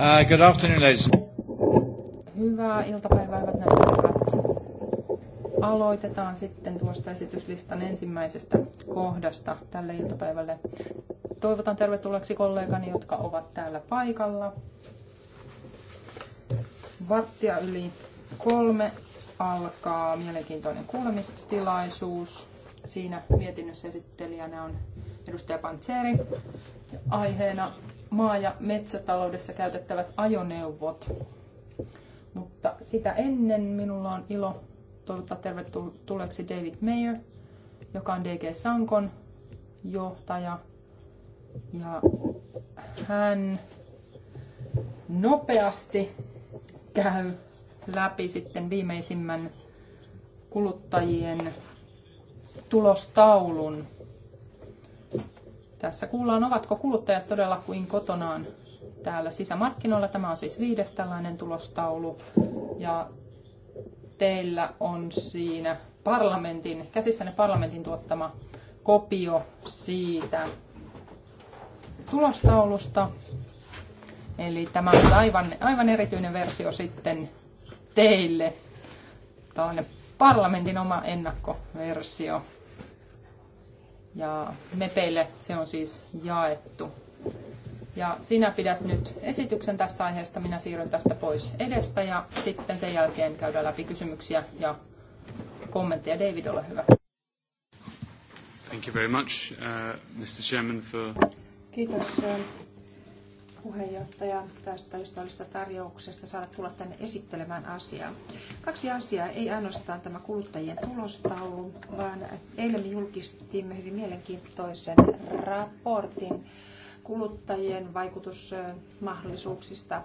Uh, good afternoon, ladies. Hyvää iltapäivää, hyvät naiset Aloitetaan sitten tuosta esityslistan ensimmäisestä kohdasta tälle iltapäivälle. Toivotan tervetulleeksi kollegani, jotka ovat täällä paikalla. Vattia yli kolme alkaa mielenkiintoinen kuulemistilaisuus. Siinä mietinnössä esittelijänä on edustaja Pantseri. Aiheena maa- ja metsätaloudessa käytettävät ajoneuvot. Mutta sitä ennen minulla on ilo toivottaa tervetulleeksi David Mayer, joka on DG Sankon johtaja. Ja hän nopeasti käy läpi sitten viimeisimmän kuluttajien tulostaulun tässä kuullaan, ovatko kuluttajat todella kuin kotonaan täällä sisämarkkinoilla. Tämä on siis viides tällainen tulostaulu. Ja teillä on siinä parlamentin, käsissäne parlamentin tuottama kopio siitä tulostaulusta. Eli tämä on aivan, aivan erityinen versio sitten teille. Tällainen parlamentin oma ennakkoversio ja mepeille se on siis jaettu. Ja sinä pidät nyt esityksen tästä aiheesta, minä siirryn tästä pois edestä ja sitten sen jälkeen käydään läpi kysymyksiä ja kommentteja. David, ole hyvä. Thank you very much, uh, Mr. Chairman, for... Kiitos uh, puheenjohtaja tästä ystävällisestä tarjouksesta saada tulla tänne esittelemään asiaa. Kaksi asiaa, ei ainoastaan tämä kuluttajien tulostaulu, vaan eilen me julkistimme hyvin mielenkiintoisen raportin kuluttajien vaikutusmahdollisuuksista,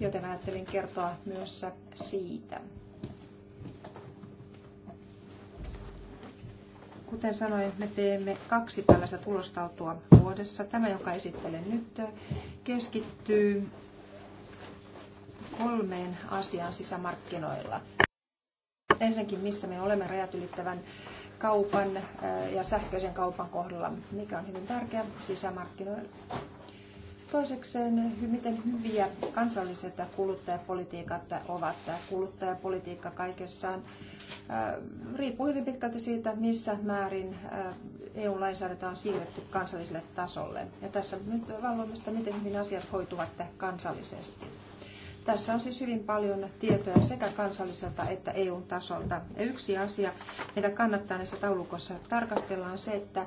joten ajattelin kertoa myös siitä. Kuten sanoin, me teemme kaksi tällaista tulostautua vuodessa. Tämä, joka esittelen nyt, keskittyy kolmeen asiaan sisämarkkinoilla. Ensinnäkin, missä me olemme rajat ylittävän kaupan ja sähköisen kaupan kohdalla, mikä on hyvin tärkeä sisämarkkinoilla Toisekseen, miten hyviä kansalliset kuluttajapolitiikat ovat. Kuluttajapolitiikka kaikessaan riippuu hyvin pitkälti siitä, missä määrin EU-lainsäädäntö on siirretty kansalliselle tasolle. Ja tässä nyt valvomista, miten hyvin asiat hoituvat kansallisesti. Tässä on siis hyvin paljon tietoja sekä kansalliselta että EU-tasolta. Ja yksi asia, mitä kannattaa näissä taulukossa tarkastella, on se, että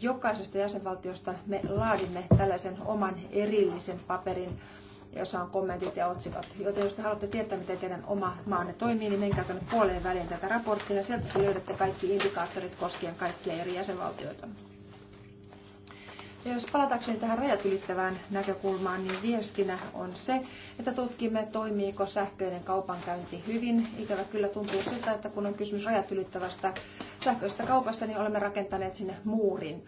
jokaisesta jäsenvaltiosta me laadimme tällaisen oman erillisen paperin, jossa on kommentit ja otsikot. Joten jos te haluatte tietää, miten teidän oma maanne toimii, niin menkää tänne puoleen väliin tätä raporttia. Sieltä löydätte kaikki indikaattorit koskien kaikkia eri jäsenvaltioita. Ja jos palatakseni tähän rajat ylittävään näkökulmaan, niin viestinä on se, että tutkimme, toimiiko sähköinen kaupankäynti hyvin. Ikävä kyllä tuntuu siltä, että kun on kysymys rajat ylittävästä sähköisestä kaupasta, niin olemme rakentaneet sinne muurin.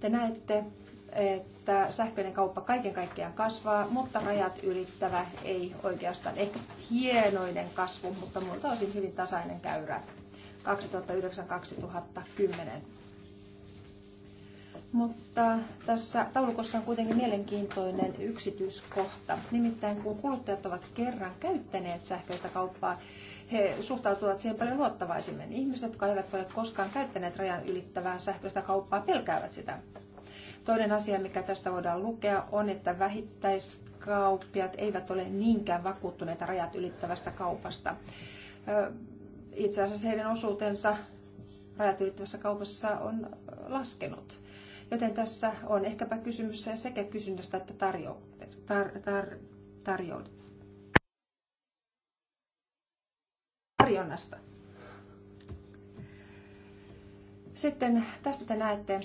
Te näette, että sähköinen kauppa kaiken kaikkiaan kasvaa, mutta rajat ylittävä ei oikeastaan ehkä hienoinen kasvu, mutta muilta osin hyvin tasainen käyrä 2009-2010. Mutta tässä taulukossa on kuitenkin mielenkiintoinen yksityiskohta. Nimittäin kun kuluttajat ovat kerran käyttäneet sähköistä kauppaa, he suhtautuvat siihen paljon luottavaisimmin. Ihmiset, jotka eivät ole koskaan käyttäneet rajan ylittävää sähköistä kauppaa, pelkäävät sitä. Toinen asia, mikä tästä voidaan lukea, on, että vähittäiskauppiat eivät ole niinkään vakuuttuneita rajat ylittävästä kaupasta. Itse asiassa heidän osuutensa rajat ylittävässä kaupassa on laskenut. Joten tässä on ehkäpä kysymys sekä kysynnästä että tarjo, tar, tar, tarjo, tarjonnasta. Sitten tästä te näette,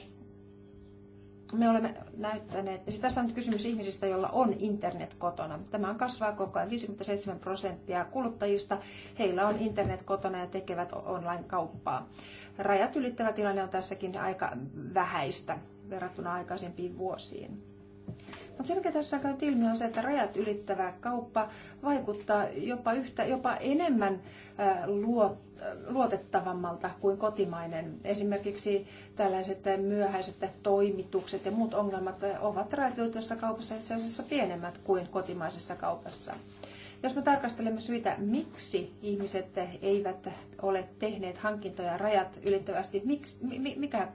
me olemme näyttäneet, siis tässä on nyt kysymys ihmisistä, joilla on internet kotona. Tämä on kasvaa koko ajan, 57 prosenttia kuluttajista, heillä on internet kotona ja tekevät online-kauppaa. Rajat ylittävä tilanne on tässäkin aika vähäistä verrattuna aikaisempiin vuosiin. Mutta se, mikä tässä on käynyt ilmi, on se, että rajat ylittävä kauppa vaikuttaa jopa, yhtä, jopa enemmän luot, luotettavammalta kuin kotimainen. Esimerkiksi tällaiset myöhäiset toimitukset ja muut ongelmat ovat rajat kaupassa itse asiassa pienemmät kuin kotimaisessa kaupassa. Jos me tarkastelemme syitä, miksi ihmiset eivät ole tehneet hankintoja rajat ylittävästi, miksi, mikä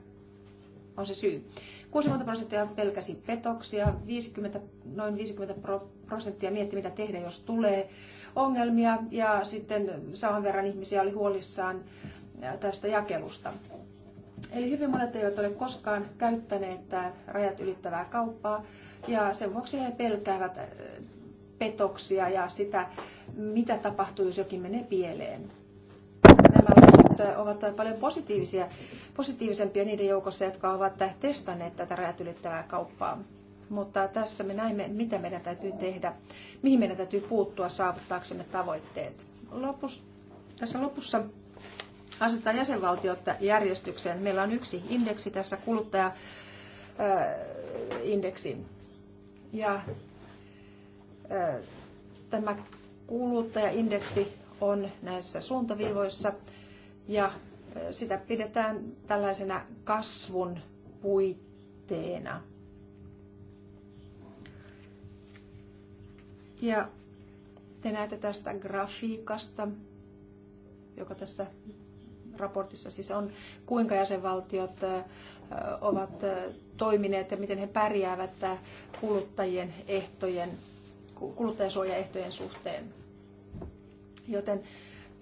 on se syy. 60 prosenttia pelkäsi petoksia, 50, noin 50 prosenttia mietti, mitä tehdä, jos tulee ongelmia, ja sitten saman verran ihmisiä oli huolissaan tästä jakelusta. Eli hyvin monet eivät ole koskaan käyttäneet rajat ylittävää kauppaa, ja sen vuoksi he pelkäävät petoksia ja sitä, mitä tapahtuu, jos jokin menee pieleen. Eh, ovat eh, paljon positiivisia, positiivisempia niiden joukossa, jotka ovat eh, testanneet tätä rajat ylittävää kauppaa. Mutta tässä me näimme, mitä meidän täytyy tehdä, mihin meidän täytyy puuttua saavuttaaksemme tavoitteet. Lopus, tässä lopussa asetetaan jäsenvaltiot järjestykseen. Meillä on yksi indeksi tässä kuluttajaindeksi. Ja tämä kuluttajaindeksi on näissä suuntaviivoissa ja sitä pidetään tällaisena kasvun puitteena. Ja te näette tästä grafiikasta, joka tässä raportissa siis on, kuinka jäsenvaltiot ovat toimineet ja miten he pärjäävät kuluttajien ehtojen, kuluttajasuojaehtojen suhteen. Joten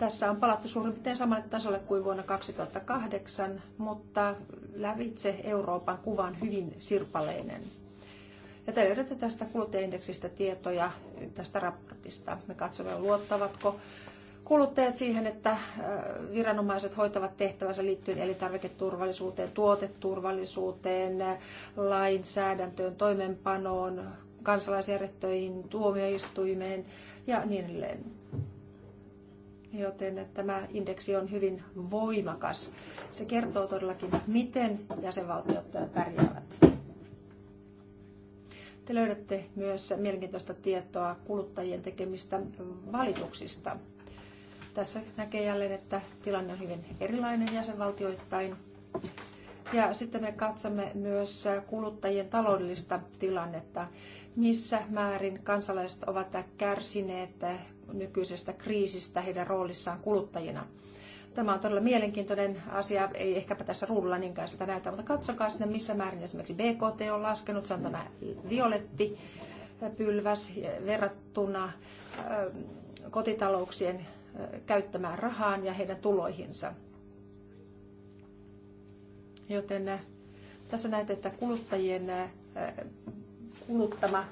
tässä on palattu suurin piirtein samalle tasolle kuin vuonna 2008, mutta lävitse Euroopan kuva on hyvin sirpaleinen. Ja te löydätte tästä kuluttajaindeksistä tietoja tästä raportista. Me katsomme, luottavatko kuluttajat siihen, että äh, viranomaiset hoitavat tehtävänsä liittyen elintarviketurvallisuuteen, tuoteturvallisuuteen, lainsäädäntöön, toimenpanoon, kansalaisjärjestöihin, tuomioistuimeen ja niin edelleen joten tämä indeksi on hyvin voimakas. Se kertoo todellakin, miten jäsenvaltiot pärjäävät. Te löydätte myös mielenkiintoista tietoa kuluttajien tekemistä valituksista. Tässä näkee jälleen, että tilanne on hyvin erilainen jäsenvaltioittain. Ja sitten me katsomme myös kuluttajien taloudellista tilannetta, missä määrin kansalaiset ovat kärsineet nykyisestä kriisistä heidän roolissaan kuluttajina. Tämä on todella mielenkiintoinen asia, ei ehkäpä tässä ruudulla niinkään sitä näytä, mutta katsokaa sinne, missä määrin esimerkiksi BKT on laskenut, se on tämä violetti pylväs verrattuna kotitalouksien käyttämään rahaan ja heidän tuloihinsa. Joten tässä näet, että kuluttajien kuluttama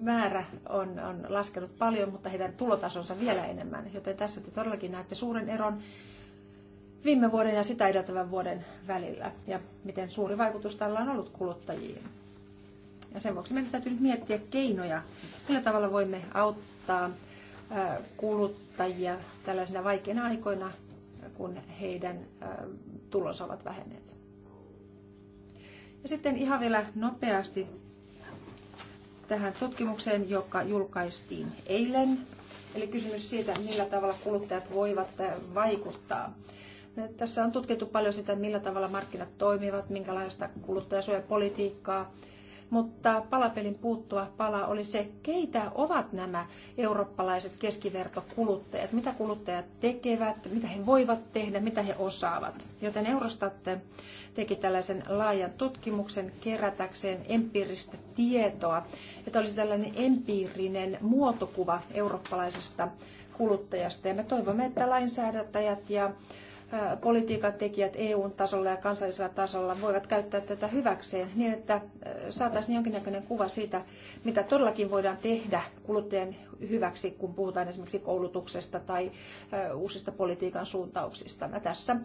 määrä on, on laskenut paljon, mutta heidän tulotasonsa vielä enemmän. Joten tässä te todellakin näette suuren eron viime vuoden ja sitä edeltävän vuoden välillä ja miten suuri vaikutus tällä on ollut kuluttajiin. Ja sen vuoksi meidän täytyy nyt miettiä keinoja, millä tavalla voimme auttaa kuluttajia tällaisina vaikeina aikoina, kun heidän tulonsa ovat vähenneet. Ja sitten ihan vielä nopeasti tähän tutkimukseen, joka julkaistiin eilen. Eli kysymys siitä, millä tavalla kuluttajat voivat äh, vaikuttaa. Äh, tässä on tutkittu paljon sitä, millä tavalla markkinat toimivat, minkälaista kuluttajasuojapolitiikkaa politiikkaa mutta palapelin puuttua pala oli se, keitä ovat nämä eurooppalaiset keskivertokuluttajat, mitä kuluttajat tekevät, mitä he voivat tehdä, mitä he osaavat. Joten Eurostat teki tällaisen laajan tutkimuksen kerätäkseen empiiristä tietoa, että olisi tällainen empiirinen muotokuva eurooppalaisesta kuluttajasta. Ja me toivomme, että lainsäädäntäjät ja politiikan tekijät EUn tasolla ja kansallisella tasolla voivat käyttää tätä hyväkseen niin, että saataisiin jonkinnäköinen kuva siitä, mitä todellakin voidaan tehdä kuluttajien hyväksi, kun puhutaan esimerkiksi koulutuksesta tai uusista politiikan suuntauksista. Mä tässä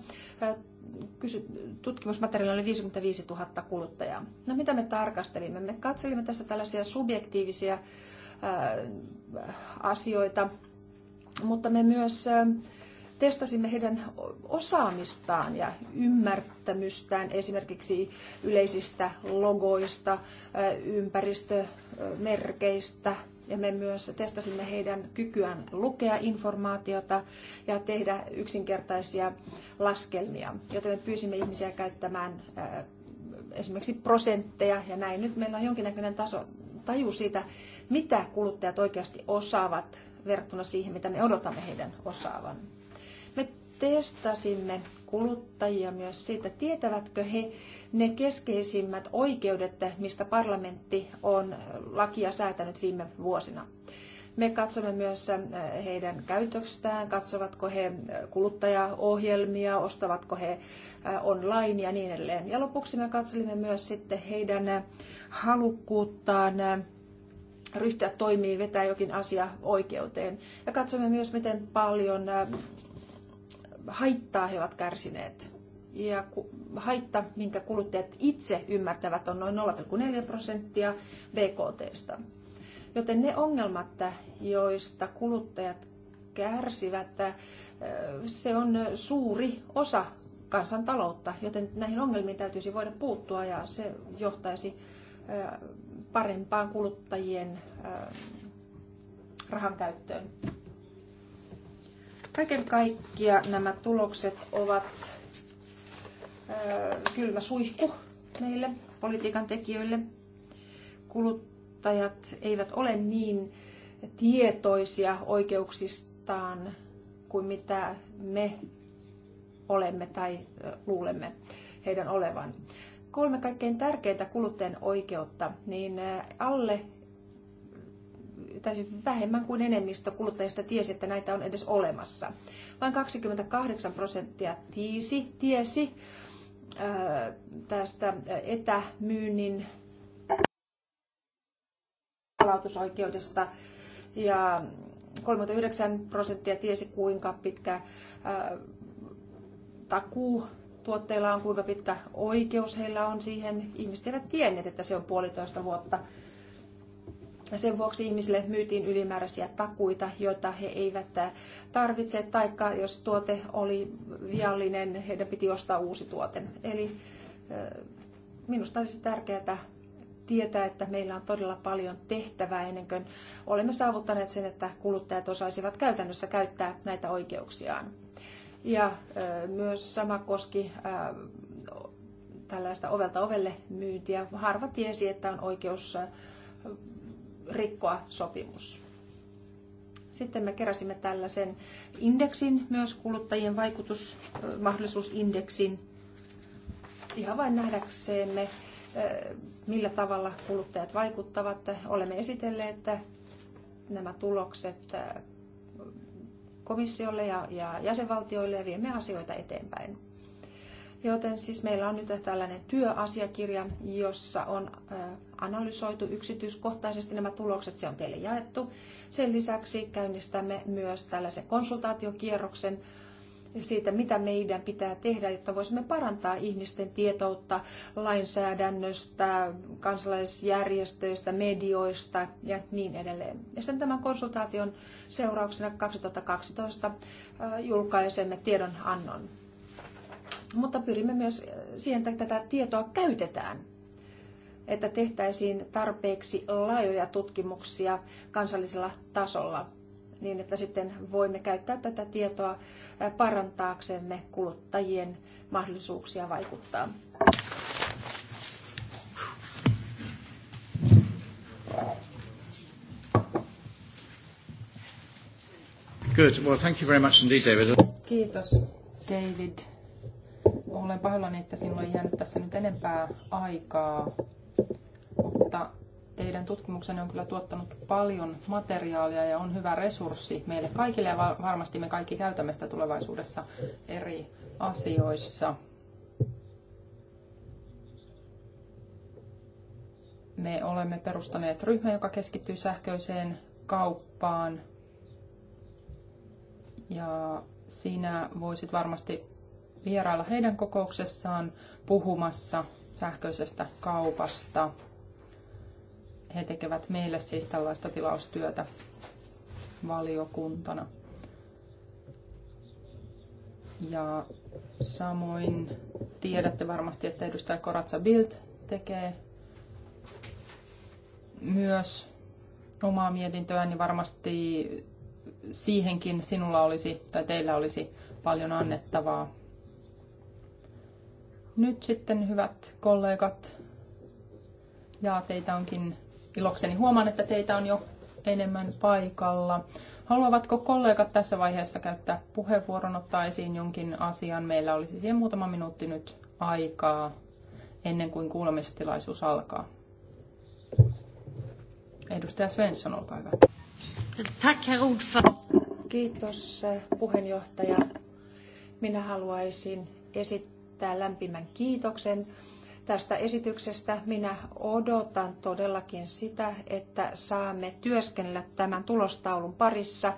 tutkimusmateriaali oli 55 000 kuluttajaa. No mitä me tarkastelimme? Me katselimme tässä tällaisia subjektiivisia asioita, mutta me myös testasimme heidän osaamistaan ja ymmärtämystään esimerkiksi yleisistä logoista, ympäristömerkeistä, ja me myös testasimme heidän kykyään lukea informaatiota ja tehdä yksinkertaisia laskelmia, joten me pyysimme ihmisiä käyttämään esimerkiksi prosentteja ja näin. Nyt meillä on jonkinnäköinen taso, taju siitä, mitä kuluttajat oikeasti osaavat verrattuna siihen, mitä me odotamme heidän osaavan. Me testasimme kuluttajia myös siitä, tietävätkö he ne keskeisimmät oikeudet, mistä parlamentti on lakia säätänyt viime vuosina. Me katsomme myös äh, heidän käytöstään, katsovatko he äh, kuluttajaohjelmia, ostavatko he äh, online ja niin edelleen. Ja lopuksi me katselimme myös sitten heidän halukkuuttaan ryhtyä toimiin, vetää jokin asia oikeuteen. Ja katsomme myös, miten paljon haittaa he ovat kärsineet. Ja haitta, minkä kuluttajat itse ymmärtävät, on noin 0,4 prosenttia BKT. Joten ne ongelmat, joista kuluttajat kärsivät, eh, se on suuri osa kansantaloutta, joten näihin ongelmiin täytyisi voida puuttua ja se johtaisi eh, parempaan kuluttajien eh, rahan käyttöön. Kaiken kaikkia nämä tulokset ovat kylmä suihku meille politiikan tekijöille. Kuluttajat eivät ole niin tietoisia oikeuksistaan kuin mitä me olemme tai luulemme heidän olevan. Kolme kaikkein tärkeintä kuluttajan oikeutta, niin alle täysin siis vähemmän kuin enemmistö kuluttajista tiesi, että näitä on edes olemassa. Vain 28 prosenttia tiisi, tiesi ää, tästä etämyynnin palautusoikeudesta ja 39 prosenttia tiesi, kuinka pitkä ää, takuu tuotteilla on, kuinka pitkä oikeus heillä on siihen. Ihmiset eivät tienneet, että se on puolitoista vuotta sen vuoksi ihmisille myytiin ylimääräisiä takuita, joita he eivät äh, tarvitse, taikka jos tuote oli viallinen, heidän piti ostaa uusi tuote. Eli äh, minusta olisi tärkeää tietää, että meillä on todella paljon tehtävää ennen kuin olemme saavuttaneet sen, että kuluttajat osaisivat käytännössä käyttää näitä oikeuksiaan. Ja äh, myös sama koski tällaista ovelta ovelle myyntiä. Harva tiesi, että on oikeus rikkoa sopimus. Sitten me keräsimme tällaisen indeksin, myös kuluttajien vaikutusmahdollisuusindeksin, ihan vain nähdäkseemme, millä tavalla kuluttajat vaikuttavat. Olemme esitelleet että nämä tulokset komissiolle ja, ja jäsenvaltioille ja viemme asioita eteenpäin. Joten siis meillä on nyt tällainen työasiakirja, jossa on analysoitu yksityiskohtaisesti nämä tulokset, se on teille jaettu. Sen lisäksi käynnistämme myös tällaisen konsultaatiokierroksen siitä, mitä meidän pitää tehdä, jotta voisimme parantaa ihmisten tietoutta lainsäädännöstä, kansalaisjärjestöistä, medioista ja niin edelleen. Ja sen tämän konsultaation seurauksena 2012 julkaisemme tiedonannon mutta pyrimme myös äh, siihen, että tätä tietoa käytetään että tehtäisiin tarpeeksi laajoja tutkimuksia kansallisella tasolla niin, että sitten voimme käyttää tätä tietoa äh, parantaaksemme kuluttajien mahdollisuuksia vaikuttaa. Good. Well, thank you very much indeed, David. Kiitos, David olen pahoillani, että sinulla ei jäänyt tässä nyt enempää aikaa, mutta teidän tutkimuksenne on kyllä tuottanut paljon materiaalia ja on hyvä resurssi meille kaikille ja varmasti me kaikki käytämme sitä tulevaisuudessa eri asioissa. Me olemme perustaneet ryhmän, joka keskittyy sähköiseen kauppaan. Ja siinä voisit varmasti vierailla heidän kokouksessaan puhumassa sähköisestä kaupasta. He tekevät meille siis tällaista tilaustyötä valiokuntana. Ja samoin tiedätte varmasti, että edustaja Koratsa Bild tekee myös omaa mietintöä, niin varmasti siihenkin sinulla olisi tai teillä olisi paljon annettavaa. Nyt sitten, hyvät kollegat, ja teitä onkin ilokseni huomaan, että teitä on jo enemmän paikalla. Haluavatko kollegat tässä vaiheessa käyttää puheenvuoron, ottaa esiin jonkin asian? Meillä olisi siihen muutama minuutti nyt aikaa ennen kuin kuulemistilaisuus alkaa. Edustaja Svensson, olkaa hyvä. Kiitos eh, puheenjohtaja. Minä haluaisin esittää esittää lämpimän kiitoksen tästä esityksestä. Minä odotan todellakin sitä, että saamme työskennellä tämän tulostaulun parissa,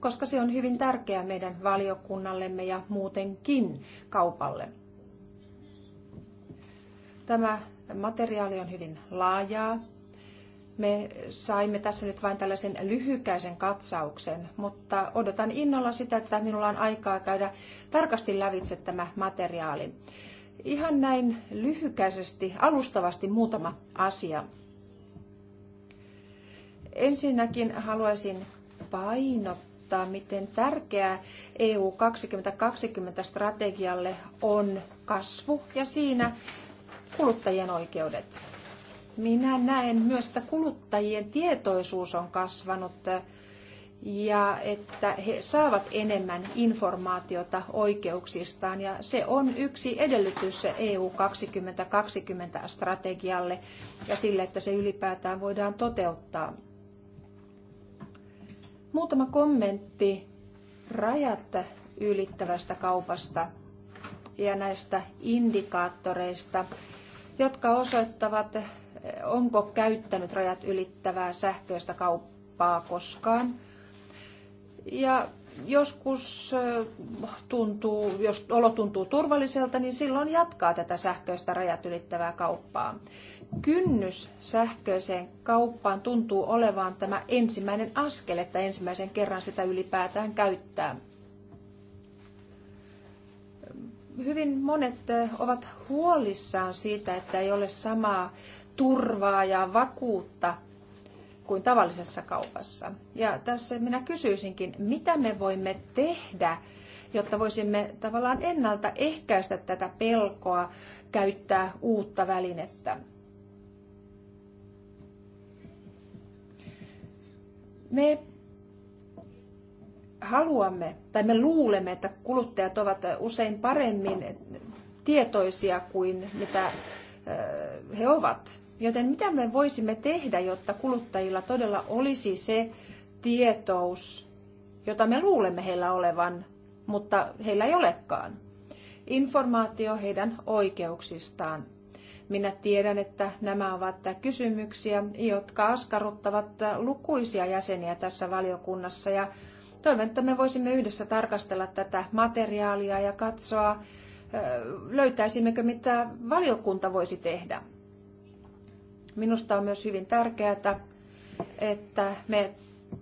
koska se on hyvin tärkeää meidän valiokunnallemme ja muutenkin kaupalle. Tämä materiaali on hyvin laajaa me saimme tässä nyt vain tällaisen lyhykäisen katsauksen, mutta odotan innolla sitä, että minulla on aikaa käydä tarkasti lävitse tämä materiaali. Ihan näin lyhykäisesti, alustavasti muutama asia. Ensinnäkin haluaisin painottaa, miten tärkeää EU 2020-strategialle on kasvu ja siinä kuluttajien oikeudet minä näen myös, että kuluttajien tietoisuus on kasvanut ja että he saavat enemmän informaatiota oikeuksistaan. Ja se on yksi edellytys EU e 2020-strategialle ja sille, että se ylipäätään voidaan toteuttaa. Muutama kommentti rajat ylittävästä kaupasta ja näistä indikaattoreista, jotka osoittavat onko käyttänyt rajat ylittävää sähköistä kauppaa koskaan. Ja joskus tuntuu, jos olo tuntuu turvalliselta, niin silloin jatkaa tätä sähköistä rajat ylittävää kauppaa. Kynnys sähköiseen kauppaan tuntuu olevan tämä ensimmäinen askel, että ensimmäisen kerran sitä ylipäätään käyttää. Hyvin monet ovat huolissaan siitä, että ei ole samaa turvaa ja vakuutta kuin tavallisessa kaupassa. Ja tässä minä kysyisinkin, mitä me voimme tehdä, jotta voisimme tavallaan ennaltaehkäistä tätä pelkoa käyttää uutta välinettä. Me haluamme tai me luulemme, että kuluttajat ovat usein paremmin tietoisia kuin mitä he ovat. Joten mitä me voisimme tehdä, jotta kuluttajilla todella olisi se tietous, jota me luulemme heillä olevan, mutta heillä ei olekaan? Informaatio heidän oikeuksistaan. Minä tiedän, että nämä ovat kysymyksiä, jotka askarruttavat lukuisia jäseniä tässä valiokunnassa ja toivon, että me voisimme yhdessä tarkastella tätä materiaalia ja katsoa, löytäisimmekö mitä valiokunta voisi tehdä. Minusta on myös hyvin tärkeää, että me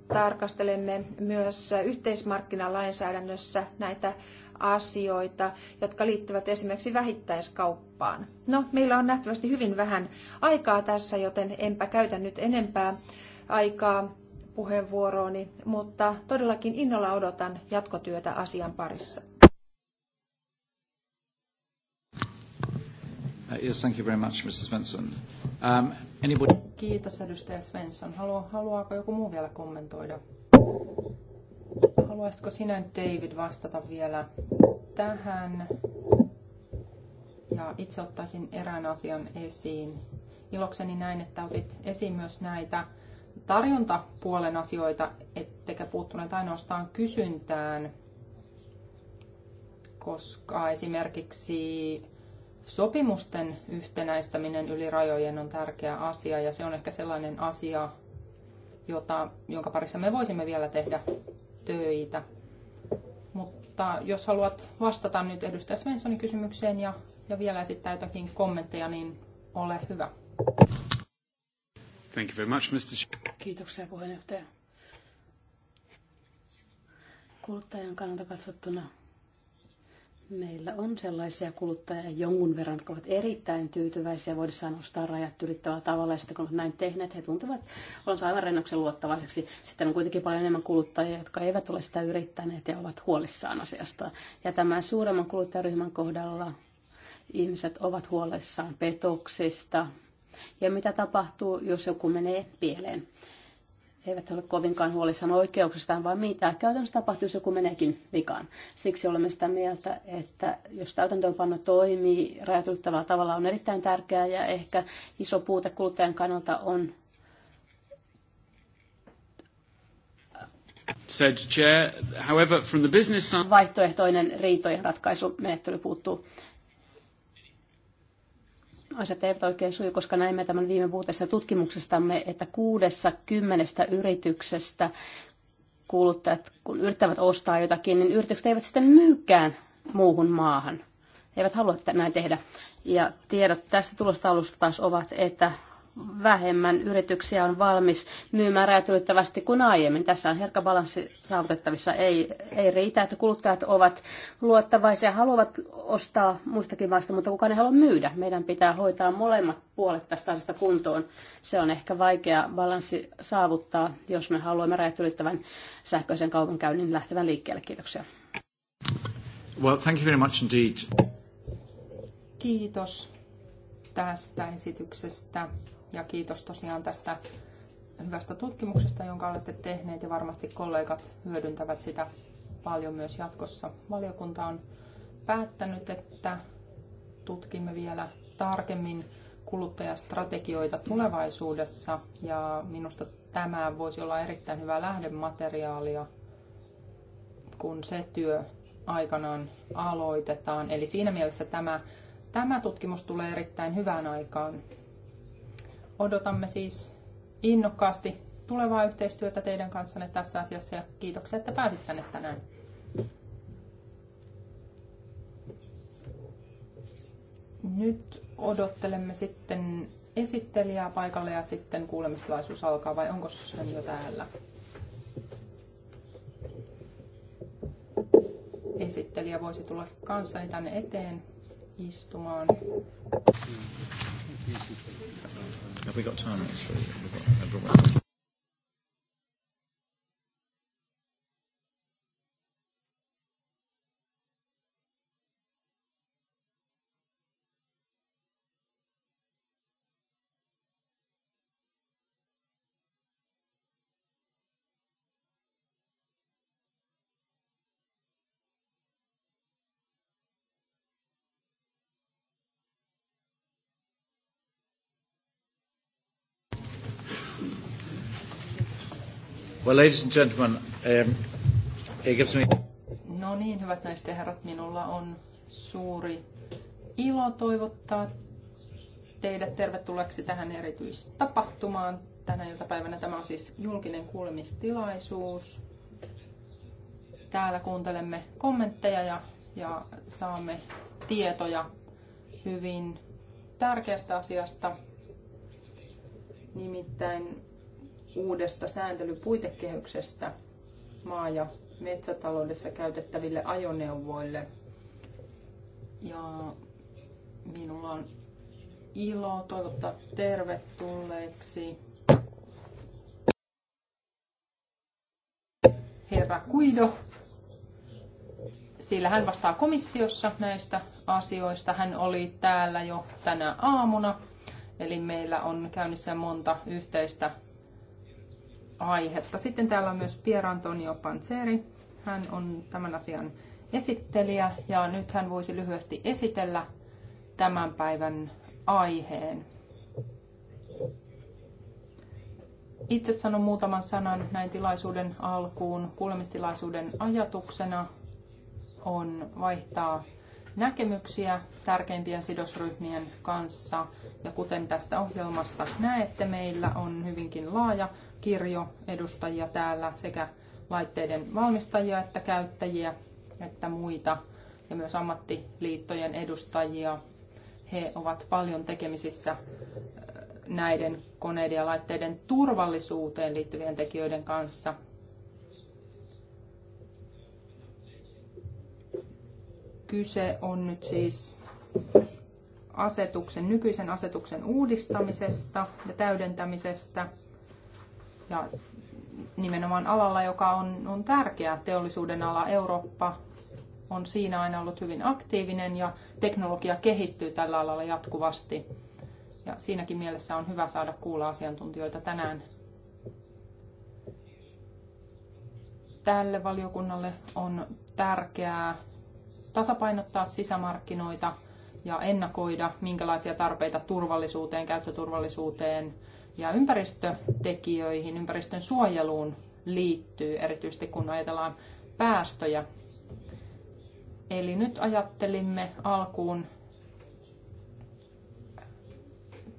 tarkastelemme myös yhteismarkkinalainsäädännössä näitä asioita, jotka liittyvät esimerkiksi vähittäiskauppaan. No, meillä on nähtävästi hyvin vähän aikaa tässä, joten enpä käytä nyt enempää aikaa puheenvuorooni, mutta todellakin innolla odotan jatkotyötä asian parissa. Uh, yes, thank you very much, Svensson. Um, anybody... Kiitos, edustaja Svensson. haluaako joku muu vielä kommentoida? Haluaisitko sinä David vastata vielä tähän? Ja itse ottaisin erään asian esiin. Ilokseni näin, että otit esiin myös näitä tarjontapuolen asioita, ettekä puuttuneet ainoastaan kysyntään, koska esimerkiksi sopimusten yhtenäistäminen yli rajojen on tärkeä asia ja se on ehkä sellainen asia, jota, jonka parissa me voisimme vielä tehdä töitä. Mutta jos haluat vastata nyt edustaja Svenssonin kysymykseen ja, ja vielä esittää jotakin kommentteja, niin ole hyvä. Thank you very much, Mr. Kiitoksia puheenjohtaja. Kuluttajan kannalta katsottuna Meillä on sellaisia kuluttajia jonkun verran, jotka ovat erittäin tyytyväisiä voidaan ostaa rajat ylittävällä tavalla. Ja sitten kun ovat näin tehneet, he tuntuvat olevansa aivan rennoksen luottavaiseksi. Sitten on kuitenkin paljon enemmän kuluttajia, jotka eivät ole sitä yrittäneet ja ovat huolissaan asiasta. Ja tämän suuremman kuluttajaryhmän kohdalla ihmiset ovat huolissaan petoksista. Ja mitä tapahtuu, jos joku menee pieleen? He eivät ole kovinkaan huolissaan oikeuksistaan, vaan mitä käytännössä tapahtuu, jos joku meneekin vikaan. Siksi olemme sitä mieltä, että jos täytäntöönpanno toimii rajatuttavalla tavalla, on erittäin tärkeää ja ehkä iso puute kuluttajan kannalta on said chair. However, from the business side... Vaihtoehtoinen riitojen ratkaisumenettely puuttuu asiat eivät oikein suju, koska näimme tämän viime vuotesta tutkimuksestamme, että kuudessa kymmenestä yrityksestä kuluttajat, kun yrittävät ostaa jotakin, niin yritykset eivät sitten myykään muuhun maahan. He eivät halua näin tehdä. Ja tiedot tästä tulostaulusta taas ovat, että vähemmän yrityksiä on valmis myymään räätyyttävästi kuin aiemmin. Tässä on herkka balanssi saavutettavissa. Ei, ei riitä, että kuluttajat ovat luottavaisia, haluavat ostaa muistakin maista, mutta kukaan ei halua myydä. Meidän pitää hoitaa molemmat puolet tästä asiasta kuntoon. Se on ehkä vaikea balanssi saavuttaa, jos me haluamme räätyyttävän sähköisen kaupankäynnin lähtevän liikkeelle. Kiitoksia. Well, thank you very much indeed. Kiitos tästä esityksestä. Ja kiitos tosiaan tästä hyvästä tutkimuksesta, jonka olette tehneet ja varmasti kollegat hyödyntävät sitä paljon myös jatkossa. Valiokunta on päättänyt, että tutkimme vielä tarkemmin kuluttajastrategioita tulevaisuudessa ja minusta tämä voisi olla erittäin hyvä lähdemateriaalia, kun se työ aikanaan aloitetaan. Eli siinä mielessä tämä, tämä tutkimus tulee erittäin hyvään aikaan Odotamme siis innokkaasti tulevaa yhteistyötä teidän kanssanne tässä asiassa ja kiitoksia, että pääsit tänne tänään. Nyt odottelemme sitten esittelijää paikalle ja sitten kuulemistilaisuus alkaa vai onko hän jo täällä? Esittelijä voisi tulla kanssani tänne eteen istumaan. Have we got time next week? Well, ladies and gentlemen, um, it gives me... No niin, hyvät naiset ja herrat, minulla on suuri ilo toivottaa teidät tervetulleeksi tähän erityistapahtumaan. Tänä iltapäivänä tämä on siis julkinen kuulemistilaisuus. Täällä kuuntelemme kommentteja ja, ja saamme tietoja hyvin tärkeästä asiasta, nimittäin uudesta sääntelypuitekehyksestä maa- ja metsätaloudessa käytettäville ajoneuvoille. Ja minulla on ilo toivottaa tervetulleeksi herra Kuido. Sillä hän vastaa komissiossa näistä asioista. Hän oli täällä jo tänä aamuna. Eli meillä on käynnissä monta yhteistä aihetta. Sitten täällä on myös Pier Antonio Panzeri. Hän on tämän asian esittelijä ja nyt hän voisi lyhyesti esitellä tämän päivän aiheen. Itse sanon muutaman sanan näin tilaisuuden alkuun. Kuulemistilaisuuden ajatuksena on vaihtaa näkemyksiä tärkeimpien sidosryhmien kanssa. Ja kuten tästä ohjelmasta näette, meillä on hyvinkin laaja kirjo edustajia täällä sekä laitteiden valmistajia että käyttäjiä että muita ja myös ammattiliittojen edustajia. He ovat paljon tekemisissä näiden koneiden ja laitteiden turvallisuuteen liittyvien tekijöiden kanssa. Kyse on nyt siis asetuksen, nykyisen asetuksen uudistamisesta ja täydentämisestä – ja nimenomaan alalla, joka on, on tärkeä teollisuuden ala. Eurooppa on siinä aina ollut hyvin aktiivinen ja teknologia kehittyy tällä alalla jatkuvasti. Ja siinäkin mielessä on hyvä saada kuulla asiantuntijoita tänään. Tälle valiokunnalle on tärkeää tasapainottaa sisämarkkinoita ja ennakoida, minkälaisia tarpeita turvallisuuteen, käyttöturvallisuuteen, ja ympäristötekijöihin, ympäristön suojeluun liittyy, erityisesti kun ajatellaan päästöjä. Eli nyt ajattelimme alkuun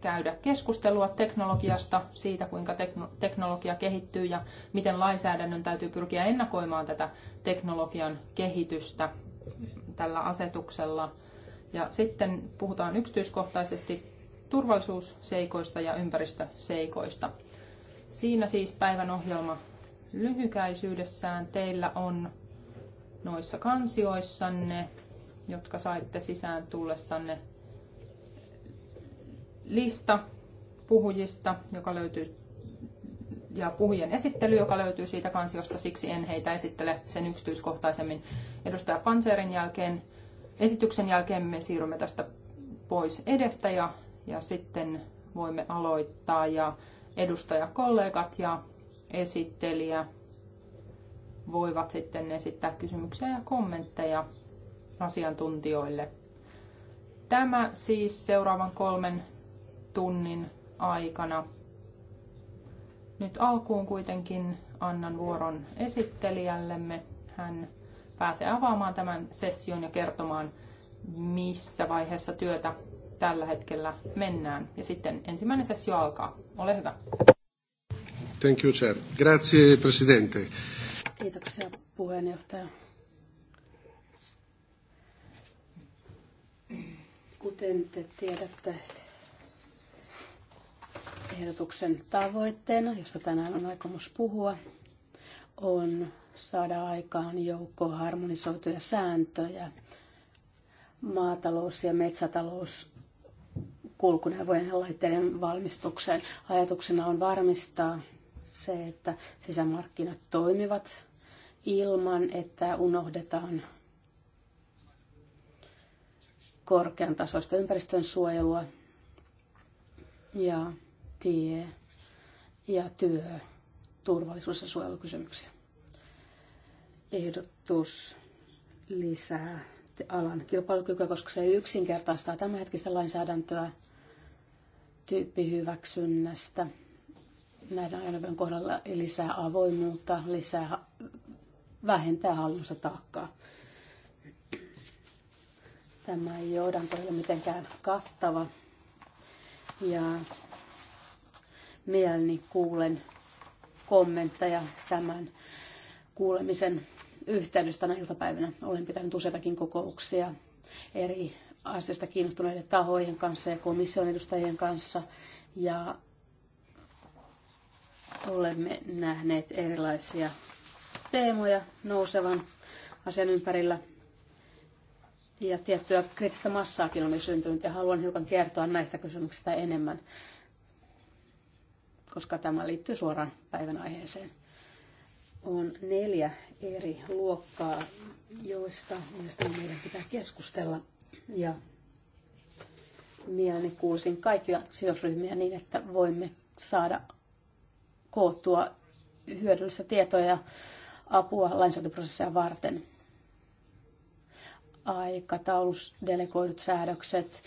käydä keskustelua teknologiasta, siitä kuinka teknologia kehittyy ja miten lainsäädännön täytyy pyrkiä ennakoimaan tätä teknologian kehitystä tällä asetuksella. Ja sitten puhutaan yksityiskohtaisesti turvallisuusseikoista ja ympäristöseikoista. Siinä siis päivän ohjelma lyhykäisyydessään teillä on noissa kansioissanne, jotka saitte sisään tullessanne lista puhujista, joka löytyy ja puhujien esittely, joka löytyy siitä kansiosta, siksi en heitä esittele sen yksityiskohtaisemmin. Edustaja Panserin jälkeen, esityksen jälkeen me siirrymme tästä pois edestä ja ja sitten voimme aloittaa ja edustajakollegat ja esittelijä voivat sitten esittää kysymyksiä ja kommentteja asiantuntijoille. Tämä siis seuraavan kolmen tunnin aikana. Nyt alkuun kuitenkin annan vuoron esittelijällemme. Hän pääsee avaamaan tämän session ja kertomaan, missä vaiheessa työtä tällä hetkellä mennään. Ja sitten ensimmäinen sessio alkaa. Ole hyvä. Thank you, Chair. Grazie, Presidente. Kiitoksia, puheenjohtaja. Kuten te tiedätte, ehdotuksen tavoitteena, josta tänään on aikomus puhua, on saada aikaan joukko harmonisoituja sääntöjä maatalous- ja metsätalous kulkuneuvojen laitteiden valmistukseen. Ajatuksena on varmistaa se, että sisämarkkinat toimivat ilman, että unohdetaan korkean tasoista ympäristön suojelua ja tie ja työ, turvallisuus- ja suojelukysymyksiä. Ehdotus lisää alan kilpailukykyä, koska se yksinkertaistaa tämänhetkistä lainsäädäntöä tyyppihyväksynnästä näiden ajoneuvojen kohdalla lisää avoimuutta, lisää, vähentää hallussa taakkaa. Tämä ei johdanto ole mitenkään kattava ja mielni kuulen kommentteja tämän kuulemisen yhteydestä tänä iltapäivänä. Olen pitänyt useitakin kokouksia eri asiasta kiinnostuneiden tahojen kanssa ja komission edustajien kanssa. Ja olemme nähneet erilaisia teemoja nousevan asian ympärillä. Ja tiettyä kriittistä massaakin on jo syntynyt ja haluan hiukan kertoa näistä kysymyksistä enemmän, koska tämä liittyy suoraan päivän aiheeseen. On neljä eri luokkaa, joista mielestäni meidän pitää keskustella ja mielelläni kuulisin kaikkia sidosryhmiä niin, että voimme saada koottua hyödyllistä tietoa ja apua lainsäädäntöprosesseja varten. Aikataulus, delegoidut säädökset,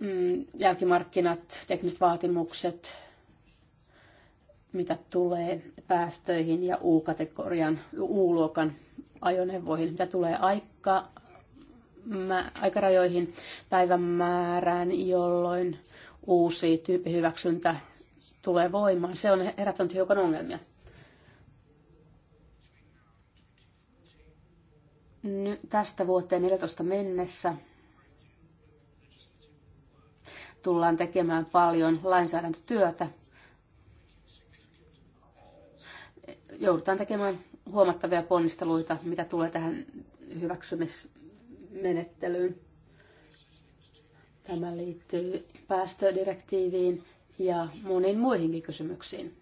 mm, jälkimarkkinat, tekniset vaatimukset, mitä tulee päästöihin ja U-kategorian, U-luokan ajoneuvoihin, mitä tulee aikarajoihin päivämäärään, jolloin uusi tyyppihyväksyntä tulee voimaan. Se on herättänyt hiukan ongelmia. Nyt tästä vuoteen 14 mennessä tullaan tekemään paljon lainsäädäntötyötä. Joudutaan tekemään huomattavia ponnisteluita, mitä tulee tähän hyväksymismenettelyyn. Tämä liittyy päästödirektiiviin ja moniin muihinkin kysymyksiin.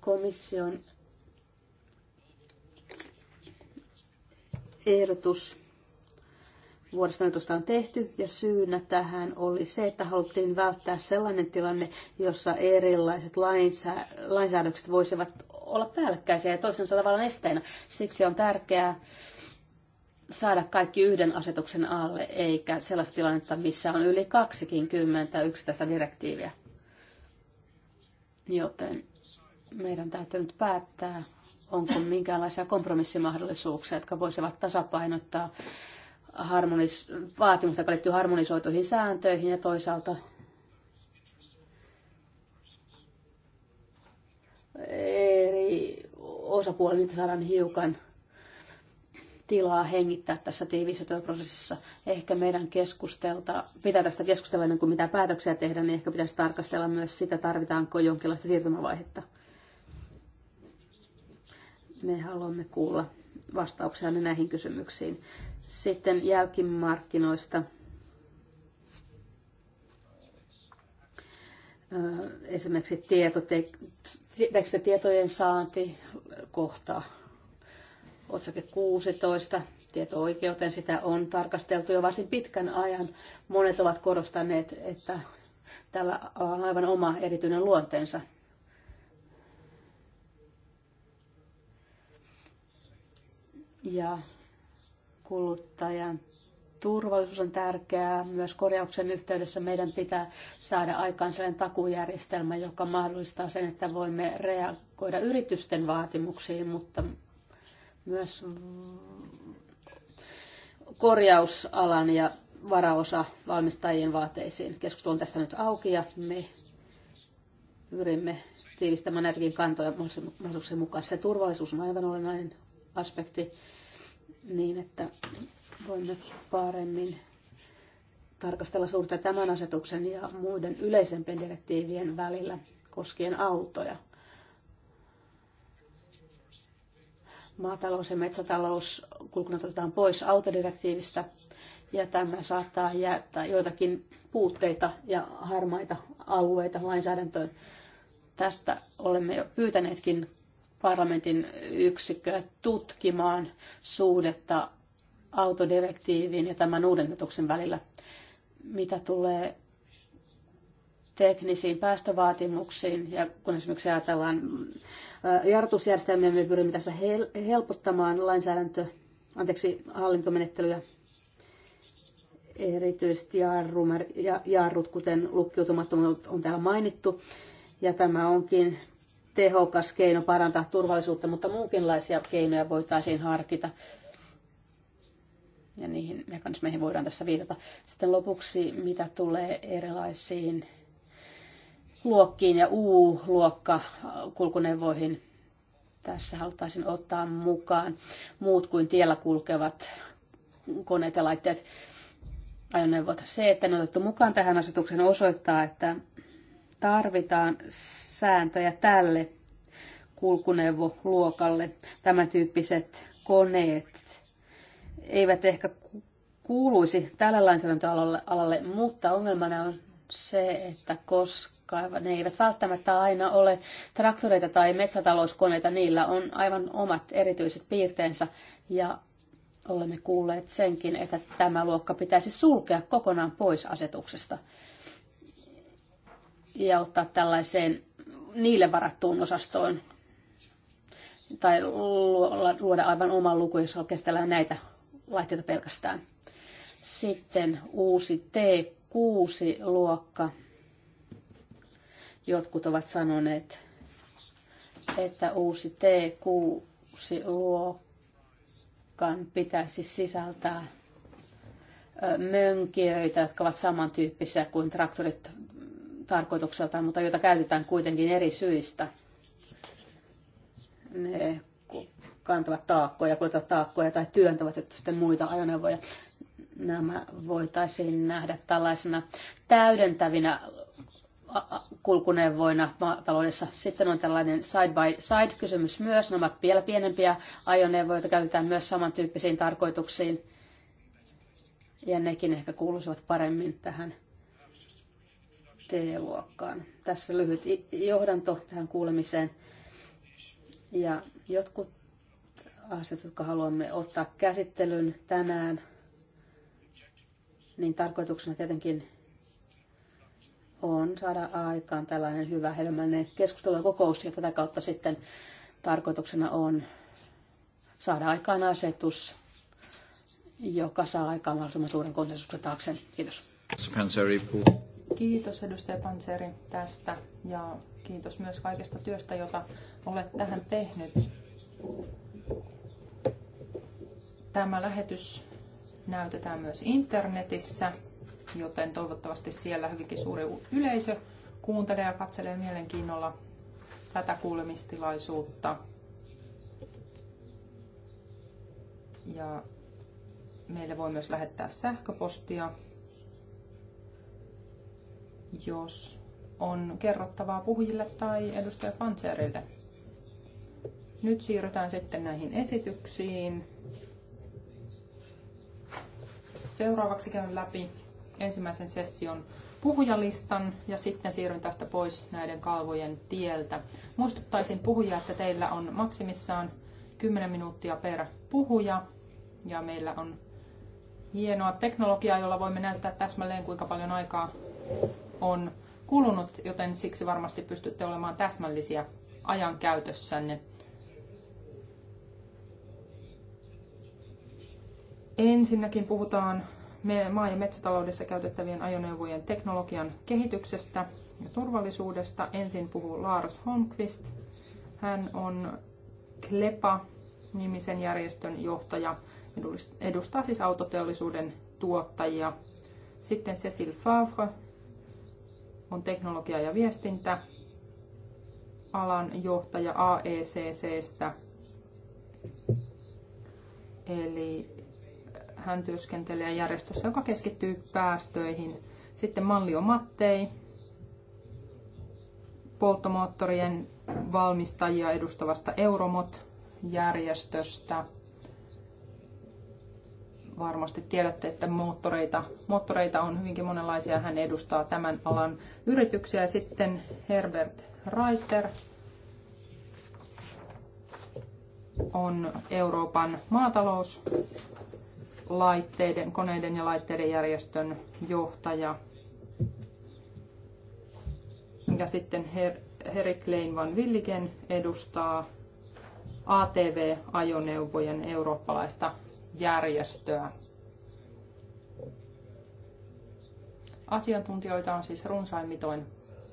Komission ehdotus vuodesta näytöstä on tehty ja syynä tähän oli se, että haluttiin välttää sellainen tilanne, jossa erilaiset lainsäädökset voisivat olla päällekkäisiä ja toisensa tavallaan esteinä. Siksi on tärkeää saada kaikki yhden asetuksen alle, eikä sellaista tilannetta, missä on yli 20 yksittäistä direktiiviä. Joten meidän täytyy nyt päättää, onko minkäänlaisia kompromissimahdollisuuksia, jotka voisivat tasapainottaa harmonis- vaatimusta, joka liittyy harmonisoituihin sääntöihin ja toisaalta eri osapuolilta saadaan hiukan tilaa hengittää tässä tiivissä työprosessissa. Ehkä meidän keskustelta, pitää tästä keskustella ennen kuin mitä päätöksiä tehdään, niin ehkä pitäisi tarkastella myös sitä, tarvitaanko jonkinlaista siirtymävaihetta. Me haluamme kuulla vastauksia näihin kysymyksiin. Sitten jälkimarkkinoista – esimerkiksi tietotek- tietojen saanti kohta otsake 16, tieto-oikeuteen sitä on tarkasteltu jo varsin pitkän ajan. Monet ovat korostaneet, että tällä on aivan oma erityinen luonteensa. Ja kuluttajan Turvallisuus on tärkeää. Myös korjauksen yhteydessä meidän pitää saada aikaan sellainen takujärjestelmä, joka mahdollistaa sen, että voimme reagoida yritysten vaatimuksiin, mutta myös korjausalan ja varaosa valmistajien vaateisiin. Keskustelu on tästä nyt auki ja me pyrimme tiivistämään näitäkin kantoja mahdollisuuksien mukaan. Se turvallisuus on aivan olennainen aspekti niin, että voimme paremmin tarkastella suurta tämän asetuksen ja muiden yleisempien direktiivien välillä koskien autoja. Maatalous ja metsätalous kulkunat otetaan pois autodirektiivistä ja tämä saattaa jättää joitakin puutteita ja harmaita alueita lainsäädäntöön. Tästä olemme jo pyytäneetkin parlamentin yksikköä tutkimaan suhdetta autodirektiivin ja tämän uudennetuksen välillä. Mitä tulee teknisiin päästövaatimuksiin ja kun esimerkiksi ajatellaan äh, jarrutusjärjestelmiä, me pyrimme tässä helpottamaan lainsäädäntö, anteeksi, hallintomenettelyjä erityisesti jarrut, kuten lukkiutumattomuudet on täällä mainittu. Ja tämä onkin tehokas keino parantaa turvallisuutta, mutta muunkinlaisia keinoja voitaisiin harkita ja niihin mekanismeihin voidaan tässä viitata. Sitten lopuksi, mitä tulee erilaisiin luokkiin ja U-luokka kulkuneuvoihin, tässä haluttaisiin ottaa mukaan muut kuin tiellä kulkevat koneet ja laitteet ajoneuvot. Se, että ne on otettu mukaan tähän asetukseen osoittaa, että tarvitaan sääntöjä tälle kulkuneuvoluokalle. Tämän tyyppiset koneet eivät ehkä kuuluisi tällä lainsäädäntöalalle, mutta ongelmana on se, että koska ne eivät välttämättä aina ole traktoreita tai metsätalouskoneita, niillä on aivan omat erityiset piirteensä ja olemme kuulleet senkin, että tämä luokka pitäisi sulkea kokonaan pois asetuksesta ja ottaa tällaiseen niille varattuun osastoon tai luoda aivan oma luku, jossa käsitellään näitä laitteita pelkästään. Sitten uusi T6-luokka. Jotkut ovat sanoneet, että uusi T6-luokan pitäisi sisältää mönkijöitä, jotka ovat samantyyppisiä kuin traktorit tarkoitukseltaan, mutta joita käytetään kuitenkin eri syistä. Ne kantavat taakkoja, kuljettavat taakkoja tai työntävät sitten muita ajoneuvoja. Nämä voitaisiin nähdä tällaisena täydentävinä kulkuneuvoina maataloudessa. Sitten on tällainen side-by-side-kysymys myös. Nämä ovat vielä pienempiä ajoneuvoja, joita käytetään myös samantyyppisiin tarkoituksiin. Ja nekin ehkä kuuluisivat paremmin tähän T-luokkaan. Tässä lyhyt johdanto tähän kuulemiseen. Ja jotkut asiat, jotka haluamme ottaa käsittelyn tänään, niin tarkoituksena tietenkin on saada aikaan tällainen hyvä hedelmällinen keskustelu ja kokous, ja tätä kautta sitten tarkoituksena on saada aikaan asetus, joka saa aikaan mahdollisimman suuren konsensuksen taakse. Kiitos. Kiitos edustaja Panseri tästä ja kiitos myös kaikesta työstä, jota olet tähän tehnyt. Tämä lähetys näytetään myös internetissä, joten toivottavasti siellä hyvinkin suuri yleisö kuuntelee ja katselee mielenkiinnolla tätä kuulemistilaisuutta. Ja meille voi myös lähettää sähköpostia, jos on kerrottavaa puhujille tai edustaja Panzerille. Nyt siirrytään sitten näihin esityksiin. Seuraavaksi käyn läpi ensimmäisen session puhujalistan ja sitten siirryn tästä pois näiden kalvojen tieltä. Muistuttaisin puhujia, että teillä on maksimissaan 10 minuuttia per puhuja ja meillä on hienoa teknologiaa, jolla voimme näyttää täsmälleen kuinka paljon aikaa on kulunut, joten siksi varmasti pystytte olemaan täsmällisiä ajankäytössänne. Ensinnäkin puhutaan maa- ja metsätaloudessa käytettävien ajoneuvojen teknologian kehityksestä ja turvallisuudesta. Ensin puhuu Lars Holmqvist. Hän on KLEPA-nimisen järjestön johtaja, edustaa siis autoteollisuuden tuottajia. Sitten Cecil Favre on teknologia- ja viestintä alan johtaja AECCstä, eli hän työskentelee järjestössä, joka keskittyy päästöihin. Sitten on Mattei, polttomoottorien valmistajia edustavasta Euromot-järjestöstä. Varmasti tiedätte, että moottoreita, moottoreita on hyvinkin monenlaisia. Hän edustaa tämän alan yrityksiä. Sitten Herbert Reiter on Euroopan maatalous laitteiden, koneiden ja laitteiden järjestön johtaja. Ja sitten Her- Herik van Villigen edustaa ATV-ajoneuvojen eurooppalaista järjestöä. Asiantuntijoita on siis runsaimmitoin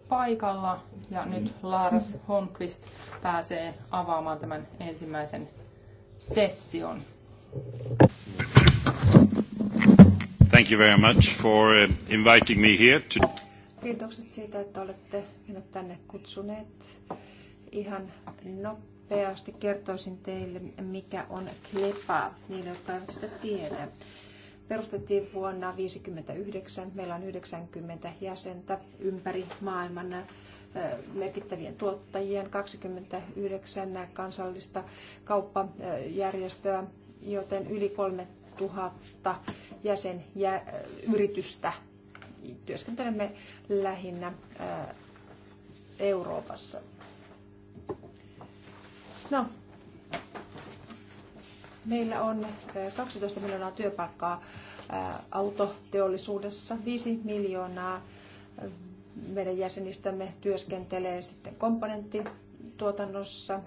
paikalla ja nyt Lars Honkvist pääsee avaamaan tämän ensimmäisen session. Thank you very much for uh, inviting me here to... Kiitokset siitä, että olette minut tänne kutsuneet. Ihan nopeasti kertoisin teille, mikä on KLEPA, niille, jotka eivät sitä tiedä. Perustettiin vuonna 1959. Meillä on 90 jäsentä ympäri maailman merkittävien tuottajien, 29 kansallista kauppajärjestöä, joten yli 3000 jäsenyritystä äh, työskentelemme lähinnä äh, Euroopassa. No, meillä on 12 äh, miljoonaa työpaikkaa autoteollisuudessa, 5 miljoonaa meidän jäsenistämme työskentelee sitten komponenttituotannossa,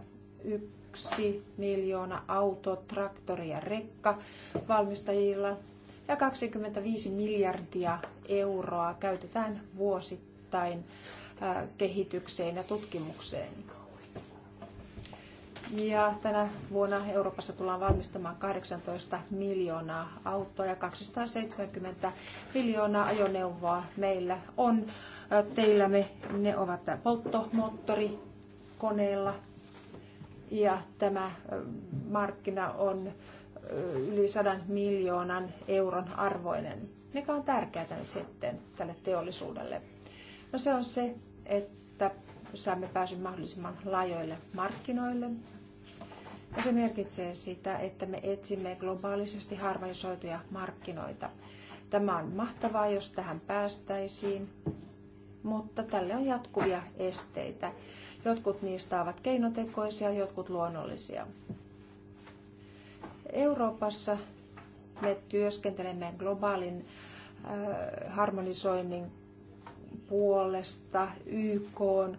yksi miljoona auto, traktori ja rekka valmistajilla ja 25 miljardia euroa käytetään vuosittain kehitykseen ja tutkimukseen. Ja tänä vuonna Euroopassa tullaan valmistamaan 18 miljoonaa autoa ja 270 miljoonaa ajoneuvoa meillä on. Teillä me, ne ovat polttomoottorikoneella ja tämä markkina on yli 100 miljoonan euron arvoinen. Mikä on tärkeää nyt sitten tälle teollisuudelle? No se on se, että saamme pääsyn mahdollisimman laajoille markkinoille. Ja se merkitsee sitä, että me etsimme globaalisesti harvaisoituja markkinoita. Tämä on mahtavaa, jos tähän päästäisiin mutta tälle on jatkuvia esteitä. Jotkut niistä ovat keinotekoisia, jotkut luonnollisia. Euroopassa me työskentelemme globaalin äh, harmonisoinnin puolesta YK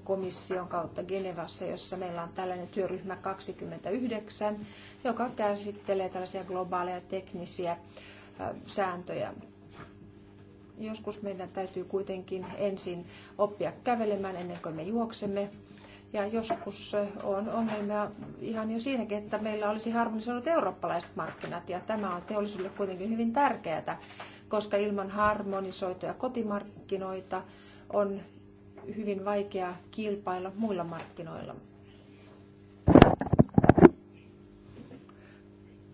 komission kautta Genevassa, jossa meillä on tällainen työryhmä 29, joka käsittelee tällaisia globaaleja teknisiä äh, sääntöjä joskus meidän täytyy kuitenkin ensin oppia kävelemään ennen kuin me juoksemme. Ja joskus on ongelmia ihan jo siinäkin, että meillä olisi harmonisoidut eurooppalaiset markkinat. Ja tämä on teollisuudelle kuitenkin hyvin tärkeää, koska ilman harmonisoituja kotimarkkinoita on hyvin vaikea kilpailla muilla markkinoilla.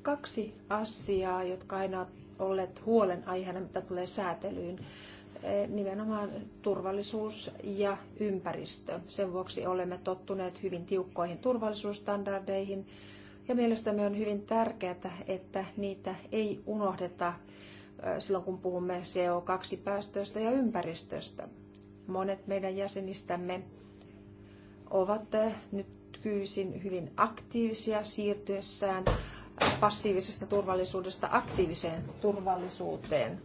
Kaksi asiaa, jotka aina olleet huolenaiheena, mitä tulee säätelyyn. E, nimenomaan turvallisuus ja ympäristö. Sen vuoksi olemme tottuneet hyvin tiukkoihin turvallisuusstandardeihin. Ja mielestämme on hyvin tärkeää, että niitä ei unohdeta e, silloin, kun puhumme CO2-päästöistä ja ympäristöstä. Monet meidän jäsenistämme ovat e, nyt kyysin hyvin aktiivisia siirtyessään passiivisesta turvallisuudesta aktiiviseen turvallisuuteen.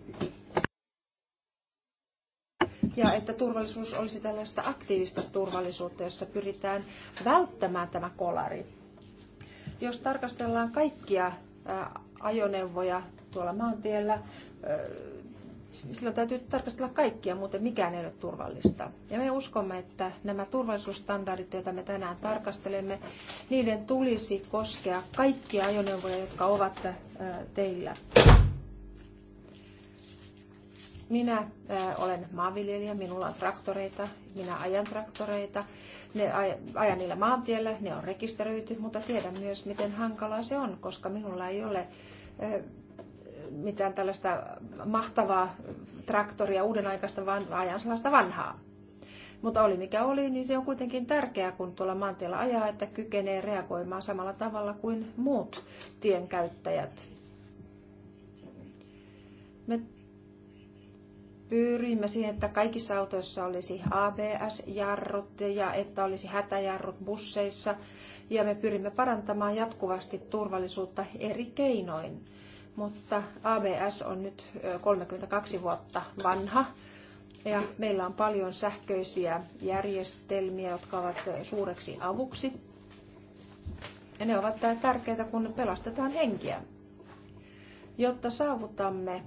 Ja että turvallisuus olisi tällaista aktiivista turvallisuutta, jossa pyritään välttämään tämä kolari. Jos tarkastellaan kaikkia ajoneuvoja tuolla maantiellä, silloin täytyy tarkastella kaikkia, muuten mikään ei ole turvallista. Ja me uskomme, että nämä turvallisuusstandardit, joita me tänään tarkastelemme, niiden tulisi koskea kaikkia ajoneuvoja, jotka ovat äh, teillä. Minä äh, olen maanviljelijä, minulla on traktoreita, minä ajan traktoreita, ne ajan niillä maantiellä, ne on rekisteröity, mutta tiedän myös, miten hankalaa se on, koska minulla ei ole äh, mitään tällaista mahtavaa traktoria uuden aikaista, vaan ajan sellaista vanhaa. Mutta oli mikä oli, niin se on kuitenkin tärkeää, kun tuolla maantiellä ajaa, että kykenee reagoimaan samalla tavalla kuin muut tienkäyttäjät. Me pyrimme siihen, että kaikissa autoissa olisi ABS-jarrut ja että olisi hätäjarrut busseissa. Ja me pyrimme parantamaan jatkuvasti turvallisuutta eri keinoin mutta ABS on nyt 32 vuotta vanha ja meillä on paljon sähköisiä järjestelmiä, jotka ovat suureksi avuksi. Ja ne ovat tärkeitä, kun pelastetaan henkiä. Jotta saavutamme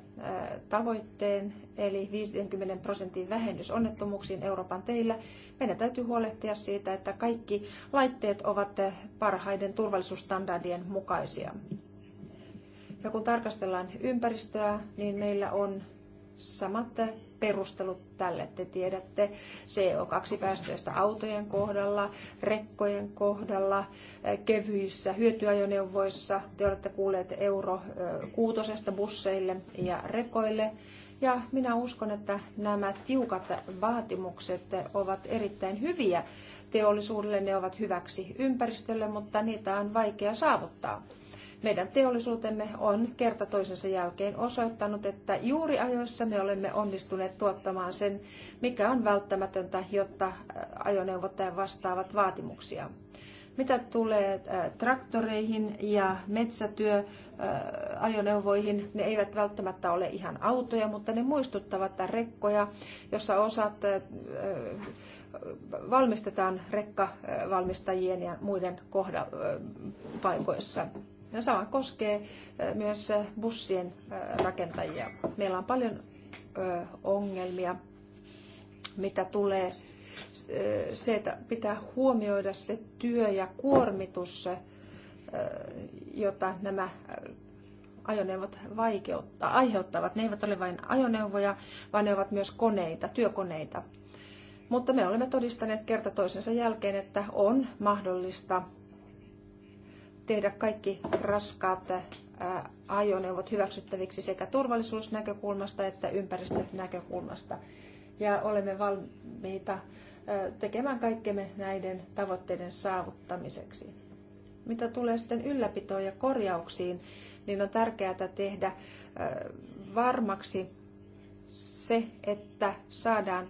tavoitteen, eli 50 prosentin vähennys onnettomuuksiin Euroopan teillä, meidän täytyy huolehtia siitä, että kaikki laitteet ovat parhaiden turvallisuusstandardien mukaisia. Ja kun tarkastellaan ympäristöä, niin meillä on samat perustelut tälle. Te tiedätte CO2-päästöistä autojen kohdalla, rekkojen kohdalla, eh, kevyissä hyötyajoneuvoissa. Te olette kuulleet euro eh, kuutosesta busseille ja rekoille. Ja minä uskon, että nämä tiukat vaatimukset ovat erittäin hyviä teollisuudelle, ne ovat hyväksi ympäristölle, mutta niitä on vaikea saavuttaa. Meidän teollisuutemme on kerta toisensa jälkeen osoittanut, että juuri ajoissa me olemme onnistuneet tuottamaan sen, mikä on välttämätöntä, jotta ajoneuvottajan vastaavat vaatimuksia. Mitä tulee traktoreihin ja metsätyöajoneuvoihin, ne eivät välttämättä ole ihan autoja, mutta ne muistuttavat rekkoja, jossa osat valmistetaan rekkavalmistajien ja muiden kohdapaikoissa. paikoissa. Ja sama koskee myös bussien rakentajia. Meillä on paljon ongelmia, mitä tulee se, että pitää huomioida se työ ja kuormitus, jota nämä ajoneuvot vaikeuttaa, aiheuttavat. Ne eivät ole vain ajoneuvoja, vaan ne ovat myös koneita, työkoneita. Mutta me olemme todistaneet kerta toisensa jälkeen, että on mahdollista tehdä kaikki raskaat ajoneuvot hyväksyttäviksi sekä turvallisuusnäkökulmasta että ympäristönäkökulmasta. Ja olemme valmiita tekemään kaikkemme näiden tavoitteiden saavuttamiseksi. Mitä tulee sitten ylläpitoon ja korjauksiin, niin on tärkeää tehdä varmaksi se, että saadaan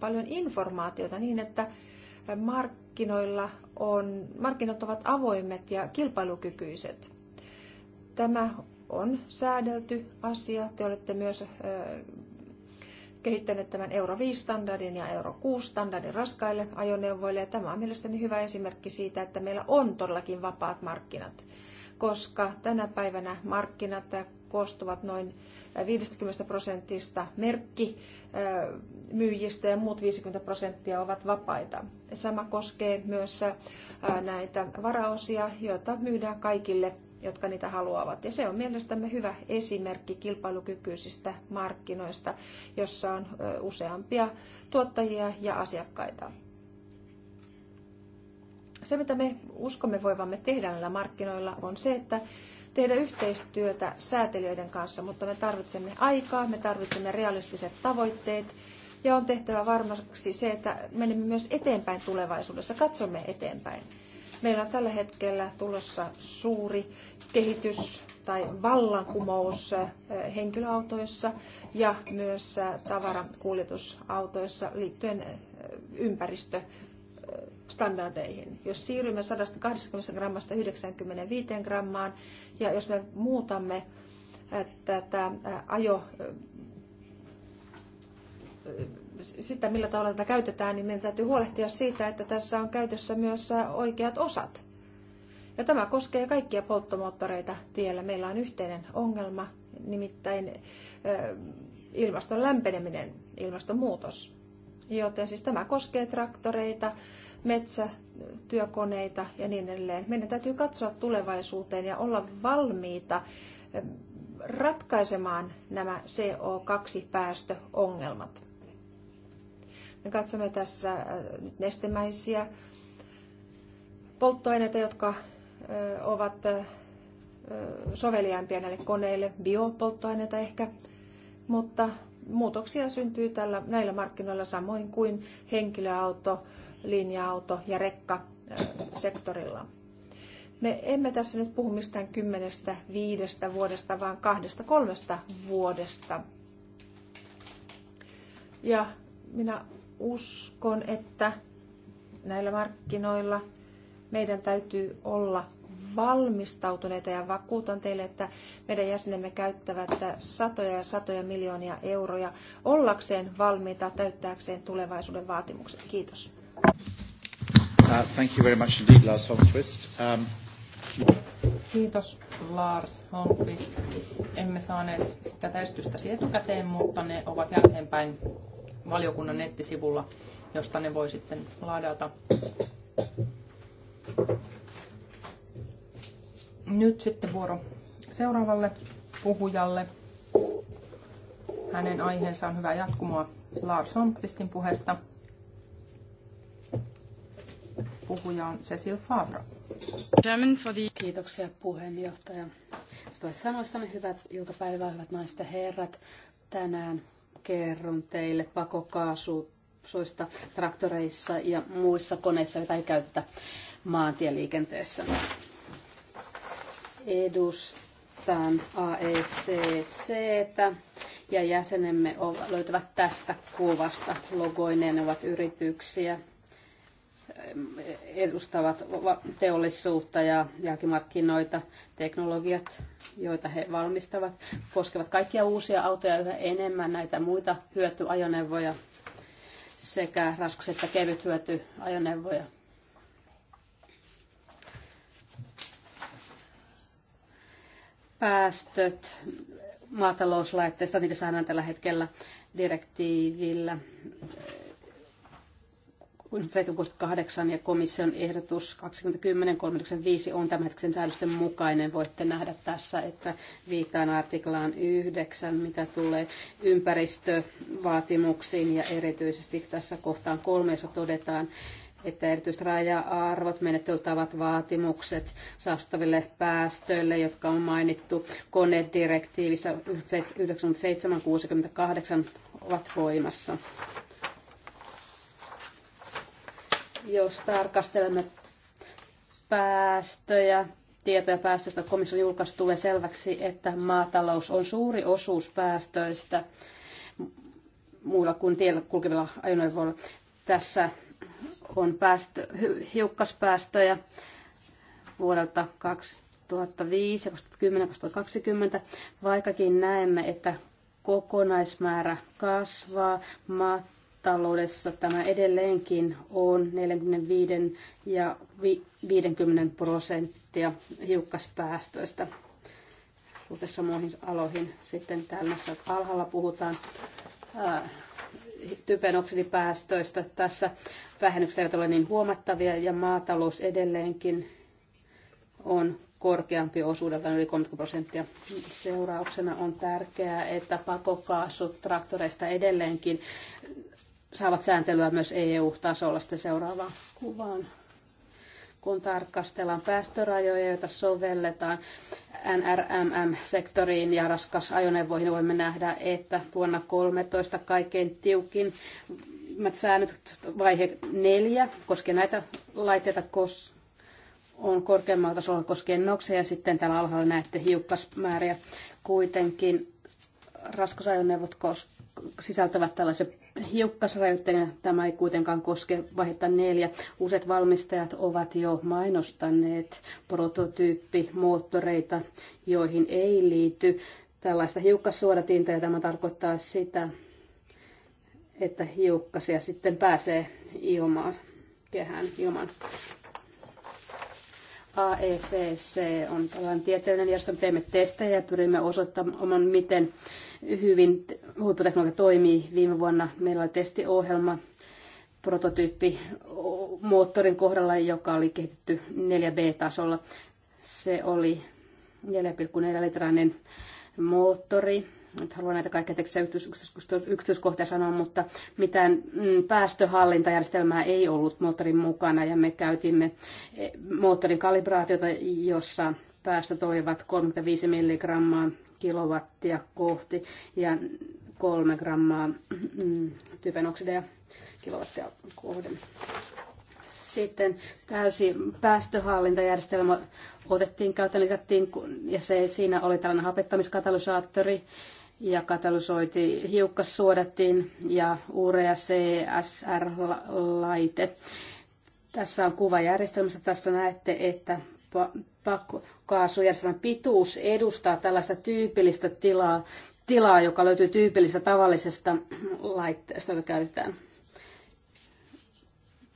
paljon informaatiota niin, että mark markkinoilla on, markkinat ovat avoimet ja kilpailukykyiset. Tämä on säädelty asia. Te olette myös kehittäneet tämän Euro 5-standardin ja Euro 6-standardin raskaille ajoneuvoille. Ja tämä on mielestäni hyvä esimerkki siitä, että meillä on todellakin vapaat markkinat, koska tänä päivänä markkinat ja koostuvat noin 50 prosentista merkkimyyjistä ja muut 50 prosenttia ovat vapaita. Sama koskee myös näitä varaosia, joita myydään kaikille jotka niitä haluavat. Ja se on mielestämme hyvä esimerkki kilpailukykyisistä markkinoista, jossa on useampia tuottajia ja asiakkaita. Se, mitä me uskomme voivamme tehdä näillä markkinoilla, on se, että tehdä yhteistyötä säätelijöiden kanssa, mutta me tarvitsemme aikaa, me tarvitsemme realistiset tavoitteet ja on tehtävä varmaksi se, että menemme myös eteenpäin tulevaisuudessa, katsomme eteenpäin. Meillä on tällä hetkellä tulossa suuri kehitys tai vallankumous äh, henkilöautoissa ja myös äh, tavarakuljetusautoissa liittyen äh, ympäristö- standardeihin. Jos siirrymme 120 grammasta 95 grammaan ja jos me muutamme tätä ajo sitä, millä tavalla tätä käytetään, niin meidän täytyy huolehtia siitä, että tässä on käytössä myös oikeat osat. Ja tämä koskee kaikkia polttomoottoreita tiellä. Meillä on yhteinen ongelma, nimittäin ilmaston lämpeneminen, ilmastonmuutos. Joten siis tämä koskee traktoreita, metsätyökoneita ja niin edelleen. Meidän täytyy katsoa tulevaisuuteen ja olla valmiita eh, ratkaisemaan nämä CO2-päästöongelmat. Me katsomme tässä eh, nyt nestemäisiä polttoaineita, jotka eh, ovat soveliaimpia näille koneille, biopolttoaineita ehkä, mutta muutoksia syntyy tällä, näillä markkinoilla samoin kuin henkilöauto, linja-auto ja sektorilla Me emme tässä nyt puhu mistään kymmenestä viidestä vuodesta, vaan kahdesta kolmesta vuodesta. Ja minä uskon, että näillä markkinoilla meidän täytyy olla valmistautuneita ja vakuutan teille, että meidän jäsenemme käyttävät satoja ja satoja miljoonia euroja ollakseen valmiita täyttääkseen tulevaisuuden vaatimukset. Kiitos. Uh, thank you very much indeed, Lars Holmqvist. Um... Kiitos Lars Holmqvist. Emme saaneet tätä esitystä etukäteen, mutta ne ovat jälkeenpäin valiokunnan nettisivulla, josta ne voi sitten ladata. Nyt sitten vuoro seuraavalle puhujalle. Hänen aiheensa on hyvä jatkumoa Lars Holmqvistin puheesta. Puhuja on Cecil Favra. Kiitoksia puheenjohtaja. Tulet sanoistanne hyvät iltapäivää, hyvät naiset ja herrat. Tänään kerron teille pakokaasuista traktoreissa ja muissa koneissa, joita ei käytetä maantieliikenteessä edustan AECC. ja jäsenemme löytyvät tästä kuvasta. Logoineen ovat yrityksiä, eh, edustavat teollisuutta ja jälkimarkkinoita, teknologiat, joita he valmistavat, koskevat kaikkia uusia autoja yhä enemmän, näitä muita hyötyajoneuvoja sekä raskas että kevyt hyötyajoneuvoja päästöt maatalouslaitteista, niitä saadaan tällä hetkellä direktiivillä 768 ja komission ehdotus 2010-35 on tämänhetkisen säädösten mukainen. Voitte nähdä tässä, että viittaan artiklaan 9, mitä tulee ympäristövaatimuksiin ja erityisesti tässä kohtaan kolmeessa todetaan, että erityiset raja-arvot, menettelytavat, vaatimukset saastaville päästöille, jotka on mainittu konedirektiivissä 97-68 ovat voimassa. Jos tarkastelemme päästöjä, tietoja päästöistä komission julkaisu tulee selväksi, että maatalous on suuri osuus päästöistä muilla kuin tiellä kulkevilla ajoneuvoilla. Tässä on päästö, hiukkaspäästöjä vuodelta 2005 ja 2010 2020, vaikkakin näemme, että kokonaismäärä kasvaa. Maataloudessa tämä edelleenkin on 45 ja 50 prosenttia hiukkaspäästöistä suhteessa muihin aloihin. Sitten täällä alhaalla puhutaan typen oksidipäästöistä. Tässä vähennykset eivät ole niin huomattavia ja maatalous edelleenkin on korkeampi osuudelta yli 30 prosenttia. Seurauksena on tärkeää, että pakokaasut traktoreista edelleenkin saavat sääntelyä myös EU-tasolla. Sitten seuraavaan kuvaan kun tarkastellaan päästörajoja, joita sovelletaan NRMM-sektoriin ja raskasajoneuvoihin, voimme nähdä, että vuonna 13 kaikkein tiukin säännöt vaihe neljä koskee näitä laitteita, kos, on korkeammalla tasolla koskee nokseja ja sitten täällä alhaalla näette hiukkasmääriä. Kuitenkin raskasajoneuvot sisältävät tällaisen hiukkasrajoitteena tämä ei kuitenkaan koske vaihetta neljä. Uuset valmistajat ovat jo mainostaneet prototyyppimoottoreita, joihin ei liity tällaista hiukkassuodatinta ja tämä tarkoittaa sitä, että hiukkasia sitten pääsee ilmaan, kehään ilman. AECC on tällainen tieteellinen järjestö, teemme testejä ja pyrimme osoittamaan, miten hyvin huipputeknologia toimii. Viime vuonna meillä oli testiohjelma prototyyppi moottorin kohdalla, joka oli kehitetty 4B-tasolla. Se oli 4,4 litrainen moottori. Nyt haluan näitä kaikkia tekstejä yksityiskohtia sanoa, mutta mitään mm, päästöhallintajärjestelmää ei ollut moottorin mukana ja me käytimme e, moottorin kalibraatiota, jossa päästöt olivat 35 milligrammaa kilowattia kohti ja 3 grammaa mm, typenoksideja kilowattia kohden. Sitten täysi päästöhallintajärjestelmä otettiin käyttöön, lisättiin, ja se, siinä oli tällainen hapettamiskatalysaattori, ja katalysoiti hiukkas suodattiin ja urea CSR-laite. Tässä on kuva järjestelmästä. Tässä näette, että pakkokaasujärjestelmän pituus edustaa tällaista tyypillistä tilaa, tilaa joka löytyy tyypillistä tavallisesta laitteesta, jota käytetään.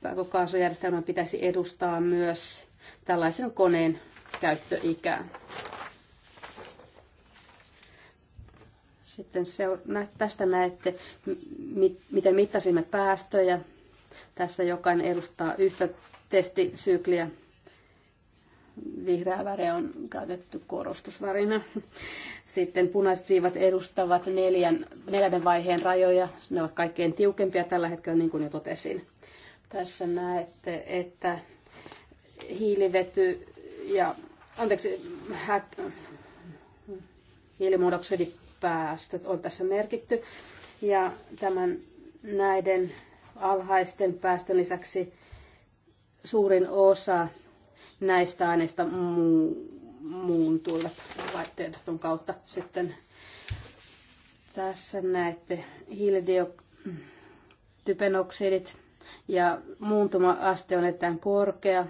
Pakkokaasujärjestelmän pitäisi edustaa myös tällaisen koneen käyttöikää. Sitten se, tästä näette, miten mittasimme päästöjä. Tässä jokainen edustaa yhtä testisykliä vihreä väre on käytetty korostusvärinä. Sitten punaiset siivat edustavat neljän, neljän vaiheen rajoja. Ne ovat kaikkein tiukempia tällä hetkellä, niin kuin jo totesin. Tässä näette, että hiilivety ja anteeksi, hät, hiilimonoksidipäästöt on tässä merkitty. Ja tämän näiden alhaisten päästön lisäksi suurin osa näistä aineista muun tuolle laitteiston kautta sitten tässä näette hiilidioktypenoksidit ja muuntuma-aste on erittäin korkea,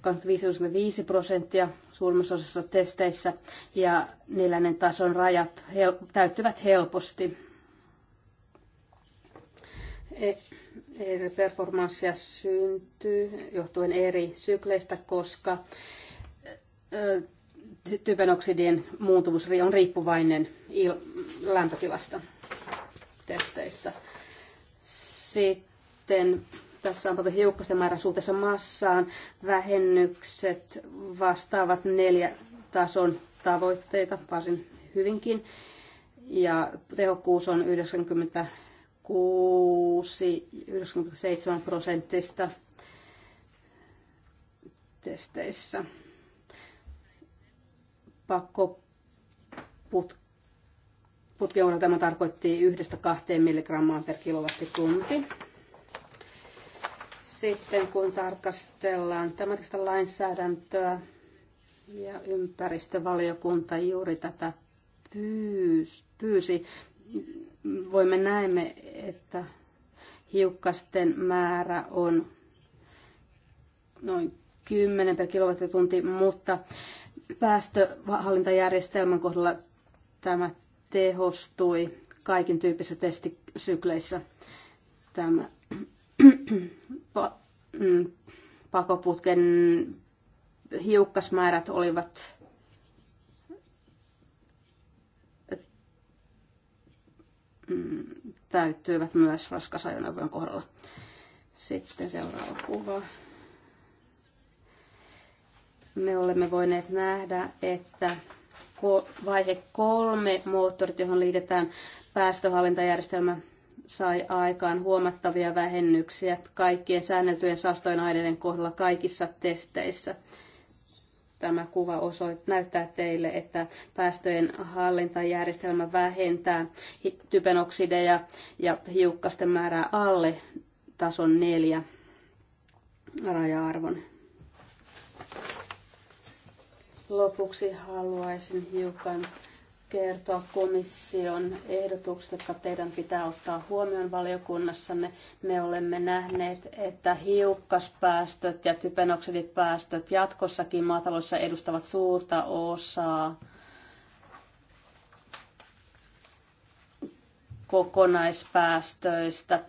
25 prosenttia suurimmassa osassa testeissä ja neljännen tason rajat hel- täyttyvät helposti eri e- performanssia syntyy johtuen eri sykleistä, koska typenoksidien muuntuvuus on riippuvainen lämpötilasta testeissä. Sitten tässä on tuota hiukkasten määrän suhteessa massaan. Vähennykset vastaavat neljä tason tavoitteita varsin hyvinkin. Ja tehokkuus on 90 96-97 prosentista testeissä. Pakko putkeura tämä tarkoitti yhdestä kahteen milligrammaan per kilowattitunti. Sitten kun tarkastellaan tämä lainsäädäntöä ja ympäristövaliokunta juuri tätä pyysi, voimme näemme, että hiukkasten määrä on noin 10 per kilowattitunti, mutta päästöhallintajärjestelmän kohdalla tämä tehostui kaikin tyyppisissä testisykleissä. Tämä mm, pakoputken hiukkasmäärät olivat mm, täyttyivät myös raskasajoneuvojen kohdalla. Sitten seuraava kuva. Me olemme voineet nähdä, että vaihe kolme moottorit, johon liitetään päästöhallintajärjestelmä, sai aikaan huomattavia vähennyksiä kaikkien säänneltyjen saastoinaineiden kohdalla kaikissa testeissä. Tämä kuva osoit, näyttää teille, että päästöjen hallintajärjestelmä vähentää typenoksideja ja hiukkasten määrää alle tason neljä raja-arvon. Lopuksi haluaisin hiukan kertoa komission ehdotukset, jotka teidän pitää ottaa huomioon valiokunnassanne. Me olemme nähneet, että hiukkaspäästöt ja typenoksidipäästöt jatkossakin maataloissa edustavat suurta osaa kokonaispäästöistä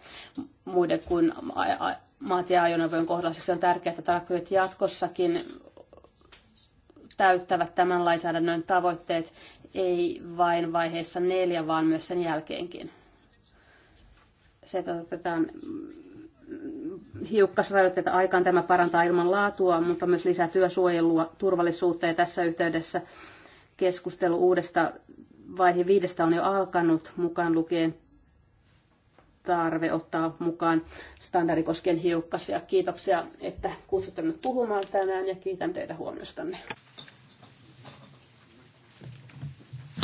muiden kuin maat- ja ajoneuvojen kohdalla. Siksi on tärkeää, että traktorit jatkossakin täyttävät tämän lainsäädännön tavoitteet ei vain vaiheessa neljä, vaan myös sen jälkeenkin. Se, että otetaan hiukkasrajoitteita aikaan, tämä parantaa ilman laatua, mutta myös lisää työsuojelua, turvallisuutta ja tässä yhteydessä keskustelu uudesta vaihe viidestä on jo alkanut, mukaan lukien tarve ottaa mukaan standardi hiukkasia. Kiitoksia, että kutsutte minut puhumaan tänään ja kiitän teitä huomiostanne.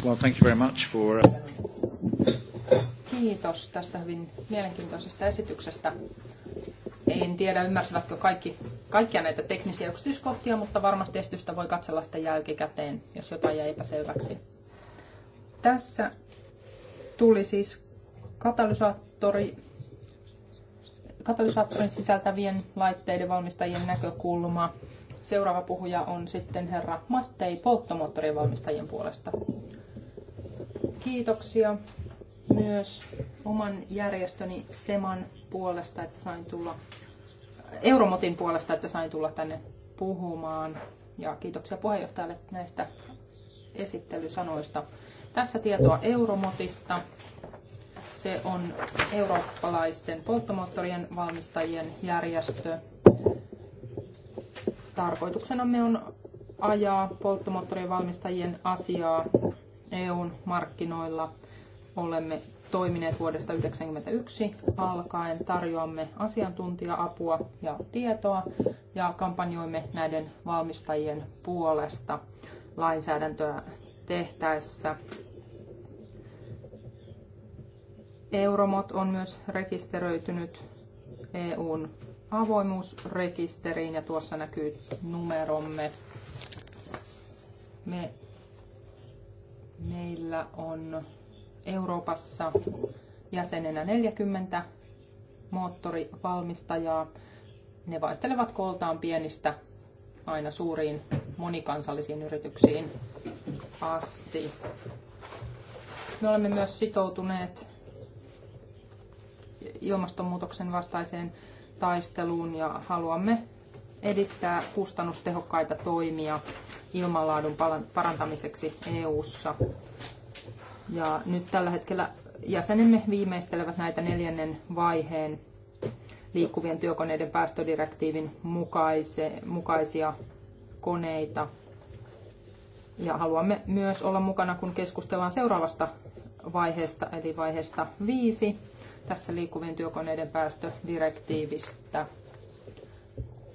Well, thank you very much for... Uh, Kiitos tästä hyvin mielenkiintoisesta esityksestä. En tiedä, ymmärsivätkö kaikki, kaikkia näitä teknisiä yksityiskohtia, mutta varmasti esitystä voi katsella sitä jälkikäteen, jos jotain jäi epäselväksi. Tässä tuli siis katalysaattori, katalysaattorin sisältävien laitteiden valmistajien näkökulma. Seuraava puhuja on sitten herra Mattei polttomoottorien valmistajien puolesta kiitoksia myös oman järjestöni Seman puolesta, että sain tulla, Euromotin puolesta, että sain tulla tänne puhumaan. Ja kiitoksia puheenjohtajalle näistä esittelysanoista. Tässä tietoa Euromotista. Se on eurooppalaisten polttomoottorien valmistajien järjestö. Tarkoituksenamme on ajaa polttomoottorien valmistajien asiaa EUn markkinoilla. Olemme toimineet vuodesta 1991 alkaen, tarjoamme asiantuntija-apua ja tietoa ja kampanjoimme näiden valmistajien puolesta lainsäädäntöä tehtäessä. Euromot on myös rekisteröitynyt EUn avoimuusrekisteriin ja tuossa näkyy numeromme. Me Meillä on Euroopassa jäsenenä 40 moottorivalmistajaa. Ne vaihtelevat kooltaan pienistä aina suuriin monikansallisiin yrityksiin asti. Me olemme myös sitoutuneet ilmastonmuutoksen vastaiseen taisteluun ja haluamme edistää kustannustehokkaita toimia ilmanlaadun parantamiseksi EU:ssa. Ja nyt tällä hetkellä jäsenemme viimeistelevät näitä neljännen vaiheen liikkuvien työkoneiden päästödirektiivin mukaisia koneita. Ja haluamme myös olla mukana, kun keskustellaan seuraavasta vaiheesta, eli vaiheesta viisi tässä liikkuvien työkoneiden päästödirektiivistä.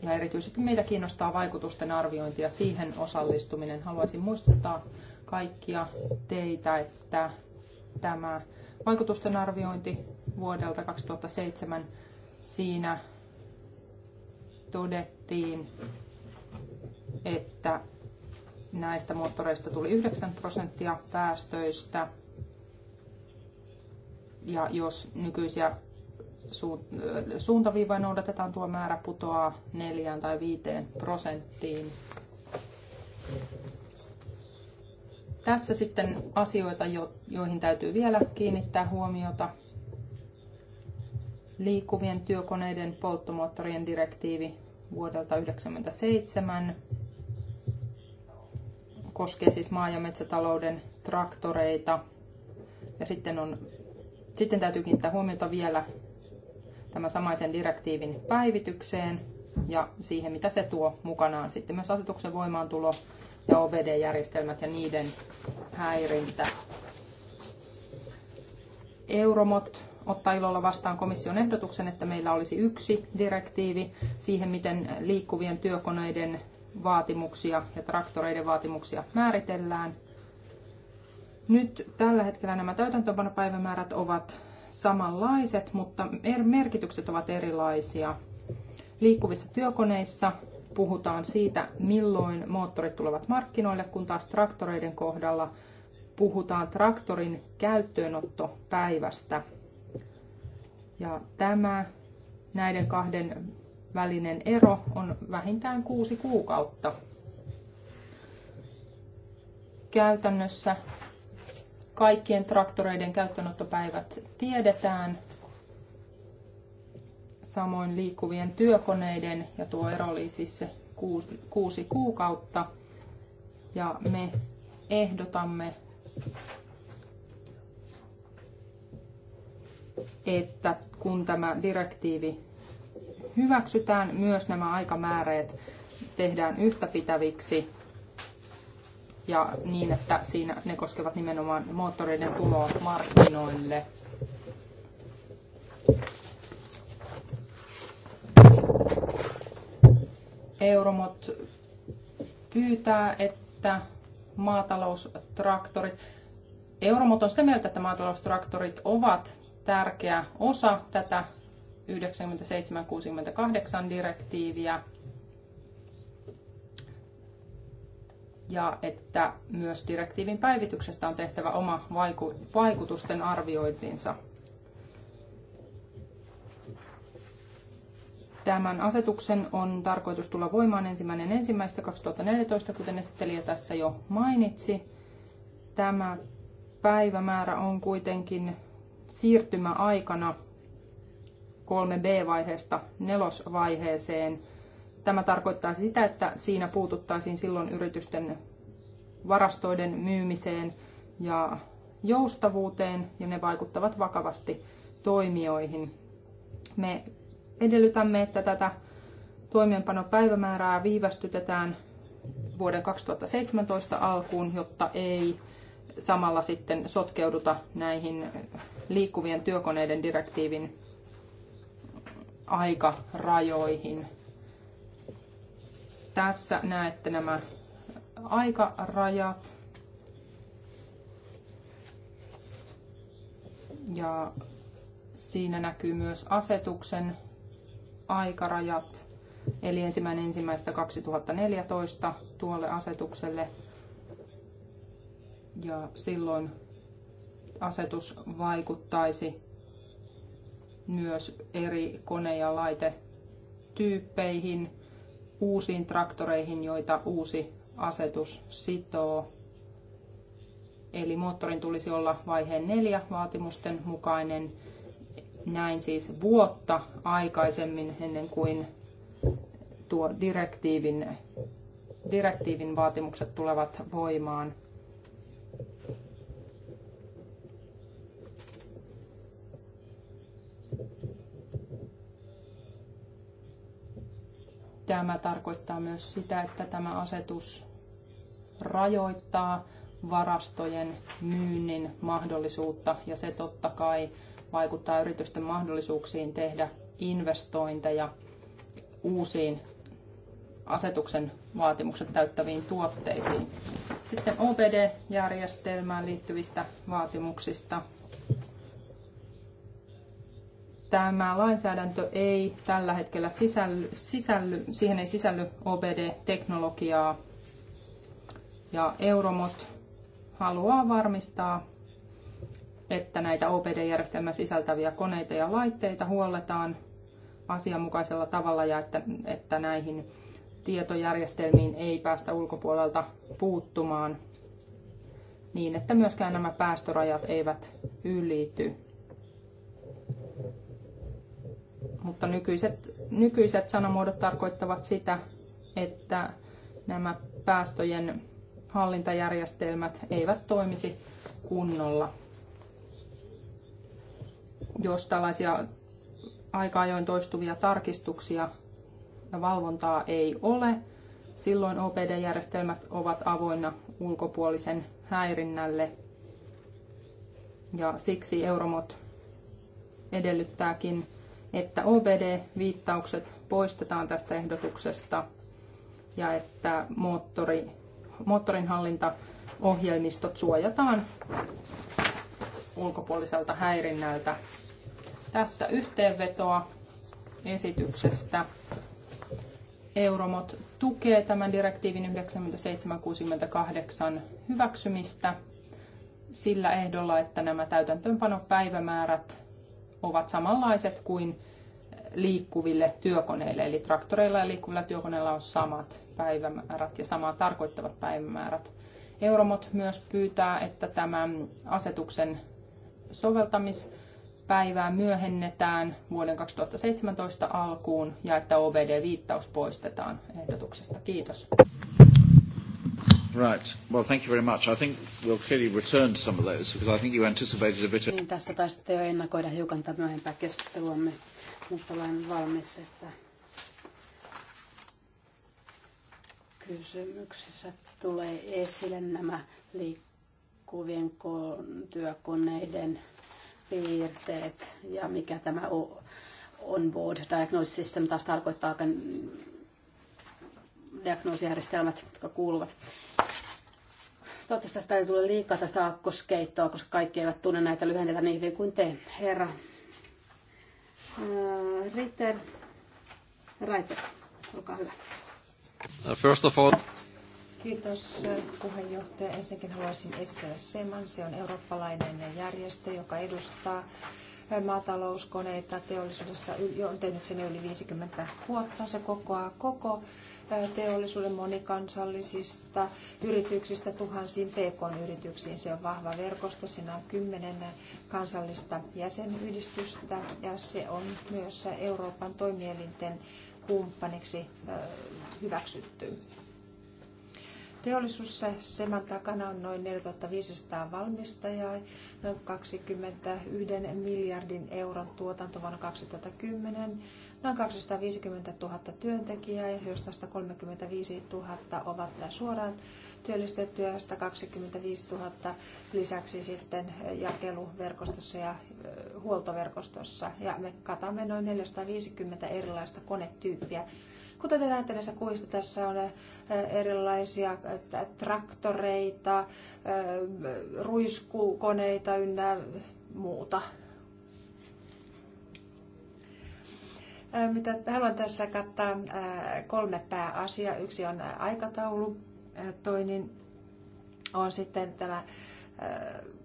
Ja erityisesti meitä kiinnostaa vaikutusten arviointi ja siihen osallistuminen. Haluaisin muistuttaa kaikkia teitä, että tämä vaikutusten arviointi vuodelta 2007 siinä todettiin, että näistä moottoreista tuli 9 prosenttia päästöistä. Ja jos nykyisiä suuntaviiva noudatetaan, tuo määrä putoaa neljään tai viiteen prosenttiin. Tässä sitten asioita, joihin täytyy vielä kiinnittää huomiota. Liikkuvien työkoneiden polttomoottorien direktiivi vuodelta 1997 koskee siis maa- ja metsätalouden traktoreita. Ja sitten, on, sitten täytyy kiinnittää huomiota vielä tämän samaisen direktiivin päivitykseen ja siihen, mitä se tuo mukanaan. Sitten myös asetuksen voimaantulo ja OBD-järjestelmät ja niiden häirintä. Euromot ottaa ilolla vastaan komission ehdotuksen, että meillä olisi yksi direktiivi siihen, miten liikkuvien työkoneiden vaatimuksia ja traktoreiden vaatimuksia määritellään. Nyt tällä hetkellä nämä täytäntöönpanopäivämäärät ovat samanlaiset, mutta er- merkitykset ovat erilaisia. Liikkuvissa työkoneissa puhutaan siitä, milloin moottorit tulevat markkinoille, kun taas traktoreiden kohdalla puhutaan traktorin käyttöönottopäivästä. Ja tämä näiden kahden välinen ero on vähintään kuusi kuukautta. Käytännössä kaikkien traktoreiden käyttöönottopäivät tiedetään, samoin liikkuvien työkoneiden, ja tuo ero oli siis se kuusi kuukautta. Ja me ehdotamme, että kun tämä direktiivi hyväksytään, myös nämä aikamääreet tehdään yhtäpitäviksi ja niin, että siinä ne koskevat nimenomaan moottoreiden tuloa markkinoille. Euromot pyytää, että maataloustraktorit. Euromot on sitä mieltä, että maataloustraktorit ovat tärkeä osa tätä 97-68 direktiiviä. ja että myös direktiivin päivityksestä on tehtävä oma vaikutusten arviointinsa. Tämän asetuksen on tarkoitus tulla voimaan ensimmäinen ensimmäistä 2014, kuten esittelijä tässä jo mainitsi. Tämä päivämäärä on kuitenkin siirtymäaikana 3B-vaiheesta nelosvaiheeseen Tämä tarkoittaa sitä, että siinä puututtaisiin silloin yritysten varastoiden myymiseen ja joustavuuteen, ja ne vaikuttavat vakavasti toimijoihin. Me edellytämme, että tätä toimeenpanopäivämäärää viivästytetään vuoden 2017 alkuun, jotta ei samalla sitten sotkeuduta näihin liikkuvien työkoneiden direktiivin aikarajoihin. Tässä näette nämä aikarajat. Ja siinä näkyy myös asetuksen aikarajat, eli ensimmäinen ensimmäistä 2014 tuolle asetukselle. Ja silloin asetus vaikuttaisi myös eri kone- ja laitetyyppeihin uusiin traktoreihin, joita uusi asetus sitoo. Eli moottorin tulisi olla vaiheen neljä vaatimusten mukainen, näin siis vuotta aikaisemmin ennen kuin tuo direktiivin, direktiivin vaatimukset tulevat voimaan – Tämä tarkoittaa myös sitä, että tämä asetus rajoittaa varastojen myynnin mahdollisuutta ja se totta kai vaikuttaa yritysten mahdollisuuksiin tehdä investointeja uusiin asetuksen vaatimukset täyttäviin tuotteisiin. Sitten OPD-järjestelmään liittyvistä vaatimuksista tämä lainsäädäntö ei tällä hetkellä sisälly, sisälly siihen ei sisälly OBD-teknologiaa. Ja Euromot haluaa varmistaa, että näitä obd järjestelmä sisältäviä koneita ja laitteita huolletaan asianmukaisella tavalla ja että, että näihin tietojärjestelmiin ei päästä ulkopuolelta puuttumaan niin, että myöskään nämä päästörajat eivät ylity. mutta nykyiset, nykyiset sanamuodot tarkoittavat sitä, että nämä päästöjen hallintajärjestelmät eivät toimisi kunnolla. Jos tällaisia aika ajoin toistuvia tarkistuksia ja valvontaa ei ole, silloin OPD-järjestelmät ovat avoinna ulkopuolisen häirinnälle. Ja siksi Euromot edellyttääkin että OBD-viittaukset poistetaan tästä ehdotuksesta ja että moottori, moottorinhallintaohjelmistot suojataan ulkopuoliselta häirinnältä. Tässä yhteenvetoa esityksestä. Euromot tukee tämän direktiivin 9768 hyväksymistä sillä ehdolla, että nämä täytäntöönpanopäivämäärät ovat samanlaiset kuin liikkuville työkoneille, eli traktoreilla ja liikkuvilla työkoneilla on samat päivämäärät ja samaa tarkoittavat päivämäärät. Euromot myös pyytää, että tämän asetuksen soveltamispäivää myöhennetään vuoden 2017 alkuun ja että OBD-viittaus poistetaan ehdotuksesta. Kiitos. Right. Well, thank you very much. I think we'll clearly return to some of those because I think you anticipated a bit of... Niin, tästä taisitte jo ennakoida hiukan myöhempää keskusteluamme, mutta olen valmis, että kysymyksissä tulee esille nämä liikkuvien työkoneiden piirteet ja mikä tämä on-board diagnosis system taas tarkoittaa diagnoosijärjestelmät, jotka kuuluvat Toivottavasti tästä ei tule liikaa tästä akkoskeittoa, koska kaikki eivät tunne näitä lyhenteitä niin hyvin kuin te, herra. Äh, Ritter, Raiter, olkaa hyvä. Uh, first of all... Kiitos äh, puheenjohtaja. Ensinnäkin haluaisin esitellä SEMAN. Se on eurooppalainen järjestö, joka edustaa äh, maatalouskoneita teollisuudessa. On tehnyt sen yli 50 vuotta. Se kokoaa koko teollisuuden monikansallisista yrityksistä tuhansiin PK-yrityksiin. Se on vahva verkosto, siinä on kymmenen kansallista jäsenyhdistystä ja se on myös Euroopan toimielinten kumppaniksi hyväksytty teollisuusseman takana on noin 4500 valmistajaa, noin 21 miljardin euron tuotanto vuonna 2010, noin 250 000 työntekijää, joista 135 000 ovat suoraan työllistettyjä, 125 000 lisäksi sitten jakeluverkostossa ja huoltoverkostossa. Ja me katamme noin 450 erilaista konetyyppiä Kuten te näette näissä tässä on eh, erilaisia traktoreita, eh, ruiskukoneita ynnä muuta. Eh, mitä haluan tässä kattaa kolme pääasiaa. Yksi on aikataulu, toinen on sitten tämä,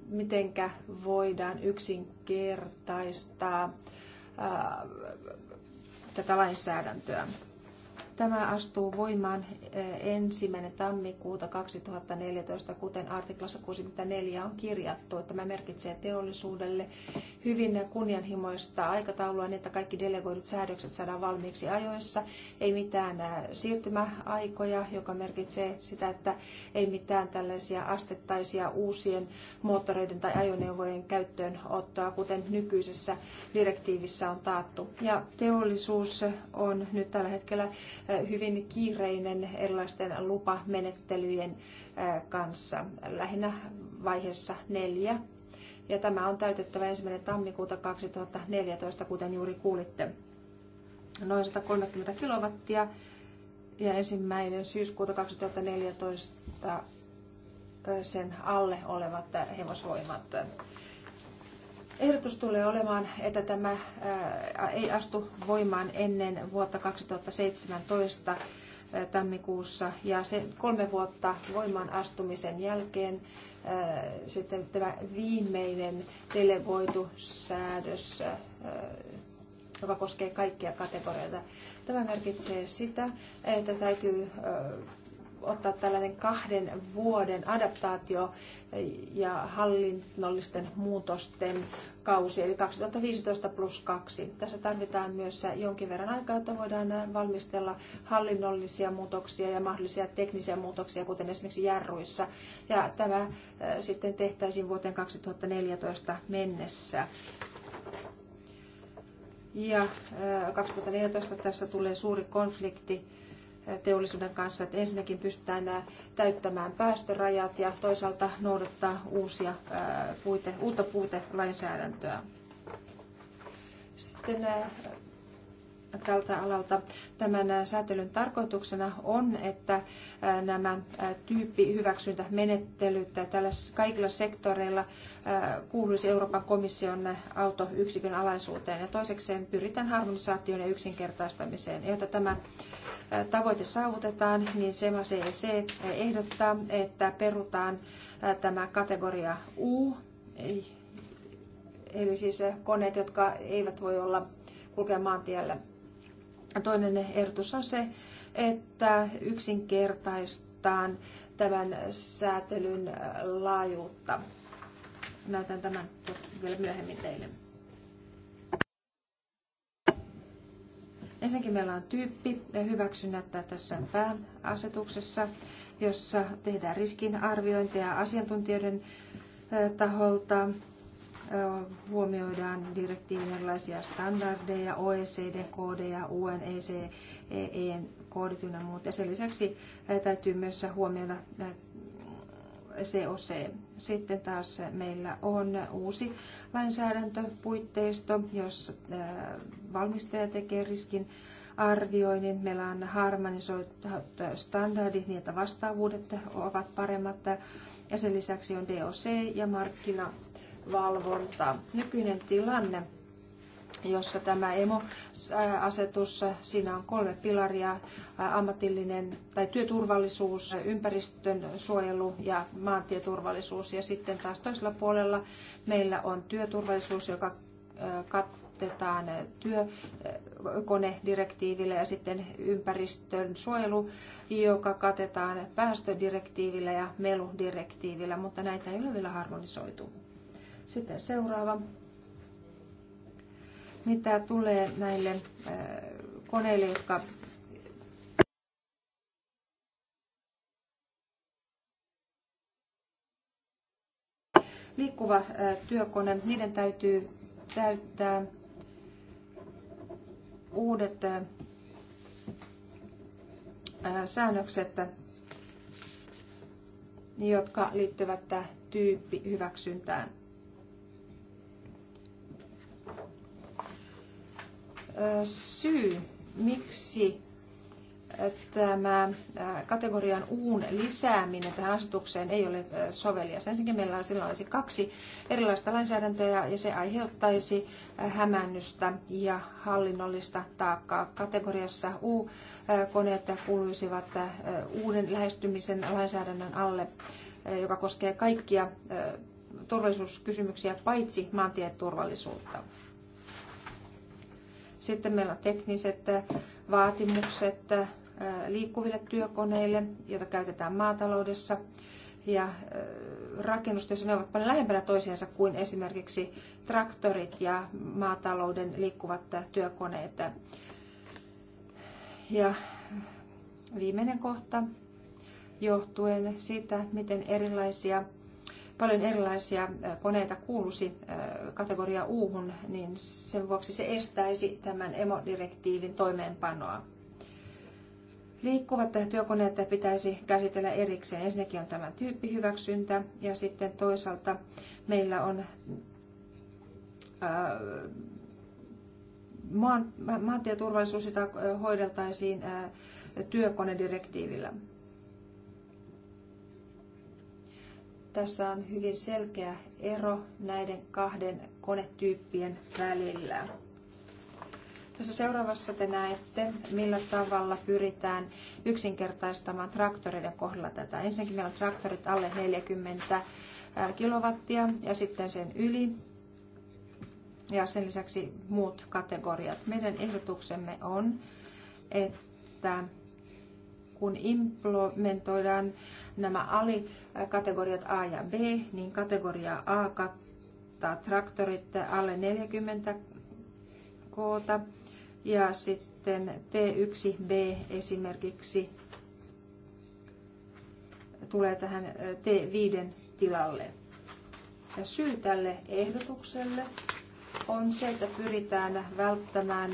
mitenkä voidaan yksinkertaistaa tätä lainsäädäntöä. Tämä astuu voimaan ensimmäinen tammikuuta 2014, kuten artiklassa 64 on kirjattu. Tämä merkitsee teollisuudelle hyvin kunnianhimoista aikataulua, niin että kaikki delegoidut säädökset saadaan valmiiksi ajoissa. Ei mitään siirtymäaikoja, joka merkitsee sitä, että ei mitään tällaisia astettaisia uusien moottoreiden tai ajoneuvojen käyttöönottoa, kuten nykyisessä direktiivissä on taattu. Ja teollisuus on nyt tällä hetkellä hyvin kiireinen erilaisten lupamenettelyjen kanssa, lähinnä vaiheessa neljä. Ja tämä on täytettävä ensimmäinen tammikuuta 2014, kuten juuri kuulitte. Noin 130 kilowattia ja ensimmäinen syyskuuta 2014 sen alle olevat hevosvoimat. Ehdotus tulee olemaan, että tämä ei astu voimaan ennen vuotta 2017 tammikuussa ja se kolme vuotta voimaan astumisen jälkeen sitten tämä viimeinen televoitu säädös, joka koskee kaikkia kategorioita. Tämä merkitsee sitä, että täytyy ottaa tällainen kahden vuoden adaptaatio eh, ja hallinnollisten muutosten kausi, eli 2015 plus 2. Tässä tarvitaan myös eh, jonkin verran aikaa, että voidaan eh, valmistella hallinnollisia muutoksia ja mahdollisia teknisiä muutoksia, kuten esimerkiksi jarruissa. Ja tämä sitten tehtäisiin vuoteen 2014 mennessä. Ja 2014 tässä tulee suuri konflikti teollisuuden kanssa, että ensinnäkin pystytään täyttämään päästörajat ja toisaalta noudattaa uusia puute uutta puutelainsäädäntöä. Sitten tältä alalta. Tämän säätelyn tarkoituksena on, että nämä tyyppihyväksyntämenettelyt kaikilla sektoreilla kuuluisi Euroopan komission autoyksikön alaisuuteen. Ja toisekseen pyritään harmonisaatioon ja yksinkertaistamiseen, jotta tämä tavoite saavutetaan, niin sema CEC ehdottaa, että perutaan tämä kategoria U, eli siis koneet, jotka eivät voi olla kulkea maantiellä. Toinen ehdotus on se, että yksinkertaistaan tämän säätelyn laajuutta. Näytän tämän vielä myöhemmin teille. Ensinnäkin meillä on tyyppi hyväksynnättä tässä pääasetuksessa, jossa tehdään riskinarviointeja asiantuntijoiden taholta, huomioidaan direktiivin erilaisia standardeja, OECD-koodeja, UNECEN-koodit ja e e e muut. Ja sen lisäksi täytyy myös huomioida COC. Sitten taas meillä on uusi lainsäädäntöpuitteisto, jos äh, valmistaja tekee riskin arvioinnin. Meillä on harmonisoitu standardi, niin että vastaavuudet ovat paremmat. Ja sen lisäksi on DOC ja markkinavalvonta. Nykyinen tilanne jossa tämä emo-asetus, siinä on kolme pilaria, ammatillinen tai työturvallisuus, ympäristön suojelu ja maantieturvallisuus. Ja sitten taas toisella puolella meillä on työturvallisuus, joka katetaan työkonedirektiivillä ja sitten ympäristön suojelu, joka katetaan päästödirektiivillä ja meludirektiivillä, mutta näitä ei ole vielä harmonisoitu. Sitten seuraava mitä tulee näille koneille, jotka liikkuva työkone, niiden täytyy täyttää uudet säännökset, jotka liittyvät tyyppihyväksyntään. syy, miksi tämä kategorian uun lisääminen tähän asetukseen ei ole sovelias. Ensinnäkin meillä on silloin olisi kaksi erilaista lainsäädäntöä ja se aiheuttaisi hämännystä ja hallinnollista taakkaa. Kategoriassa U-koneet kuuluisivat uuden lähestymisen lainsäädännön alle, joka koskee kaikkia turvallisuuskysymyksiä paitsi maantieturvallisuutta. turvallisuutta. Sitten meillä on tekniset äh, vaatimukset äh, liikkuville työkoneille, joita käytetään maataloudessa ja äh, rakennustyössä. Ne ovat paljon lähempänä toisiansa kuin esimerkiksi traktorit ja maatalouden liikkuvat työkoneet. Ja viimeinen kohta johtuen siitä, miten erilaisia paljon erilaisia koneita kuulusi kategoria uuhun, niin sen vuoksi se estäisi tämän emodirektiivin toimeenpanoa. Liikkuvat työkoneet pitäisi käsitellä erikseen. Ensinnäkin on tämä tyyppihyväksyntä ja sitten toisaalta meillä on maantieturvallisuus, jota hoideltaisiin työkonedirektiivillä. tässä on hyvin selkeä ero näiden kahden konetyyppien välillä. Tässä seuraavassa te näette, millä tavalla pyritään yksinkertaistamaan traktoreiden kohdalla tätä. Ensinnäkin meillä on traktorit alle 40 kilowattia ja sitten sen yli. Ja sen lisäksi muut kategoriat. Meidän ehdotuksemme on, että kun implementoidaan nämä alikategoriat A ja B, niin kategoria A kattaa traktorit alle 40 koota ja sitten T1B esimerkiksi tulee tähän eh, T5 tilalle. Ja syy tälle ehdotukselle on se, että pyritään välttämään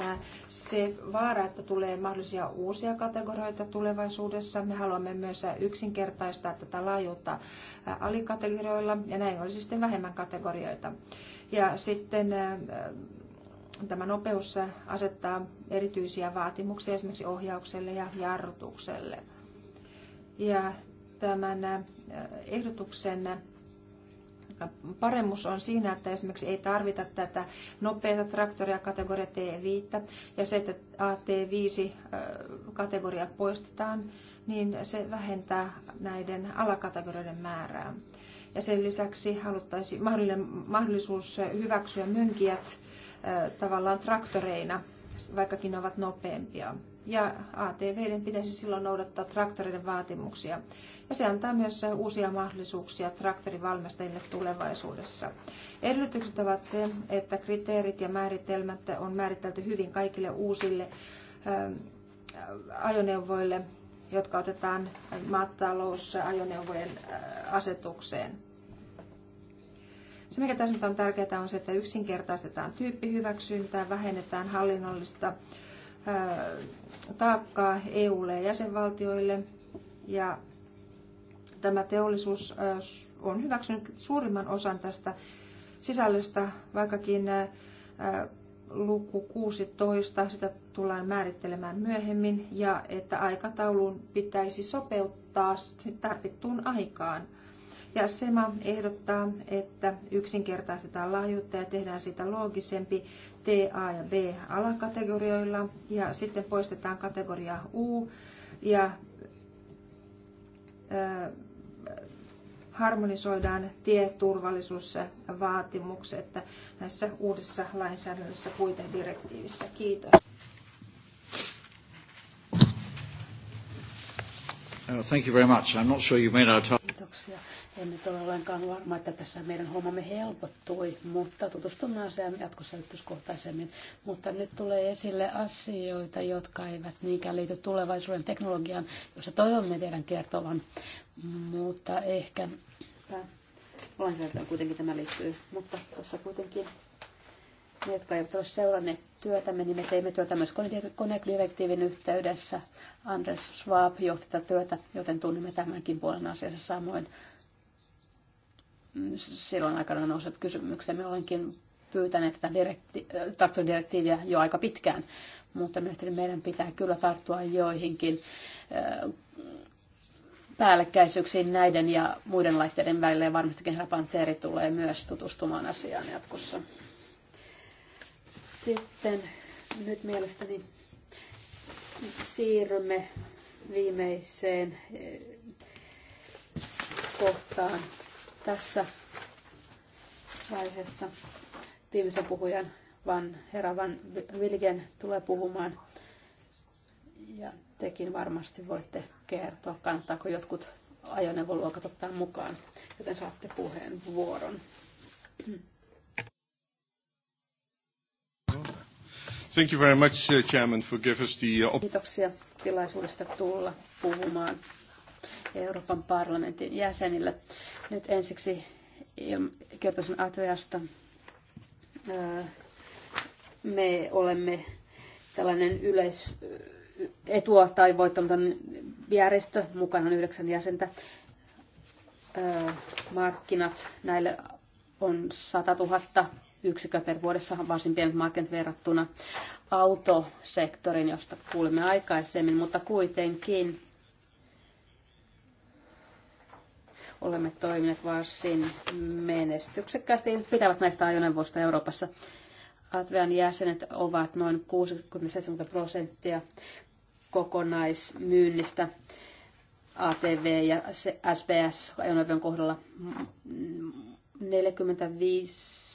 se vaara, että tulee mahdollisia uusia kategorioita tulevaisuudessa. Me haluamme myös yksinkertaistaa tätä laajuutta alikategorioilla ja näin olisi sitten vähemmän kategorioita. Ja sitten tämä nopeus asettaa erityisiä vaatimuksia esimerkiksi ohjaukselle ja jarrutukselle. Ja tämän ehdotuksen Paremmus on siinä, että esimerkiksi ei tarvita tätä nopeita traktoria kategoria T5 ja se, että AT5 kategoria poistetaan, niin se vähentää näiden alakategorioiden määrää. Ja sen lisäksi haluttaisiin mahdollisuus hyväksyä mönkijät tavallaan traktoreina, vaikkakin ne ovat nopeampia ja ATVden pitäisi silloin noudattaa traktoreiden vaatimuksia. Ja se antaa myös uusia mahdollisuuksia traktorivalmistajille tulevaisuudessa. Edellytykset ovat se, että kriteerit ja määritelmät on määritelty hyvin kaikille uusille ähm, ajoneuvoille, jotka otetaan maatalousajoneuvojen äh, asetukseen. Se, mikä tässä nyt on tärkeää, on se, että yksinkertaistetaan tyyppihyväksyntää, vähennetään hallinnollista taakkaa EUlle ja jäsenvaltioille. Ja tämä teollisuus on hyväksynyt suurimman osan tästä sisällöstä, vaikkakin luku 16, sitä tullaan määrittelemään myöhemmin, ja että aikatauluun pitäisi sopeuttaa tarvittuun aikaan – ja SEMA ehdottaa, että yksinkertaistetaan laajuutta ja tehdään siitä loogisempi A ja B-alakategorioilla ja sitten poistetaan kategoria U ja ö, harmonisoidaan tieturvallisuusvaatimukset näissä uudessa lainsäädännössä puitedirektiivissä. Kiitos. Uh, thank you very much. I'm not sure you made our Kiitoksia. En nyt ole ollenkaan varma, että tässä meidän hommamme helpottui, mutta tutustumme asiaan jatkossa yksityiskohtaisemmin. Mutta nyt tulee esille asioita, jotka eivät niinkään liity tulevaisuuden teknologiaan, jossa toivomme teidän kertovan, mutta ehkä olen äh, sieltä kuitenkin tämä liittyy. Mutta tässä kuitenkin ne, jotka eivät ole seuranneet työtämme, niin me teimme työtä myös connect yhteydessä. Andres Schwab johti tätä työtä, joten tunnemme tämänkin puolen asiassa samoin. Mm, silloin aikana nousivat kysymykset. Me olenkin pyytäneet tätä direkti- äh, traktoridirektiiviä jo aika pitkään, mutta mielestäni meidän pitää kyllä tarttua joihinkin äh, päällekkäisyyksiin näiden ja muiden laitteiden välillä ja varmastikin herra Panseri tulee myös tutustumaan asiaan jatkossa. Sitten nyt mielestäni siirrymme viimeiseen eh, kohtaan tässä vaiheessa. Viimeisen puhujan Van Herra Van Vilgen tulee puhumaan. Ja tekin varmasti voitte kertoa, kannattaako jotkut ajoneuvoluokat ottaa mukaan, joten saatte puheenvuoron. Mm. Thank you very much, uh, Chairman, for give us the... Uh, Kiitoksia tilaisuudesta tulla puhumaan Euroopan parlamentin jäsenille. Nyt ensiksi kertoisin Atveasta. Me olemme tällainen yleis, etua tai voittamaton järjestö, mukana on yhdeksän jäsentä. Markkinat näille on 100 000 yksikö per vuodessa on varsin pienet markkinat verrattuna autosektorin, josta kuulimme aikaisemmin, mutta kuitenkin olemme toimineet varsin menestyksekkäästi. Ihmiset pitävät näistä ajoneuvoista Euroopassa. Atvean jäsenet ovat noin 60-70 prosenttia kokonaismyynnistä ATV ja SPS ajoneuvojen kohdalla 45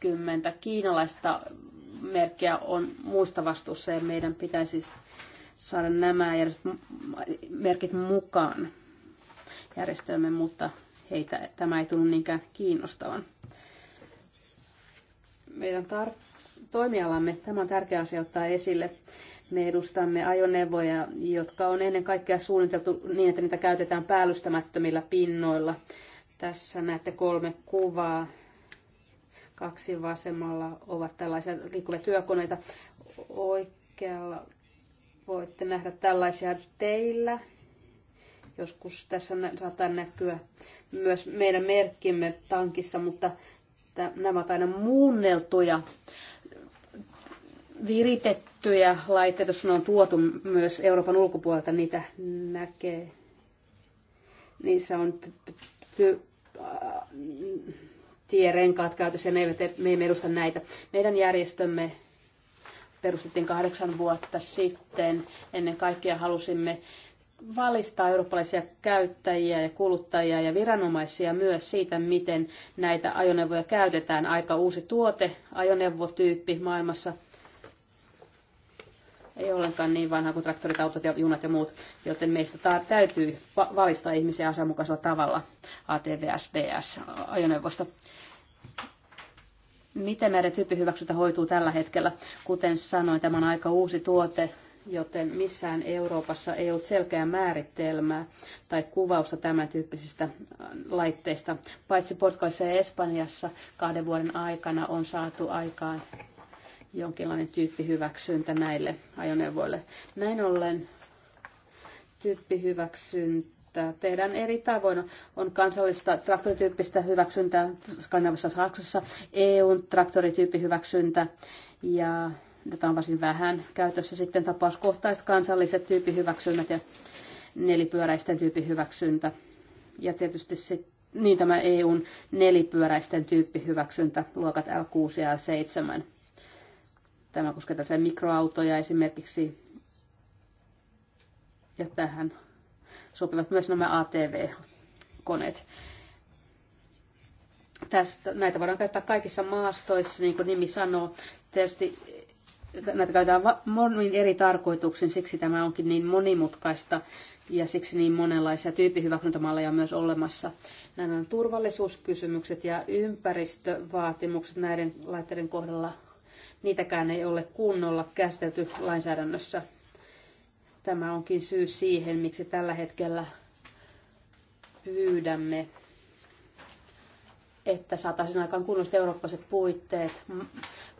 20 kiinalaista merkkiä on muista vastuussa ja meidän pitäisi saada nämä merkit mukaan järjestelmään, mutta heitä tämä ei tunnu niinkään kiinnostavan. Meidän tar- toimialamme, tämä on tärkeä asia ottaa esille, me edustamme ajoneuvoja, jotka on ennen kaikkea suunniteltu niin, että niitä käytetään päällystämättömillä pinnoilla. Tässä näette kolme kuvaa Kaksi vasemmalla ovat tällaisia liikkuvia työkoneita. Oikealla voitte nähdä tällaisia teillä. Joskus tässä saattaa näkyä myös meidän merkkimme tankissa, mutta nämä ovat aina muunneltuja, viritettyjä laitteita, jos ne on tuotu myös Euroopan ulkopuolelta, niitä näkee. Niissä on tierenkaat käytössä ja me, eivät, me emme edusta näitä. Meidän järjestömme perustettiin kahdeksan vuotta sitten. Ennen kaikkea halusimme valistaa eurooppalaisia käyttäjiä ja kuluttajia ja viranomaisia myös siitä, miten näitä ajoneuvoja käytetään. Aika uusi tuote, ajoneuvotyyppi maailmassa – ei ollenkaan niin vanha kuin traktorit, autot ja junat ja muut, joten meistä ta- täytyy va- valistaa ihmisiä asianmukaisella tavalla ATVS-BS-ajoneuvosta. Miten näiden tyyppihyväksyntä hoituu tällä hetkellä? Kuten sanoin, tämä on aika uusi tuote, joten missään Euroopassa ei ollut selkeää määritelmää tai kuvausta tämän tyyppisistä äh, laitteista. Paitsi Portugalissa ja Espanjassa kahden vuoden aikana on saatu aikaan jonkinlainen tyyppihyväksyntä näille ajoneuvoille. Näin ollen tyyppihyväksyntä tehdään eri tavoin. On kansallista traktorityyppistä hyväksyntää Skandinavissa Saksassa, EUn traktorityyppihyväksyntä ja tätä on varsin vähän käytössä sitten tapauskohtaiset kansalliset tyyppihyväksynnät ja nelipyöräisten tyyppihyväksyntä. Ja tietysti sit, niin tämä EUn nelipyöräisten tyyppihyväksyntä, luokat L6 ja L7. Tämä koskee tällaisia mikroautoja esimerkiksi. Ja tähän sopivat myös nämä ATV-koneet. Tästä, näitä voidaan käyttää kaikissa maastoissa, niin kuin nimi sanoo. Tietysti näitä käytetään monin eri tarkoituksiin, siksi tämä onkin niin monimutkaista ja siksi niin monenlaisia tyyppihyväksyntämalleja on myös olemassa. Nämä on turvallisuuskysymykset ja ympäristövaatimukset näiden laitteiden kohdalla niitäkään ei ole kunnolla käsitelty lainsäädännössä. Tämä onkin syy siihen, miksi tällä hetkellä pyydämme, että saataisiin aikaan kunnolliset eurooppalaiset puitteet,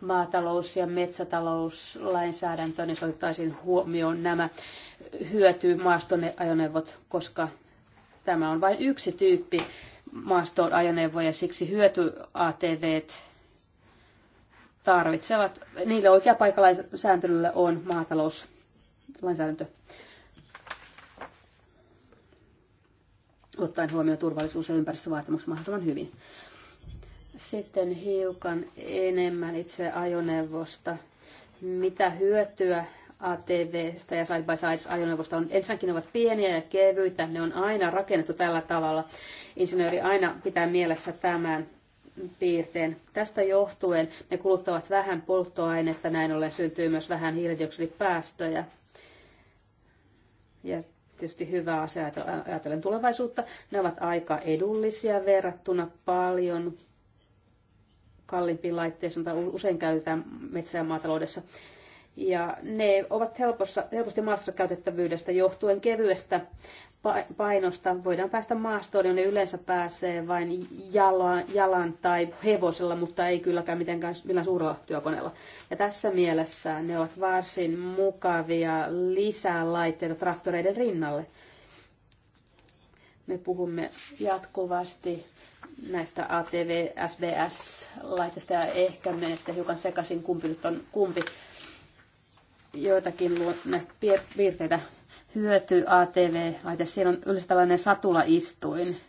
maatalous- ja metsätalouslainsäädäntöön, niin otettaisiin huomioon nämä hyötyy ajoneuvot, koska tämä on vain yksi tyyppi maastoon ajoneuvoja, siksi hyöty ATVt tarvitsevat, niille oikea paikalaisääntelylle sääntelylle on maatalouslainsäädäntö. Ottaen huomioon turvallisuus- ja ympäristövaatimukset mahdollisimman hyvin. Sitten hiukan enemmän itse ajoneuvosta. Mitä hyötyä ATVstä ja side by side ajoneuvosta on. Ensinnäkin ne ovat pieniä ja kevyitä, ne on aina rakennettu tällä tavalla. Insinööri aina pitää mielessä tämän piirteen. Tästä johtuen ne kuluttavat vähän polttoainetta, näin ollen syntyy myös vähän hiilidioksidipäästöjä. Ja tietysti hyvä asia ajatellen tulevaisuutta. Ne ovat aika edullisia verrattuna paljon kalliimpiin laitteisiin, joita usein käytetään metsä- ja maataloudessa. Ja ne ovat helposti maassa käytettävyydestä johtuen kevyestä painosta voidaan päästä maastoon, jonne yleensä pääsee vain jalan, jalan tai hevosella, mutta ei kylläkään mitenkään millään suurella työkoneella. Ja tässä mielessä ne ovat varsin mukavia lisää laitteita traktoreiden rinnalle. Me puhumme jatkuvasti näistä ATV, SBS-laitteista ja ehkä menette hiukan sekaisin, kumpi nyt on kumpi. Joitakin näistä piirteitä hyöty ATV-laite. Siinä on yleensä tällainen satulaistuin,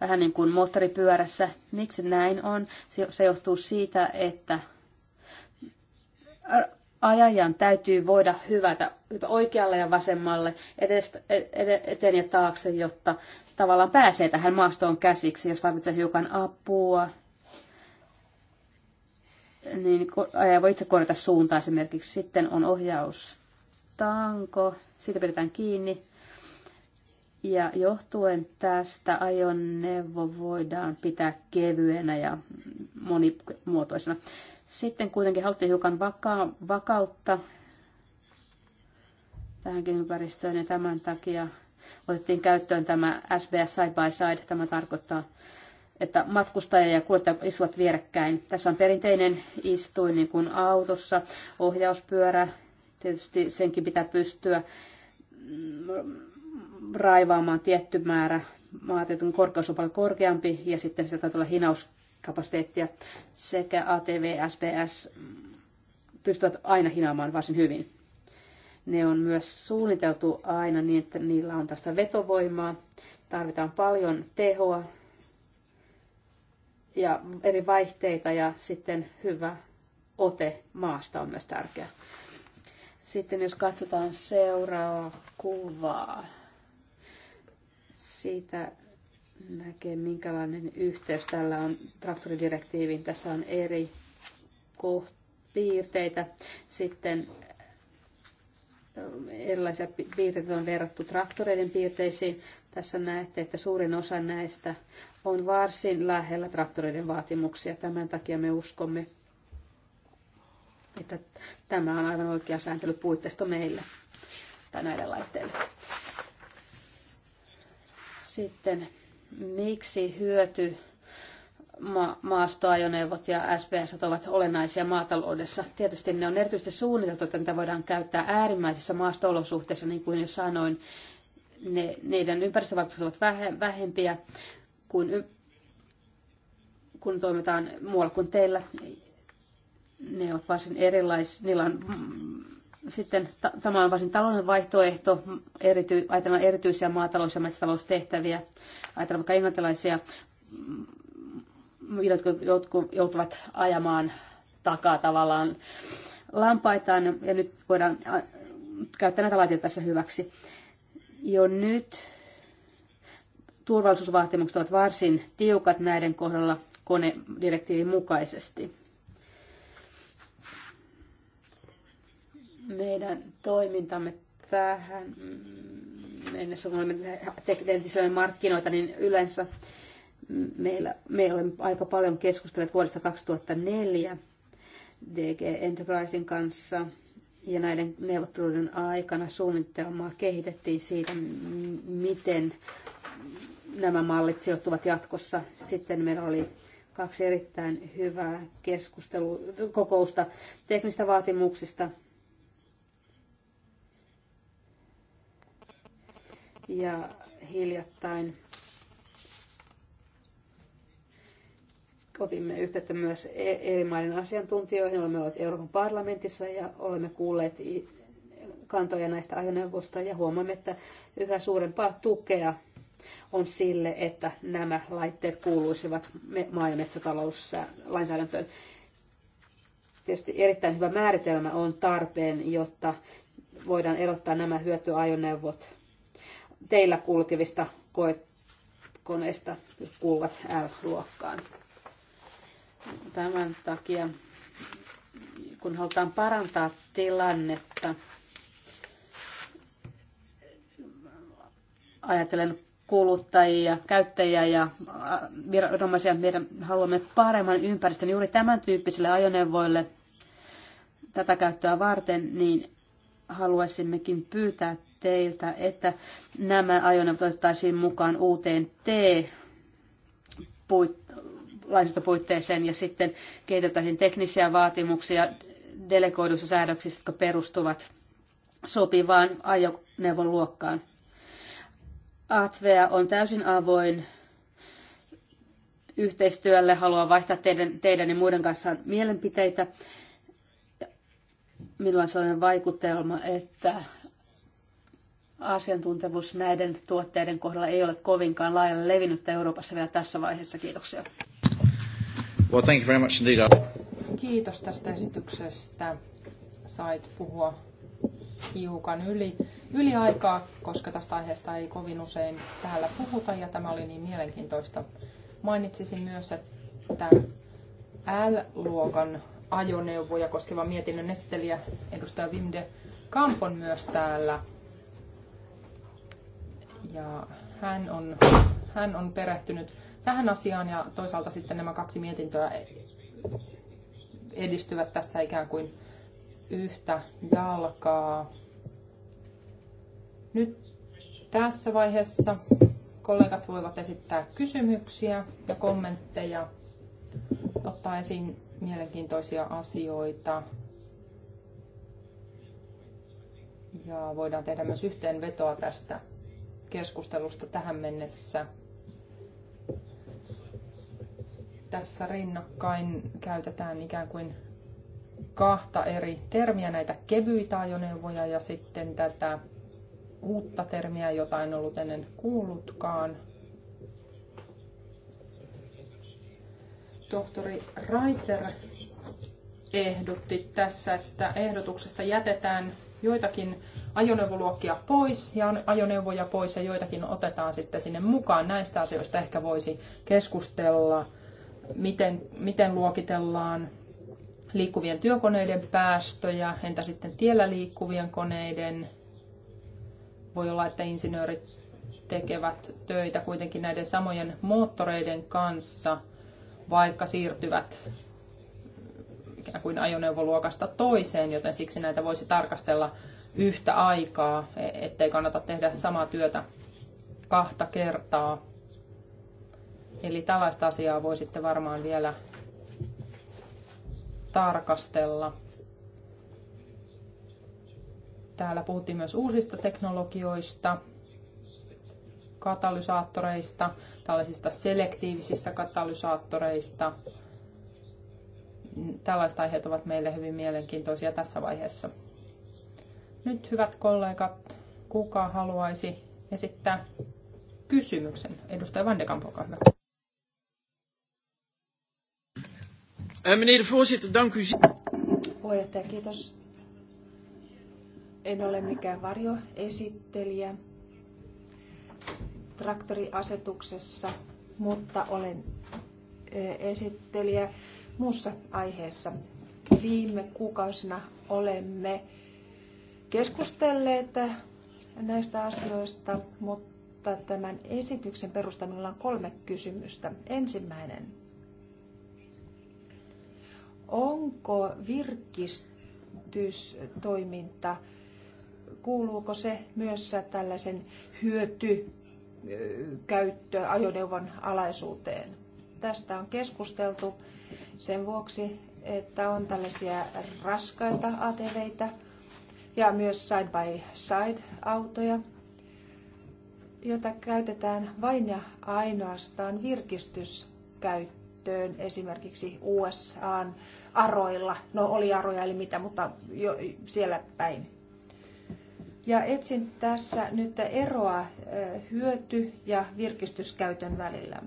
vähän niin kuin moottoripyörässä. Miksi näin on? Se johtuu siitä, että ajajan täytyy voida hyvätä oikealle ja vasemmalle, eteen ja taakse, jotta tavallaan pääsee tähän maastoon käsiksi, jos tarvitsee hiukan apua. Niin ajaja voi itse korjata suuntaa esimerkiksi. Sitten on ohjaus tanko, siitä pidetään kiinni. Ja johtuen tästä ajoneuvo voidaan pitää kevyenä ja monimuotoisena. Sitten kuitenkin haluttiin hiukan vaka- vakautta tähänkin ympäristöön ja tämän takia otettiin käyttöön tämä SBS Side by Side. Tämä tarkoittaa, että matkustaja ja kuljettaja istuvat vierekkäin. Tässä on perinteinen istuin niin kuin autossa, ohjauspyörä Tietysti senkin pitää pystyä raivaamaan tietty määrä maata, että korkeus on paljon korkeampi ja sitten sieltä tulee olla hinauskapasiteettia sekä ATV ja SPS pystyvät aina hinaamaan varsin hyvin. Ne on myös suunniteltu aina niin, että niillä on tästä vetovoimaa. Tarvitaan paljon tehoa ja eri vaihteita ja sitten hyvä ote maasta on myös tärkeä. Sitten jos katsotaan seuraavaa kuvaa, siitä näkee minkälainen yhteys tällä on traktoridirektiiviin. Tässä on eri piirteitä. Sitten eh, erilaisia piirteitä on verrattu traktoreiden piirteisiin. Tässä näette, että suurin osa näistä on varsin lähellä traktoreiden vaatimuksia. Tämän takia me uskomme, että tämä on aivan oikea sääntelypuitteisto meille tai näille laitteille. Sitten miksi hyöty ma- maastoajoneuvot ja SPS ovat olennaisia maataloudessa. Tietysti ne on erityisesti suunniteltu, että niitä voidaan käyttää äärimmäisissä maastoolosuhteissa, niin kuin jo sanoin. Ne, niiden ympäristövaikutukset ovat vähe- vähempiä kuin kun toimitaan muualla kuin teillä. Ne ovat varsin erilaisia. Niillä on mm, sitten tämä on varsin talouden vaihtoehto, erity, ajatellaan erityisiä maatalous- ja metsätaloustehtäviä, ajatellaan vaikka englantilaisia, mm, jotka joutuvat ajamaan takaa tavallaan lampaitaan, ja nyt voidaan käyttää näitä laitteita tässä hyväksi. Jo nyt turvallisuusvaatimukset ovat varsin tiukat näiden kohdalla konedirektiivin mukaisesti meidän toimintamme tähän mennessä, kun olemme teknisellä markkinoita, niin yleensä meillä, me olemme aika paljon keskustelleet vuodesta 2004 DG Enterprisein kanssa. Ja näiden neuvotteluiden aikana suunnitelmaa kehitettiin siitä, miten nämä mallit sijoittuvat jatkossa. Sitten meillä oli kaksi erittäin hyvää keskustelukokousta kokousta teknistä vaatimuksista ja hiljattain otimme yhteyttä myös e- eri maiden asiantuntijoihin. Olemme olleet Euroopan parlamentissa ja olemme kuulleet kantoja näistä ajoneuvoista ja huomaamme, että yhä suurempaa tukea on sille, että nämä laitteet kuuluisivat maa- ja metsätalouslainsäädäntöön. Tietysti erittäin hyvä määritelmä on tarpeen, jotta voidaan erottaa nämä hyötyajoneuvot teillä kulkevista koneista kuuluvat L-luokkaan. Tämän takia, kun halutaan parantaa tilannetta, ajatellen kuluttajia, käyttäjiä ja viranomaisia, meidän haluamme paremman ympäristön juuri tämän tyyppisille ajoneuvoille tätä käyttöä varten, niin haluaisimmekin pyytää teiltä, että nämä ajoneuvot otettaisiin mukaan uuteen T-lainsäädäntöpuitteeseen ja sitten kehiteltäisiin teknisiä vaatimuksia delegoiduissa säädöksissä, jotka perustuvat sopivaan ajoneuvon luokkaan. ATVEA on täysin avoin yhteistyölle, haluan vaihtaa teidän, teidän ja muiden kanssa mielenpiteitä. Minulla on sellainen vaikutelma, että asiantuntevuus näiden tuotteiden kohdalla ei ole kovinkaan laajalle levinnyt Euroopassa vielä tässä vaiheessa. Kiitoksia. Well, thank you very much indeed. Kiitos tästä esityksestä. Sait puhua hiukan yli, yli aikaa, koska tästä aiheesta ei kovin usein täällä puhuta ja tämä oli niin mielenkiintoista. Mainitsisin myös, että L-luokan ajoneuvoja koskeva mietinnön esittelijä edustaja Vimde Kampon myös täällä ja hän on, hän on perehtynyt tähän asiaan ja toisaalta sitten nämä kaksi mietintöä edistyvät tässä ikään kuin yhtä jalkaa. Nyt tässä vaiheessa kollegat voivat esittää kysymyksiä ja kommentteja, ottaa esiin mielenkiintoisia asioita. Ja voidaan tehdä myös yhteenvetoa tästä keskustelusta tähän mennessä. Tässä rinnakkain käytetään ikään kuin kahta eri termiä, näitä kevyitä ajoneuvoja ja sitten tätä uutta termiä, jota en ollut ennen kuullutkaan. Tohtori Reiter ehdotti tässä, että ehdotuksesta jätetään joitakin ajoneuvoluokkia pois ja ajoneuvoja pois ja joitakin otetaan sitten sinne mukaan. Näistä asioista ehkä voisi keskustella, miten, miten luokitellaan liikkuvien työkoneiden päästöjä, entä sitten tiellä liikkuvien koneiden. Voi olla, että insinöörit tekevät töitä kuitenkin näiden samojen moottoreiden kanssa, vaikka siirtyvät ikään kuin ajoneuvoluokasta toiseen, joten siksi näitä voisi tarkastella yhtä aikaa, e, ettei kannata tehdä samaa työtä kahta kertaa. Eli tällaista asiaa voisitte varmaan vielä tarkastella. Täällä puhuttiin myös uusista teknologioista, katalysaattoreista, tällaisista selektiivisistä katalysaattoreista, tällaiset aiheet ovat meille hyvin mielenkiintoisia tässä vaiheessa. Nyt hyvät kollegat, kuka haluaisi esittää kysymyksen? Edustaja Vandekamp, hyvä. Eh, meneer de voorzitter, dank u. Puheenjohtaja, kiitos. En ole mikään varjoesittelijä traktoriasetuksessa, mutta olen eh, esittelijä muussa aiheessa. Viime kuukausina olemme keskustelleet näistä asioista, mutta tämän esityksen perustamilla on kolme kysymystä. Ensimmäinen. Onko virkistystoiminta, kuuluuko se myös tällaisen hyötykäyttöajoneuvon alaisuuteen? Tästä on keskusteltu sen vuoksi, että on tällaisia raskaita ATVitä ja myös side-by-side-autoja, joita käytetään vain ja ainoastaan virkistyskäyttöön esimerkiksi USAn aroilla. No oli aroja eli mitä, mutta jo, siellä päin. Ja etsin tässä nyt eroa hyöty- ja virkistyskäytön välillä.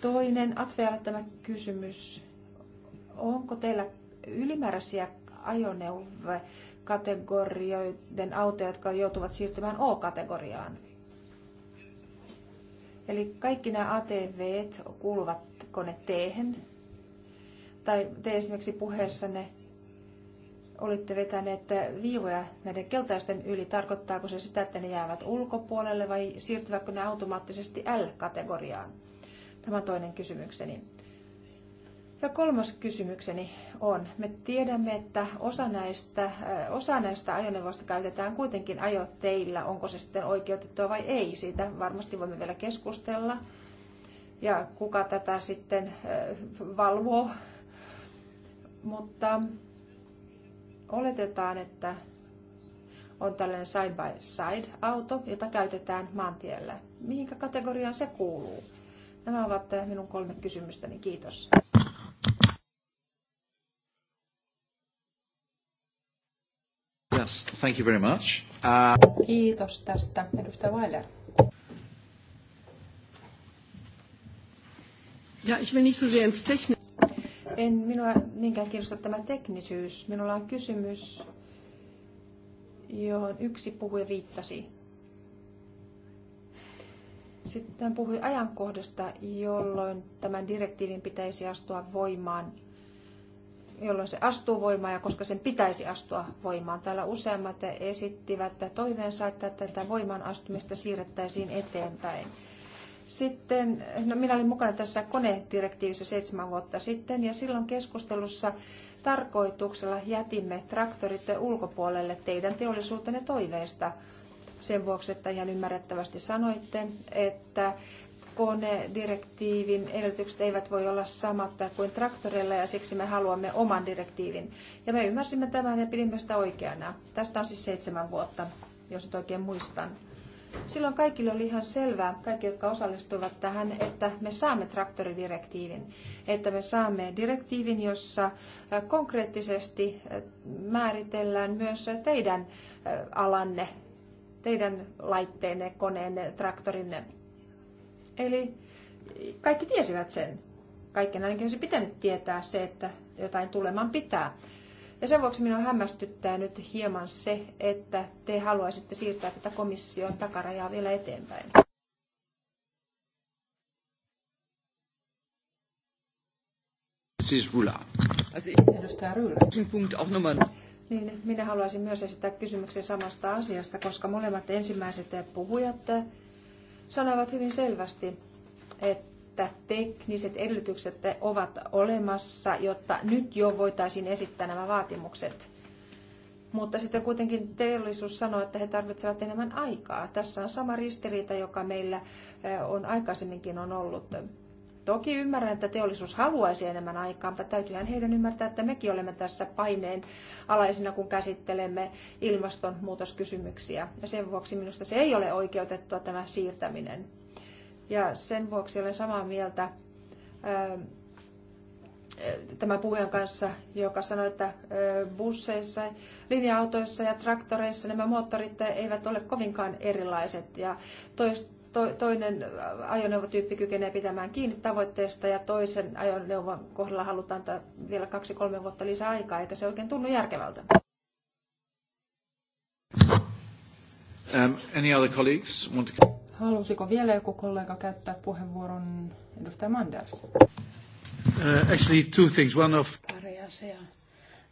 Toinen Atvealle tämä kysymys. Onko teillä ylimääräisiä ajoneuvokategorioiden autoja, jotka joutuvat siirtymään O-kategoriaan? Eli kaikki nämä ATV kuuluvat kone t Tai te esimerkiksi puheessanne olitte vetäneet viivoja näiden keltaisten yli. Tarkoittaako se sitä, että ne jäävät ulkopuolelle vai siirtyvätkö ne automaattisesti L-kategoriaan? Tämä toinen kysymykseni. Ja kolmas kysymykseni on, me tiedämme, että osa näistä, osa näistä ajoneuvoista käytetään kuitenkin ajoteillä, onko se sitten oikeutettua vai ei, siitä varmasti voimme vielä keskustella. Ja kuka tätä sitten valvoo. Mutta oletetaan, että on tällainen side-by-side-auto, jota käytetään maantiellä. Mihin kategoriaan se kuuluu? Nämä ovat eh, minun kolme kysymystäni. Kiitos. Yes, thank you very much. Kiitos tästä, edustaja Weiler. Ja, ich will nicht so sehr ins Technik. En minua niinkään kiinnosta tämä teknisyys. Minulla on kysymys, johon yksi puhuja viittasi. Sitten puhui ajankohdasta, jolloin tämän direktiivin pitäisi astua voimaan, jolloin se astuu voimaan ja koska sen pitäisi astua voimaan. Täällä useammat esittivät että toiveensa, että tätä voimaan astumista siirrettäisiin eteenpäin. Sitten, no minä olin mukana tässä konedirektiivissä seitsemän vuotta sitten ja silloin keskustelussa tarkoituksella jätimme traktorit ulkopuolelle teidän teollisuutenne toiveista – sen vuoksi, että ihan ymmärrettävästi sanoitte, että konedirektiivin edellytykset eivät voi olla samat kuin traktoreilla ja siksi me haluamme oman direktiivin. Ja me ymmärsimme tämän ja pidimme sitä oikeana. Tästä on siis seitsemän vuotta, jos nyt oikein muistan. Silloin kaikille oli ihan selvää, kaikki jotka osallistuivat tähän, että me saamme traktoridirektiivin. Että me saamme direktiivin, jossa äh, konkreettisesti äh, määritellään myös teidän äh, alanne teidän laitteenne, koneenne, traktorinne. Eli kaikki tiesivät sen. Kaikkien ainakin olisi pitänyt tietää se, että jotain tuleman pitää. Ja sen vuoksi minua hämmästyttää nyt hieman se, että te haluaisitte siirtää tätä komission takarajaa vielä eteenpäin. Siis Rula. Edustaja Rula. Punkt auch nummer niin minä haluaisin myös esittää kysymyksen samasta asiasta, koska molemmat ensimmäiset puhujat eh, sanoivat hyvin selvästi, että tekniset edellytykset eh, ovat olemassa, jotta nyt jo voitaisiin esittää nämä vaatimukset. Mutta sitten kuitenkin teollisuus sanoo, että he tarvitsevat enemmän aikaa. Tässä on sama ristiriita, joka meillä eh, on aikaisemminkin on ollut. Toki ymmärrän, että teollisuus haluaisi enemmän aikaa, mutta täytyyhän heidän ymmärtää, että mekin olemme tässä paineen alaisina, kun käsittelemme ilmastonmuutoskysymyksiä. Ja sen vuoksi minusta se ei ole oikeutettua tämä siirtäminen. Ja sen vuoksi olen samaa mieltä tämän puhujan kanssa, joka sanoi, että busseissa, linja-autoissa ja traktoreissa nämä moottorit eivät ole kovinkaan erilaiset. Ja toista toinen ajoneuvotyyppi kykenee pitämään kiinni tavoitteesta ja toisen ajoneuvon kohdalla halutaan vielä kaksi-kolme vuotta lisää aikaa, eikä se oikein tunnu järkevältä. Um, any other colleagues want to... Halusiko vielä joku kollega käyttää puheenvuoron edustaja Manders? Uh, actually two things. One of... Pari asiaa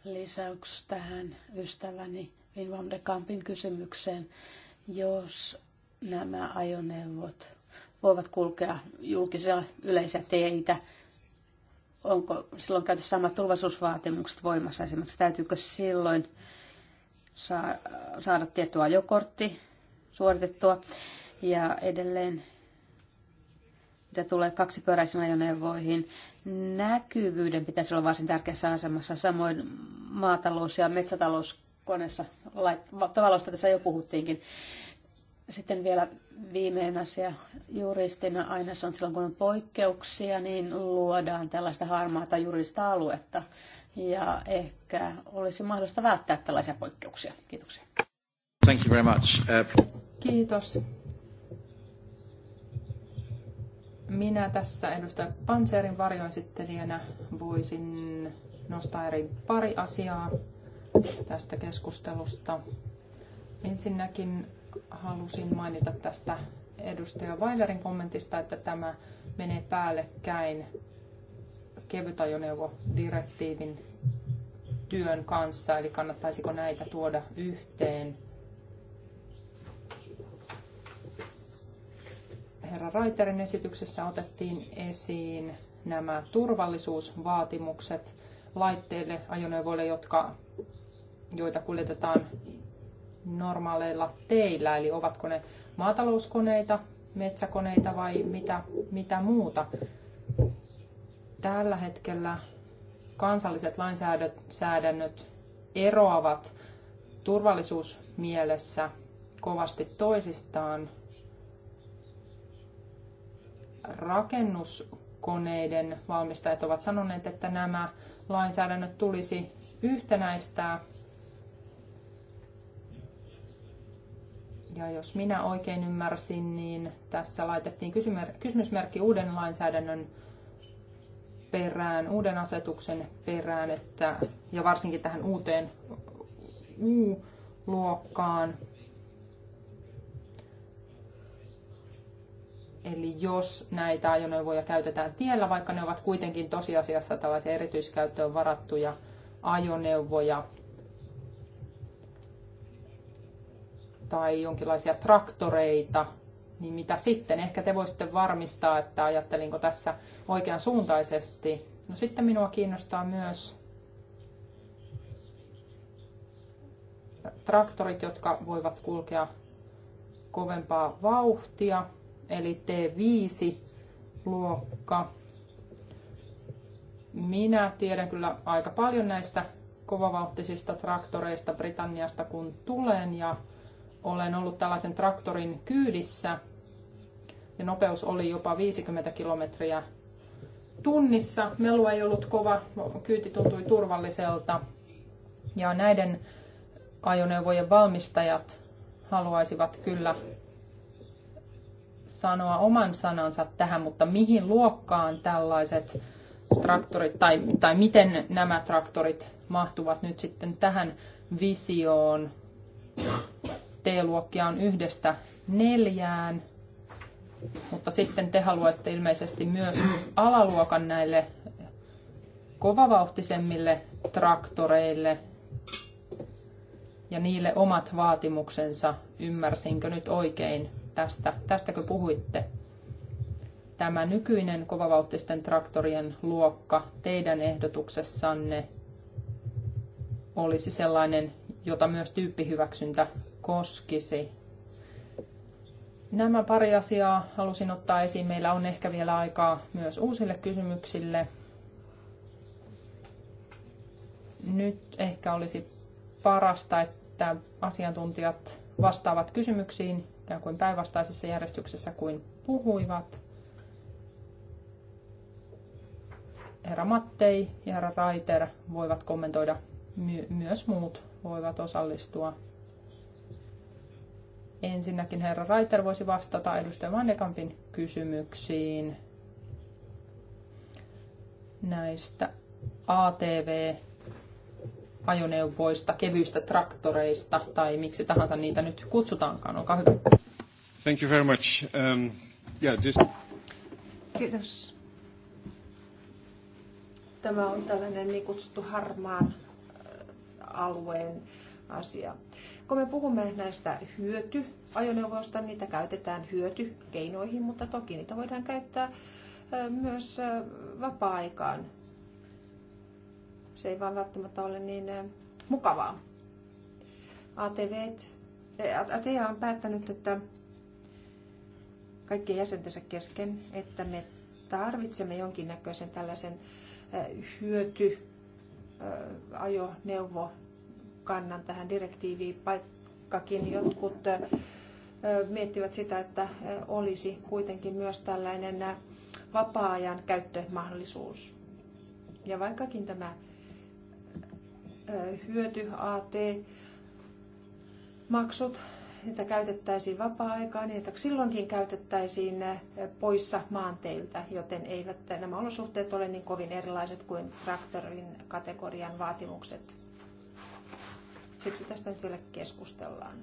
lisäyksi tähän ystäväni Wim van de Kampin kysymykseen. Jos nämä ajoneuvot voivat kulkea julkisia yleisiä teitä? Onko silloin käytössä samat turvallisuusvaatimukset voimassa? Esimerkiksi täytyykö silloin saada tietty ajokortti suoritettua? Ja edelleen, mitä tulee kaksipyöräisiin ajoneuvoihin, näkyvyyden pitäisi olla varsin tärkeässä asemassa. Samoin maatalous- ja metsätalouskoneessa, tavallaan tässä jo puhuttiinkin. Sitten vielä viimeinen asia juristina aina se on silloin, kun on poikkeuksia, niin luodaan tällaista harmaata jurista aluetta. Ja ehkä olisi mahdollista välttää tällaisia poikkeuksia. Kiitoksia. Thank you very much. Uh, Kiitos. Minä tässä edustaja Panserin varjoesittelijänä voisin nostaa eri pari asiaa tästä keskustelusta. Ensinnäkin halusin mainita tästä edustaja Weilerin kommentista, että tämä menee päällekkäin kevytajoneuvodirektiivin työn kanssa, eli kannattaisiko näitä tuoda yhteen. Herra Raiterin esityksessä otettiin esiin nämä turvallisuusvaatimukset laitteille, ajoneuvoille, jotka, joita kuljetetaan normaaleilla teillä, eli ovatko ne maatalouskoneita, metsäkoneita vai mitä, mitä muuta. Tällä hetkellä kansalliset lainsäädännöt eroavat turvallisuusmielessä kovasti toisistaan. Rakennuskoneiden valmistajat ovat sanoneet, että nämä lainsäädännöt tulisi yhtenäistää Ja jos minä oikein ymmärsin, niin tässä laitettiin kysymysmerkki uuden lainsäädännön perään, uuden asetuksen perään, että, ja varsinkin tähän uuteen U-luokkaan. Eli jos näitä ajoneuvoja käytetään tiellä, vaikka ne ovat kuitenkin tosiasiassa tällaisia erityiskäyttöön varattuja ajoneuvoja, tai jonkinlaisia traktoreita, niin mitä sitten? Ehkä te voisitte varmistaa, että ajattelinko tässä oikean suuntaisesti. No sitten minua kiinnostaa myös traktorit, jotka voivat kulkea kovempaa vauhtia, eli T5-luokka. Minä tiedän kyllä aika paljon näistä kovavauhtisista traktoreista Britanniasta, kun tulen ja olen ollut tällaisen traktorin kyydissä ja nopeus oli jopa 50 kilometriä tunnissa. Melu ei ollut kova, kyyti tuntui turvalliselta ja näiden ajoneuvojen valmistajat haluaisivat kyllä sanoa oman sanansa tähän, mutta mihin luokkaan tällaiset traktorit tai, tai miten nämä traktorit mahtuvat nyt sitten tähän visioon T-luokkia on yhdestä neljään, mutta sitten te haluaisitte ilmeisesti myös alaluokan näille kovavauhtisemmille traktoreille ja niille omat vaatimuksensa. Ymmärsinkö nyt oikein tästä? Tästäkö puhuitte? Tämä nykyinen kovavauhtisten traktorien luokka teidän ehdotuksessanne olisi sellainen, jota myös tyyppihyväksyntä koskisi. Nämä pari asiaa halusin ottaa esiin. Meillä on ehkä vielä aikaa myös uusille kysymyksille. Nyt ehkä olisi parasta, että asiantuntijat vastaavat kysymyksiin ikään kuin päinvastaisessa järjestyksessä kuin puhuivat. Herra Mattei ja herra Raiter voivat kommentoida, my- myös muut voivat osallistua Ensinnäkin herra Raiter voisi vastata edustaja Vannekampin kysymyksiin näistä ATV-ajoneuvoista, kevyistä traktoreista tai miksi tahansa niitä nyt kutsutaankaan. Olkaa hyvä. Thank you very much. Um, yeah, just... Kiitos. Tämä on tällainen niin kutsuttu harmaan alueen asia. Kun me puhumme näistä hyötyajoneuvoista, niitä käytetään hyötykeinoihin, mutta toki niitä voidaan käyttää myös vapaa-aikaan. Se ei vaan välttämättä ole niin mukavaa. ATV ATEA on päättänyt, että kaikkien jäsentensä kesken, että me tarvitsemme jonkinnäköisen tällaisen hyötyajoneuvo kannan tähän direktiiviin, vaikkakin jotkut miettivät sitä, että olisi kuitenkin myös tällainen vapaa-ajan käyttömahdollisuus. Ja vaikkakin tämä hyöty AT-maksut, niitä käytettäisiin vapaa-aikaan, niin että silloinkin käytettäisiin poissa maanteilta, joten eivät nämä olosuhteet ole niin kovin erilaiset kuin traktorin kategorian vaatimukset. Siksi tästä nyt vielä keskustellaan.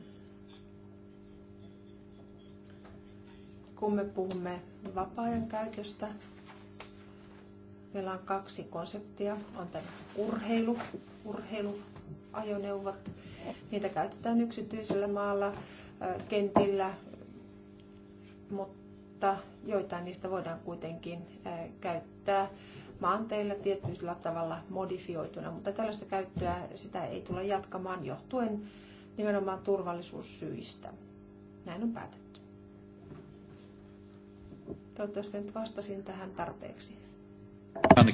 Kun me puhumme vapaa-ajan käytöstä, meillä on kaksi konseptia. On tämä urheilu, urheiluajoneuvot. Niitä käytetään yksityisellä maalla, kentillä, mutta joitain niistä voidaan kuitenkin käyttää maanteilla tietyllä tavalla modifioituna, mutta tällaista käyttöä sitä ei tule jatkamaan johtuen nimenomaan turvallisuussyistä. Näin on päätetty. Toivottavasti nyt vastasin tähän tarpeeksi. I,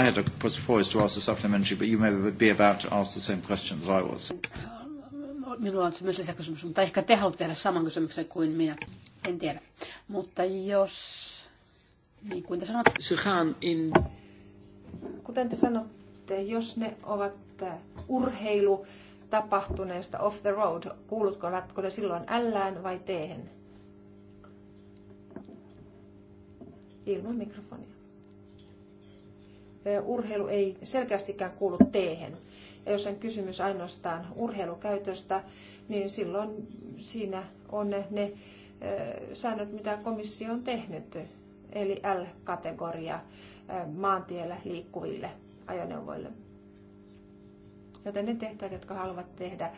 I had a proposed to ask the supplementary, but you may be about to ask the same question that I was. Minulla on myös lisäkysymys, mutta ehkä te haluatte tehdä saman kysymyksen kuin minä. En tiedä. Mutta jos niin kuin te sanotte, in... kuten te sanotte, jos ne ovat äh, urheilu tapahtuneesta off the road, kuulutko ovatko ne silloin ällään vai teehen? Ilman mikrofonia. Urheilu ei selkeästikään kuulu teehen. Ja jos on kysymys ainoastaan urheilukäytöstä, niin silloin siinä on ne, ne säännöt, mitä komissio on tehnyt eli L-kategoria maantiellä liikkuville ajoneuvoille. Joten ne tehtäjät, jotka haluavat tehdä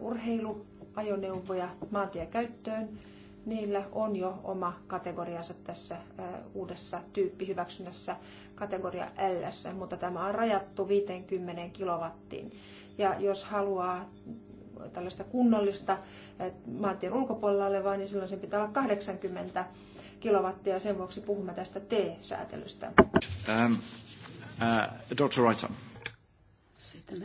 urheiluajoneuvoja maantiekäyttöön, niillä on jo oma kategoriansa tässä uudessa tyyppihyväksynnässä kategoria L, mutta tämä on rajattu 50 kilowattiin. Ja jos haluaa tällaista kunnollista maantien ulkopuolella olevaa, niin silloin sen pitää olla 80 kilowattia, sen vuoksi puhumme tästä T-säätelystä. Um, uh, Dr. Sitten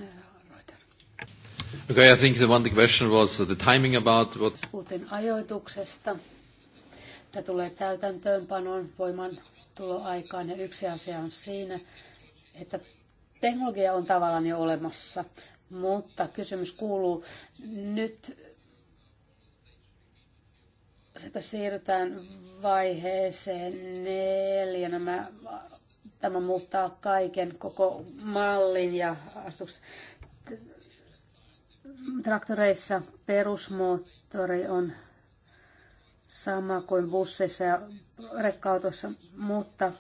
Okay, I think the one the question was the timing about what... Putin ajoituksesta. Tämä tulee täytäntöönpanon voiman tuloaikaan ja yksi asia on siinä, että teknologia on tavallaan jo olemassa, mutta kysymys kuuluu, nyt sitten siirrytään vaiheeseen neljä. Nämä, tämä muuttaa kaiken koko mallin ja astuksen. Traktoreissa perusmoottori on sama kuin busseissa ja rekkautossa, mutta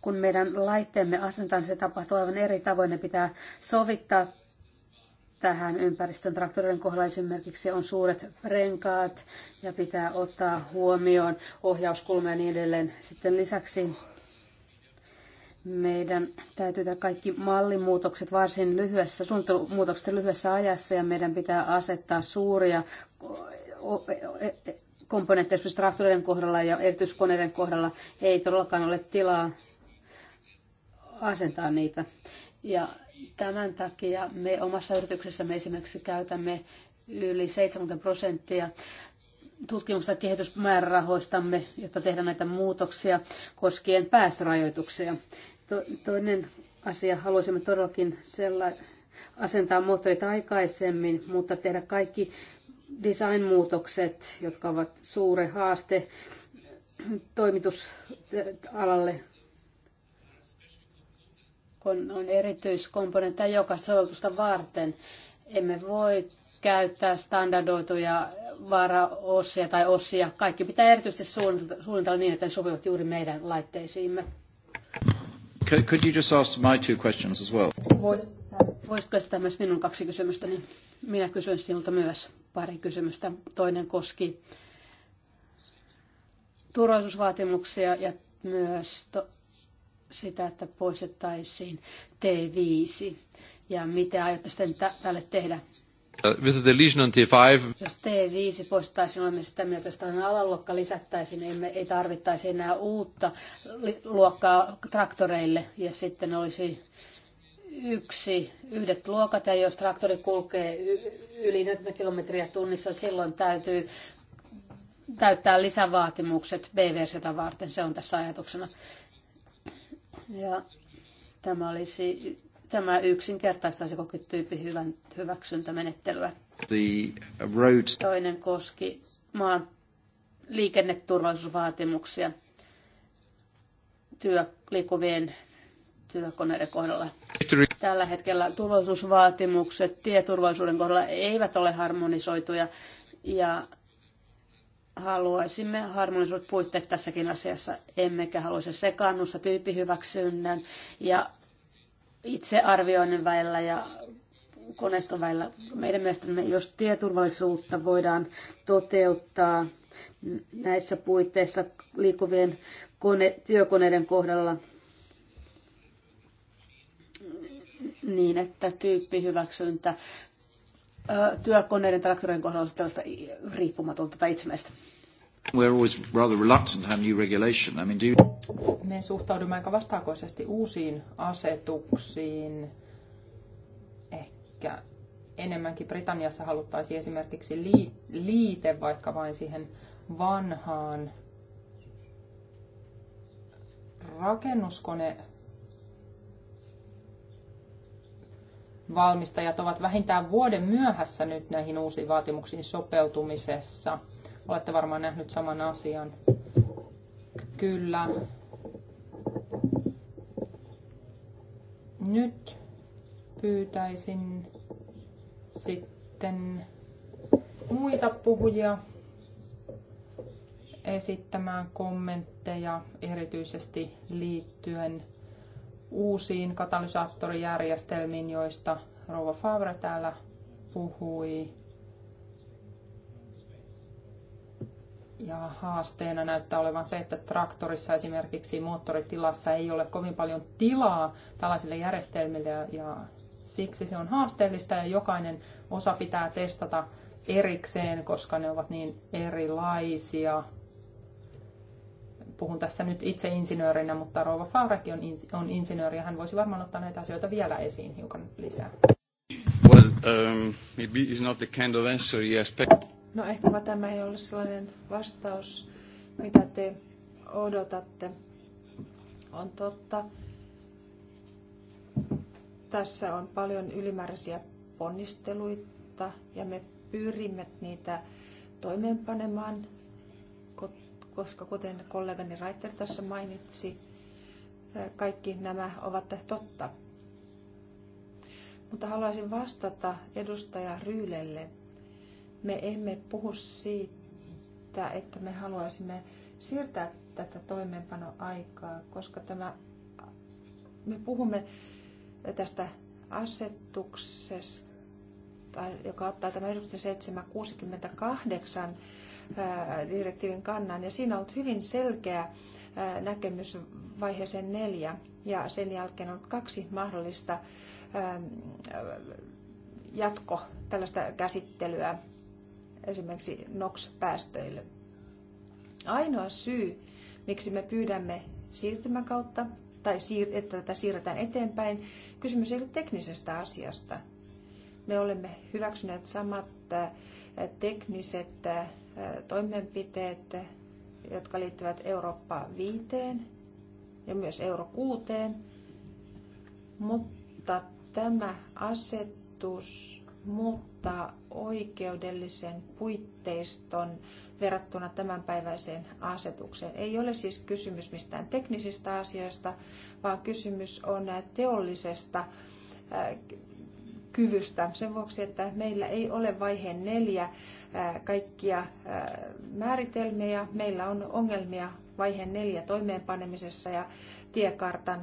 kun meidän laitteemme asentaan, niin se tapahtuu aivan eri tavoin. Ne pitää sovittaa tähän ympäristön traktoreiden kohdalla esimerkiksi on suuret renkaat ja pitää ottaa huomioon ohjauskulma ja niin edelleen. Sitten lisäksi meidän täytyy tehdä kaikki mallimuutokset varsin lyhyessä, suunnittelumuutokset lyhyessä ajassa ja meidän pitää asettaa suuria e, e, komponentteja esimerkiksi traktoreiden kohdalla ja erityiskoneiden kohdalla ei todellakaan ole tilaa asentaa niitä. Ja Tämän takia me omassa yrityksessämme esimerkiksi käytämme yli 70 prosenttia tutkimusta ja kehitysmäärärahoistamme, jotta tehdään näitä muutoksia koskien päästörajoituksia. toinen asia, haluaisimme todellakin sella asentaa moottorit aikaisemmin, mutta tehdä kaikki designmuutokset, jotka ovat suuri haaste toimitusalalle kun on erityiskomponentteja joka sovellusta varten. Emme voi käyttää standardoituja varaosia tai osia. Kaikki pitää erityisesti suunnitella niin, että ne sopivat juuri meidän laitteisiimme. Could you just ask my two questions as well? Voisitko esittää myös minun kaksi kysymystäni? Niin minä kysyn sinulta myös pari kysymystä. Toinen koski turvallisuusvaatimuksia ja myös to- sitä, että poistettaisiin T5 ja mitä aiotte sitten tälle tehdä? Uh, with the Legion T5. Jos T5 poistaisiin, olemme sitä mieltä, jos alaluokka lisättäisiin, niin me ei tarvittaisi enää uutta luokkaa traktoreille ja sitten olisi yksi, yhdet luokat ja jos traktori kulkee yli 40 kilometriä tunnissa, silloin täytyy täyttää lisävaatimukset BVS: versiota varten. Se on tässä ajatuksena. Ja tämä, olisi, tämä yksinkertaistaisi koko tyyppi hyvän, hyväksyntämenettelyä. The roads. Toinen koski maan liikenneturvallisuusvaatimuksia työ, liikkuvien työkoneiden kohdalla. Tällä hetkellä turvallisuusvaatimukset tieturvallisuuden kohdalla eivät ole harmonisoituja ja haluaisimme harmonisuudet puitteet tässäkin asiassa, emmekä haluaisi sekaannusta tyyppihyväksynnän ja itsearvioinnin välillä ja koneiston välillä. Meidän mielestämme, jos tieturvallisuutta voidaan toteuttaa näissä puitteissa liikkuvien kone, työkoneiden kohdalla niin, että tyyppihyväksyntä työkoneiden traktoreiden kohdalla tällaista riippumatonta tai itsenäistä? We're always rather reluctant to have new regulation. I mean, do you... Me suhtaudumme aika vastaakoisesti uusiin asetuksiin. Ehkä enemmänkin Britanniassa haluttaisiin esimerkiksi liite vaikka vain siihen vanhaan rakennuskone valmistajat ovat vähintään vuoden myöhässä nyt näihin uusiin vaatimuksiin sopeutumisessa. Olette varmaan nähnyt saman asian. Kyllä. Nyt pyytäisin sitten muita puhujia esittämään kommentteja erityisesti liittyen uusiin katalysaattorijärjestelmiin, joista Rouva Favre täällä puhui. Ja haasteena näyttää olevan se, että traktorissa esimerkiksi moottoritilassa ei ole kovin paljon tilaa tällaisille järjestelmille ja siksi se on haasteellista ja jokainen osa pitää testata erikseen, koska ne ovat niin erilaisia puhun tässä nyt itse insinöörinä, mutta Rouva Fahraki on, ins- on insinööri ja hän voisi varmaan ottaa näitä asioita vielä esiin hiukan lisää. Well, um, maybe it's not the kind of answer you expect. No ehkä tämä ei ole sellainen vastaus, mitä te odotatte. On totta. Tässä on paljon ylimääräisiä ponnisteluita ja me pyrimme niitä toimeenpanemaan koska kuten kollegani Reiter tässä mainitsi, kaikki nämä ovat totta. Mutta haluaisin vastata edustaja Ryylelle. Me emme puhu siitä, että me haluaisimme siirtää tätä toimeenpanoaikaa, koska tämä, me puhumme tästä asetuksesta joka ottaa tämä 1768 äh, direktiivin kannan. Ja siinä on ollut hyvin selkeä äh, näkemys vaiheeseen neljä. Ja sen jälkeen on kaksi mahdollista ähm, jatko tällaista käsittelyä esimerkiksi NOx-päästöille. Ainoa syy, miksi me pyydämme siirtymäkautta tai että tätä siirretään eteenpäin, kysymys ei ole teknisestä asiasta, me olemme hyväksyneet samat äh, tekniset äh, toimenpiteet, jotka liittyvät Eurooppa viiteen ja myös Euro kuuteen, mutta tämä asetus muuttaa oikeudellisen puitteiston verrattuna tämänpäiväiseen asetukseen. Ei ole siis kysymys mistään teknisistä asioista, vaan kysymys on teollisesta äh, kyvystä sen vuoksi, että meillä ei ole vaiheen neljä kaikkia määritelmiä. Meillä on ongelmia vaiheen neljä toimeenpanemisessa ja tiekartan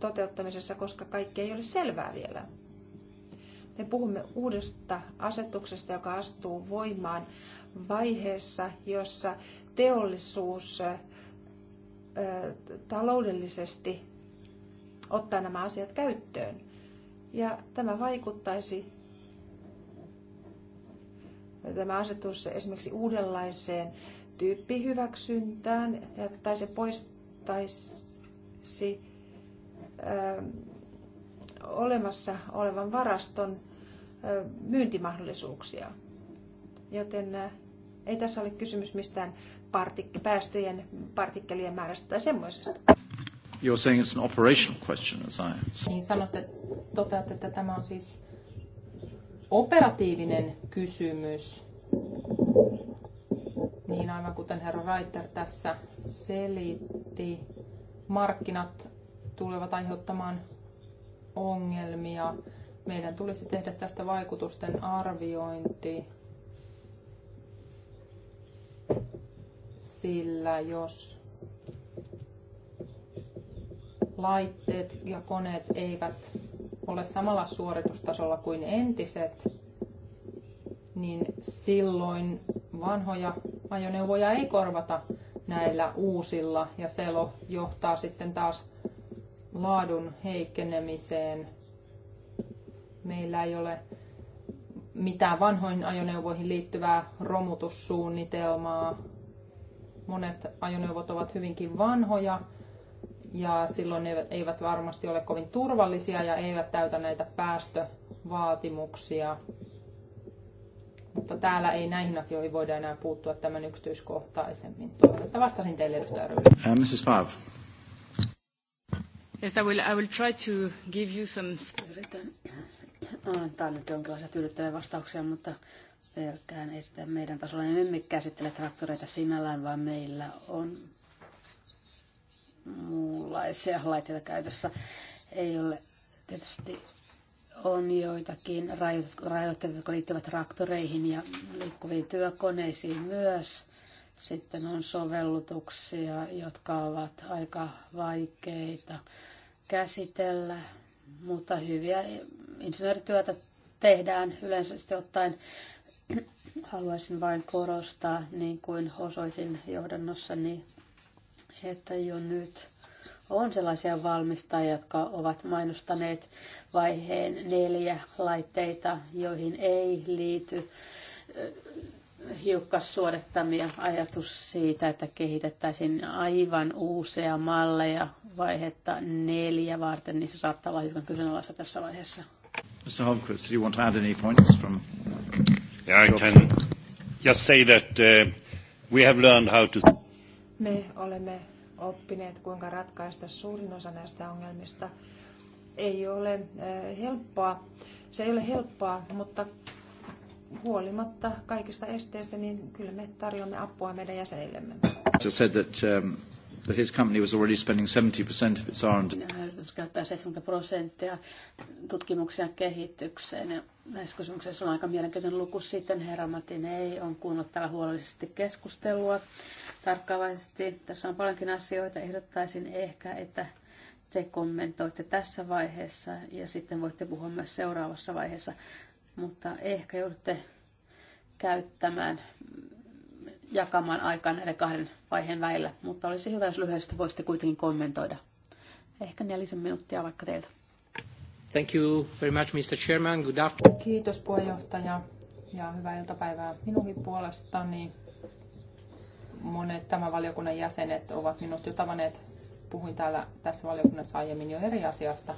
toteuttamisessa, koska kaikki ei ole selvää vielä. Me puhumme uudesta asetuksesta, joka astuu voimaan vaiheessa, jossa teollisuus taloudellisesti ottaa nämä asiat käyttöön. Ja tämä vaikuttaisi tämä asetus esimerkiksi uudenlaiseen tyyppihyväksyntään tai se poistaisi ö, ähm, olemassa olevan varaston ö, äh, myyntimahdollisuuksia. Joten ö, äh, ei tässä ole kysymys mistään partik- päästöjen partikkelien määrästä tai semmoisesta. You're saying it's an operational question, as I... Niin sanotte, toteatte, että tämä on siis operatiivinen kysymys. Niin aivan kuten herra Reiter tässä selitti, markkinat tulevat aiheuttamaan ongelmia. Meidän tulisi tehdä tästä vaikutusten arviointi, sillä jos laitteet ja koneet eivät ole samalla suoritustasolla kuin entiset, niin silloin vanhoja ajoneuvoja ei korvata näillä uusilla ja se johtaa sitten taas laadun heikkenemiseen. Meillä ei ole mitään vanhoihin ajoneuvoihin liittyvää romutussuunnitelmaa. Monet ajoneuvot ovat hyvinkin vanhoja ja silloin ne eivät, eivät varmasti ole kovin turvallisia ja eivät täytä näitä päästövaatimuksia. Mutta täällä ei näihin asioihin voida enää puuttua tämän yksityiskohtaisemmin. Toivon, että vastasin teille edustaja Ryhmä. Uh, Mrs. Fav. Yes, I will, I will try to give you some... Yritän antaa nyt jonkinlaisia tyydyttäviä vastauksia, mutta pelkään, että meidän tasolla emme käsittele traktoreita sinällään, vaan meillä on muunlaisia laitteita käytössä. Ei ole tietysti on joitakin rajoitteita, jotka liittyvät traktoreihin ja liikkuviin työkoneisiin myös. Sitten on sovellutuksia, jotka ovat aika vaikeita käsitellä, mutta hyviä insinöörityötä tehdään yleensä ottaen. Haluaisin vain korostaa, niin kuin osoitin niin että jo nyt on sellaisia valmistajia, jotka ovat mainostaneet vaiheen neljä laitteita, joihin ei liity hiukkassuodattamia ajatus siitä, että kehitettäisiin aivan uusia malleja vaihetta neljä varten, niin se saattaa olla hiukan kyseenalaista tässä vaiheessa. Mr. Holmquist, do you want to add any points from... Yeah, I can just say that uh, we have learned how to me olemme oppineet, kuinka ratkaista suurin osa näistä ongelmista. Ei ole eh, helppoa. Se ei ole helppoa, mutta huolimatta kaikista esteistä, niin kyllä me tarjoamme apua meidän jäsenillemme that his company was already spending 70% of its R&D. No, käyttää 70 prosenttia tutkimuksia kehitykseen. Ja näissä kysymyksissä on aika mielenkiintoinen luku. Sitten herra Matin ei on kuunnellut täällä huolellisesti keskustelua tarkkaavaisesti. Tässä on paljonkin asioita. Ehdottaisin ehkä, että te kommentoitte tässä vaiheessa ja sitten voitte puhua myös seuraavassa vaiheessa. Mutta ehkä joudutte käyttämään jakamaan aikaa näiden kahden vaiheen välillä, mutta olisi hyvä, jos lyhyesti voisitte kuitenkin kommentoida. Ehkä nelisen minuuttia vaikka teiltä. Thank you very much, Mr. Chairman. Good afternoon. Kiitos puheenjohtaja ja hyvää iltapäivää minunkin puolestani. Monet tämän valiokunnan jäsenet ovat minut jo tavanneet. Puhuin täällä tässä valiokunnassa aiemmin jo eri asiasta.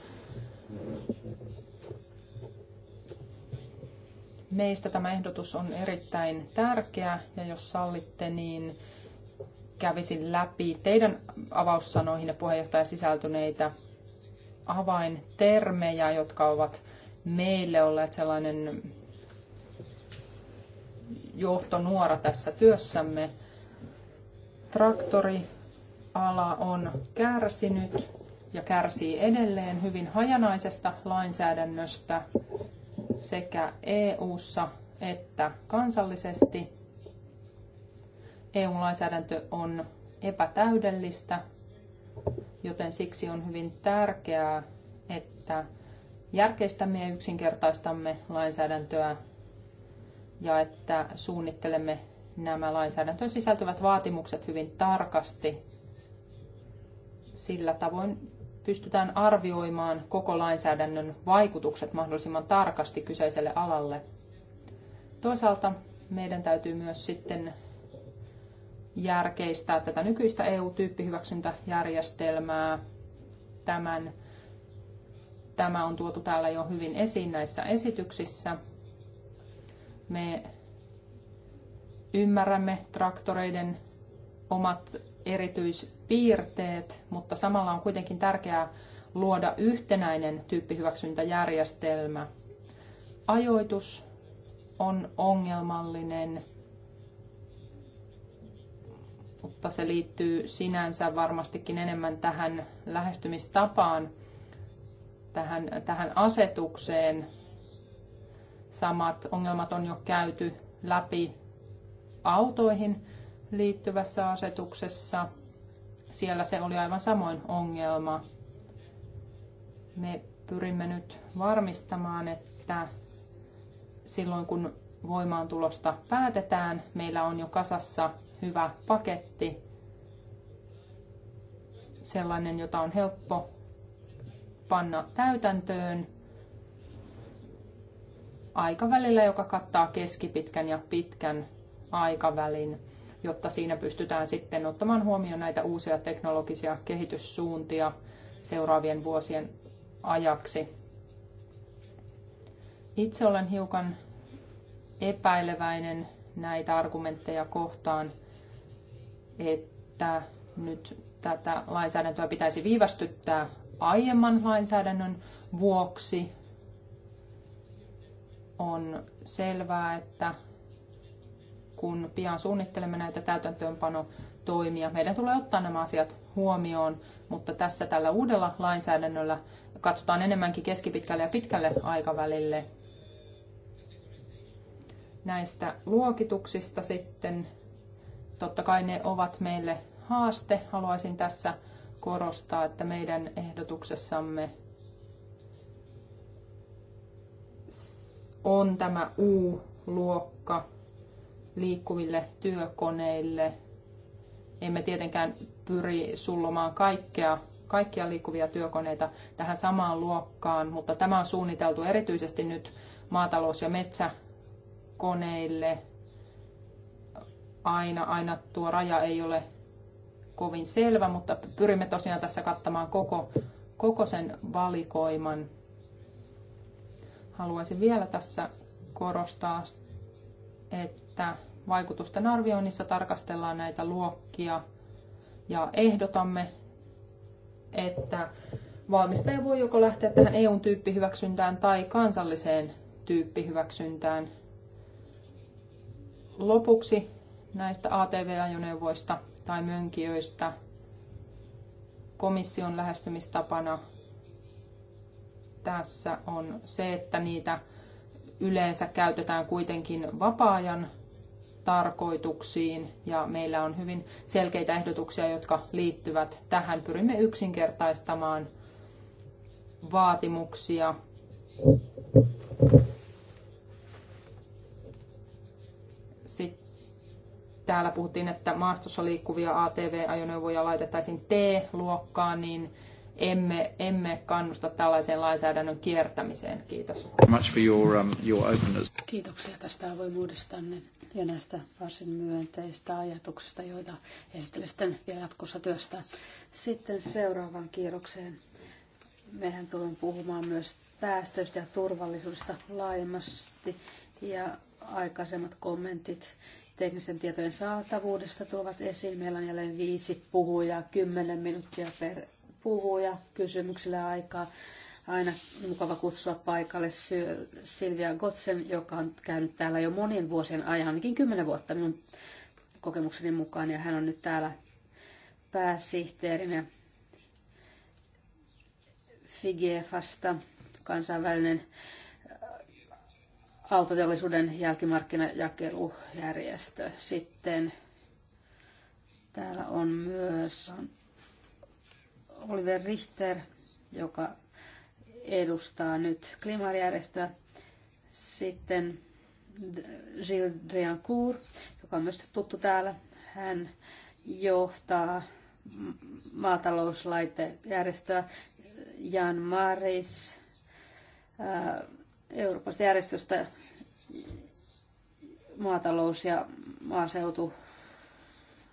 Meistä tämä ehdotus on erittäin tärkeä ja jos sallitte, niin kävisin läpi teidän ja puheenjohtaja sisältyneitä avaintermejä, jotka ovat meille olleet sellainen johtonuora tässä työssämme. Traktoriala on kärsinyt ja kärsii edelleen hyvin hajanaisesta lainsäädännöstä, sekä EU:ssa että kansallisesti. EU-lainsäädäntö on epätäydellistä, joten siksi on hyvin tärkeää, että järkeistämme ja yksinkertaistamme lainsäädäntöä ja että suunnittelemme nämä lainsäädäntöön sisältyvät vaatimukset hyvin tarkasti. Sillä tavoin pystytään arvioimaan koko lainsäädännön vaikutukset mahdollisimman tarkasti kyseiselle alalle. Toisaalta meidän täytyy myös sitten järkeistää tätä nykyistä EU-tyyppihyväksyntäjärjestelmää. Tämän, tämä on tuotu täällä jo hyvin esiin näissä esityksissä. Me ymmärrämme traktoreiden omat erityispiirteet, mutta samalla on kuitenkin tärkeää luoda yhtenäinen tyyppihyväksyntäjärjestelmä. Ajoitus on ongelmallinen, mutta se liittyy sinänsä varmastikin enemmän tähän lähestymistapaan, tähän, tähän asetukseen. Samat ongelmat on jo käyty läpi autoihin liittyvässä asetuksessa. Siellä se oli aivan samoin ongelma. Me pyrimme nyt varmistamaan, että silloin kun voimaantulosta päätetään, meillä on jo kasassa hyvä paketti, sellainen, jota on helppo panna täytäntöön aikavälillä, joka kattaa keskipitkän ja pitkän aikavälin jotta siinä pystytään sitten ottamaan huomioon näitä uusia teknologisia kehityssuuntia seuraavien vuosien ajaksi. Itse olen hiukan epäileväinen näitä argumentteja kohtaan, että nyt tätä lainsäädäntöä pitäisi viivästyttää aiemman lainsäädännön vuoksi. On selvää, että kun pian suunnittelemme näitä täytäntöönpanotoimia. Meidän tulee ottaa nämä asiat huomioon, mutta tässä tällä uudella lainsäädännöllä katsotaan enemmänkin keskipitkälle ja pitkälle aikavälille. Näistä luokituksista sitten, totta kai ne ovat meille haaste. Haluaisin tässä korostaa, että meidän ehdotuksessamme on tämä U-luokka, liikkuville työkoneille. Emme tietenkään pyri sullomaan kaikkea, kaikkia liikkuvia työkoneita tähän samaan luokkaan, mutta tämä on suunniteltu erityisesti nyt maatalous- ja metsäkoneille. Aina, aina tuo raja ei ole kovin selvä, mutta pyrimme tosiaan tässä kattamaan koko, koko sen valikoiman. Haluaisin vielä tässä korostaa, että että vaikutusten arvioinnissa tarkastellaan näitä luokkia ja ehdotamme, että valmistaja voi joko lähteä tähän eu tyyppihyväksyntään tai kansalliseen tyyppihyväksyntään. Lopuksi näistä ATV-ajoneuvoista tai mönkijöistä komission lähestymistapana tässä on se, että niitä yleensä käytetään kuitenkin vapaa-ajan tarkoituksiin ja meillä on hyvin selkeitä ehdotuksia, jotka liittyvät tähän. Pyrimme yksinkertaistamaan vaatimuksia. Sitten täällä puhuttiin, että maastossa liikkuvia ATV-ajoneuvoja laitettaisiin T-luokkaan, niin emme, emme kannusta tällaiseen lainsäädännön kiertämiseen. Kiitos. Um, Kiitoksia tästä niin ja näistä varsin myönteistä ajatuksista, joita esittelen sitten vielä jatkossa työstä. Sitten seuraavaan kierrokseen. Mehän tulemme puhumaan myös päästöistä ja turvallisuudesta laajemmasti ja aikaisemmat kommentit teknisen tietojen saatavuudesta tulevat esiin. Meillä on jälleen viisi puhujaa, kymmenen minuuttia per puhuja kysymyksillä aikaa aina mukava kutsua paikalle Silvia Gotsen, joka on käynyt täällä jo monien vuosien ajan, ainakin kymmenen vuotta minun kokemukseni mukaan, ja hän on nyt täällä pääsihteerinä Figefasta, kansainvälinen äh, autoteollisuuden jälkimarkkinajakelujärjestö. Sitten täällä on myös Oliver Richter, joka edustaa nyt klimaarijärjestöä. Sitten Gilles Driancourt, joka on myös tuttu täällä. Hän johtaa maatalouslaitejärjestöä Jan Maris Euroopan järjestöstä maatalous- ja maaseutu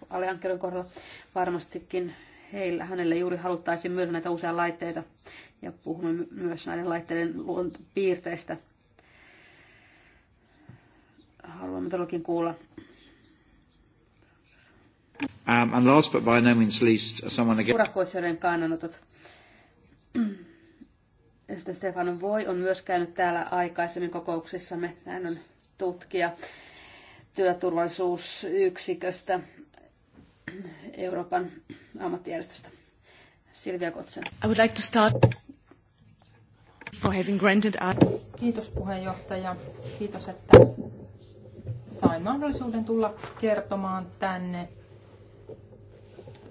alihankkeiden kohdalla varmastikin heillä, hänelle juuri haluttaisiin myydä näitä uusia laitteita ja puhumme myös näiden laitteiden piirteistä. Haluamme todellakin kuulla. Um, and last but by no means least, someone again. Urakoitsijoiden kannanotot. Sitten Stefan Voi on myös käynyt täällä aikaisemmin kokouksissamme. Hän on tutkija työturvallisuusyksiköstä Euroopan ammattijärjestöstä. Silvia Kotsen. I would like to start for having granted our... Kiitos puheenjohtaja. Kiitos, että sain mahdollisuuden tulla kertomaan tänne.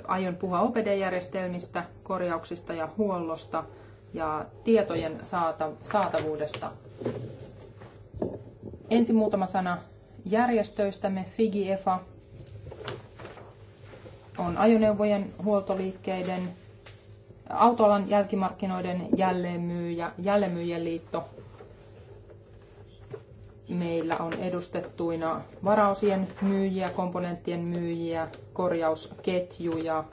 Aion puhua OPD-järjestelmistä, korjauksista ja huollosta ja tietojen saatavuudesta. Ensin muutama sana järjestöistämme. FIGI, EFA, on ajoneuvojen huoltoliikkeiden, autoalan jälkimarkkinoiden jälleenmyyjä, jälleenmyyjien liitto. Meillä on edustettuina varaosien myyjiä, komponenttien myyjiä, korjausketjuja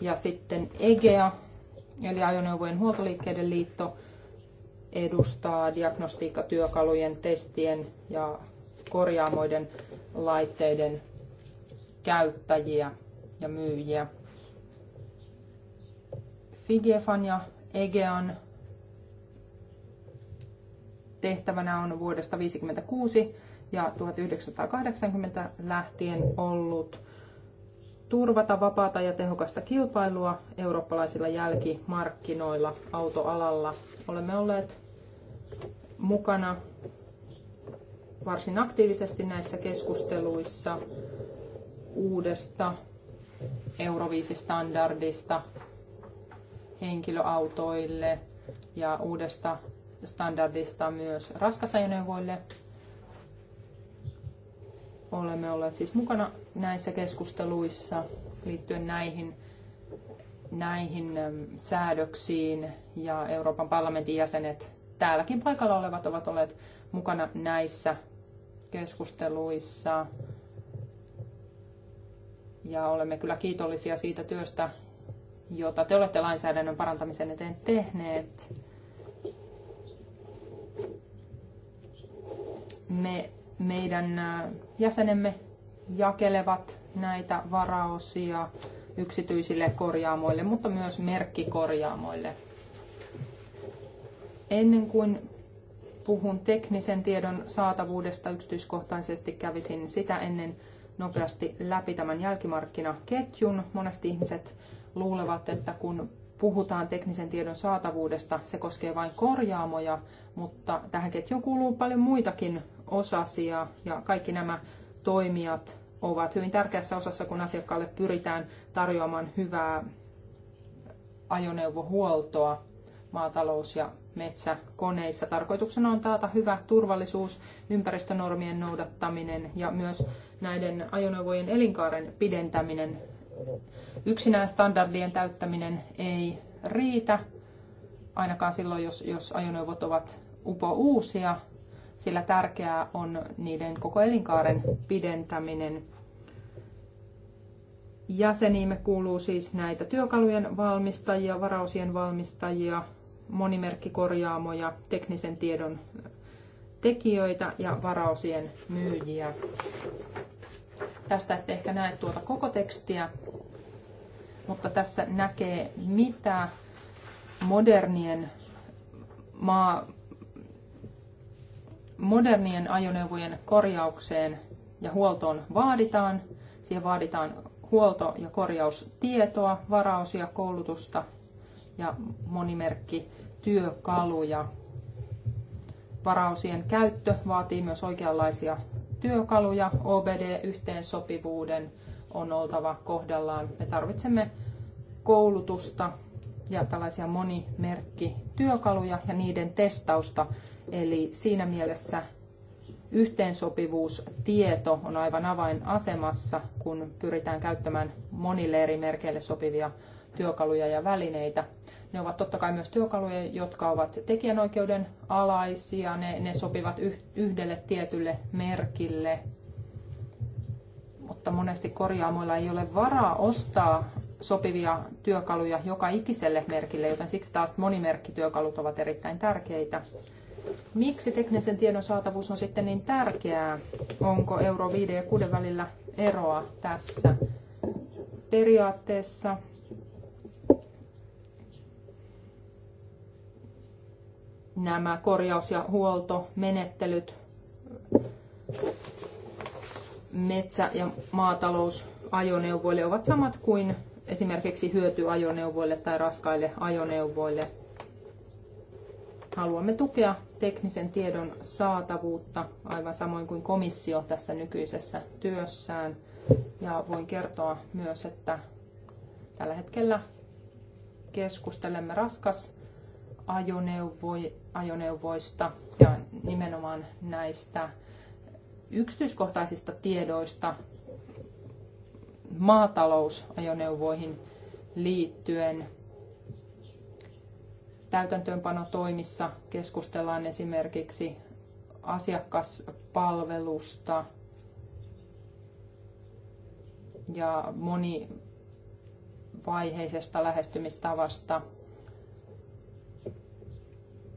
ja sitten EGEA, eli ajoneuvojen huoltoliikkeiden liitto, edustaa diagnostiikkatyökalujen, testien ja korjaamoiden laitteiden käyttäjiä ja myyjiä. Figefan ja Egean tehtävänä on vuodesta 1956 ja 1980 lähtien ollut turvata vapaata ja tehokasta kilpailua eurooppalaisilla jälkimarkkinoilla autoalalla. Olemme olleet mukana varsin aktiivisesti näissä keskusteluissa uudesta Euroviisistandardista henkilöautoille ja uudesta standardista myös raskasajoneuvoille. Olemme olleet siis mukana näissä keskusteluissa liittyen näihin, näihin säädöksiin ja Euroopan parlamentin jäsenet täälläkin paikalla olevat ovat olleet mukana näissä keskusteluissa ja olemme kyllä kiitollisia siitä työstä, jota te olette lainsäädännön parantamisen eteen tehneet. Me, meidän jäsenemme jakelevat näitä varausia yksityisille korjaamoille, mutta myös merkkikorjaamoille. Ennen kuin puhun teknisen tiedon saatavuudesta yksityiskohtaisesti, kävisin sitä ennen nopeasti läpi tämän jälkimarkkinaketjun. Monesti ihmiset luulevat, että kun puhutaan teknisen tiedon saatavuudesta, se koskee vain korjaamoja, mutta tähän ketjuun kuuluu paljon muitakin osasia ja kaikki nämä toimijat ovat hyvin tärkeässä osassa, kun asiakkaalle pyritään tarjoamaan hyvää ajoneuvohuoltoa maatalous- ja metsäkoneissa. Tarkoituksena on taata hyvä turvallisuus, ympäristönormien noudattaminen ja myös näiden ajoneuvojen elinkaaren pidentäminen. Yksinään standardien täyttäminen ei riitä, ainakaan silloin, jos, jos ajoneuvot ovat upo uusia, sillä tärkeää on niiden koko elinkaaren pidentäminen. Jäseniimme kuuluu siis näitä työkalujen valmistajia, varausien valmistajia, monimerkkikorjaamoja, teknisen tiedon tekijöitä ja varaosien myyjiä. Tästä ette ehkä näe tuota koko tekstiä, mutta tässä näkee, mitä modernien maa, modernien ajoneuvojen korjaukseen ja huoltoon vaaditaan. Siihen vaaditaan huolto- ja korjaustietoa, varausia, koulutusta ja monimerkki työkaluja varaosien käyttö vaatii myös oikeanlaisia työkaluja. OBD-yhteensopivuuden on oltava kohdallaan. Me tarvitsemme koulutusta ja tällaisia monimerkkityökaluja ja niiden testausta. Eli siinä mielessä yhteensopivuustieto on aivan avainasemassa, kun pyritään käyttämään monille eri merkeille sopivia työkaluja ja välineitä. Ne ovat totta kai myös työkaluja, jotka ovat tekijänoikeuden alaisia. Ne, ne sopivat yhdelle tietylle merkille. Mutta monesti korjaamoilla ei ole varaa ostaa sopivia työkaluja joka ikiselle merkille, joten siksi taas monimerkkityökalut ovat erittäin tärkeitä. Miksi teknisen tiedon saatavuus on sitten niin tärkeää? Onko euro 5 ja 6 välillä eroa tässä? Periaatteessa nämä korjaus- ja huoltomenettelyt metsä- ja maatalousajoneuvoille ovat samat kuin esimerkiksi hyötyajoneuvoille tai raskaille ajoneuvoille. Haluamme tukea teknisen tiedon saatavuutta, aivan samoin kuin komissio tässä nykyisessä työssään. Ja voin kertoa myös, että tällä hetkellä keskustelemme raskas ajoneuvoista ja nimenomaan näistä yksityiskohtaisista tiedoista maatalousajoneuvoihin liittyen. Täytäntöönpanotoimissa keskustellaan esimerkiksi asiakaspalvelusta ja monivaiheisesta lähestymistavasta –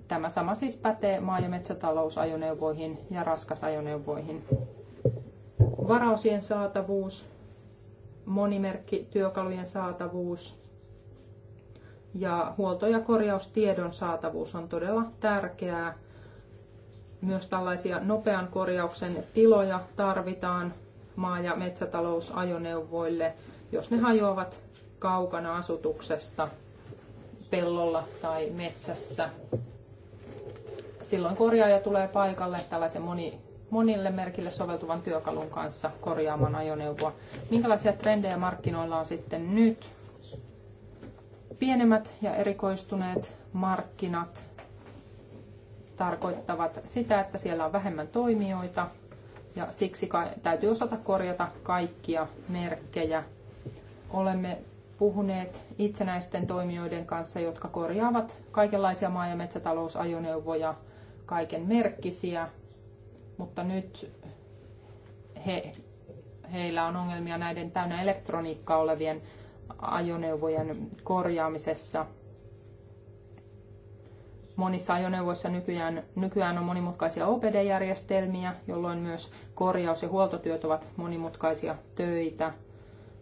Tämä sama siis pätee maa- ja metsätalousajoneuvoihin ja raskasajoneuvoihin. Varausien saatavuus, työkalujen saatavuus ja huolto- ja korjaustiedon saatavuus on todella tärkeää. Myös tällaisia nopean korjauksen tiloja tarvitaan maa- ja metsätalousajoneuvoille, jos ne hajoavat kaukana asutuksesta pellolla tai metsässä silloin korjaaja tulee paikalle tällaisen moni, monille merkille soveltuvan työkalun kanssa korjaamaan ajoneuvoa. Minkälaisia trendejä markkinoilla on sitten nyt? Pienemmät ja erikoistuneet markkinat tarkoittavat sitä, että siellä on vähemmän toimijoita ja siksi täytyy osata korjata kaikkia merkkejä. Olemme puhuneet itsenäisten toimijoiden kanssa, jotka korjaavat kaikenlaisia maa- ja metsätalousajoneuvoja – kaiken merkkisiä, mutta nyt he, heillä on ongelmia näiden täynnä elektroniikkaa olevien ajoneuvojen korjaamisessa. Monissa ajoneuvoissa nykyään, nykyään on monimutkaisia OPD-järjestelmiä, jolloin myös korjaus- ja huoltotyöt ovat monimutkaisia töitä.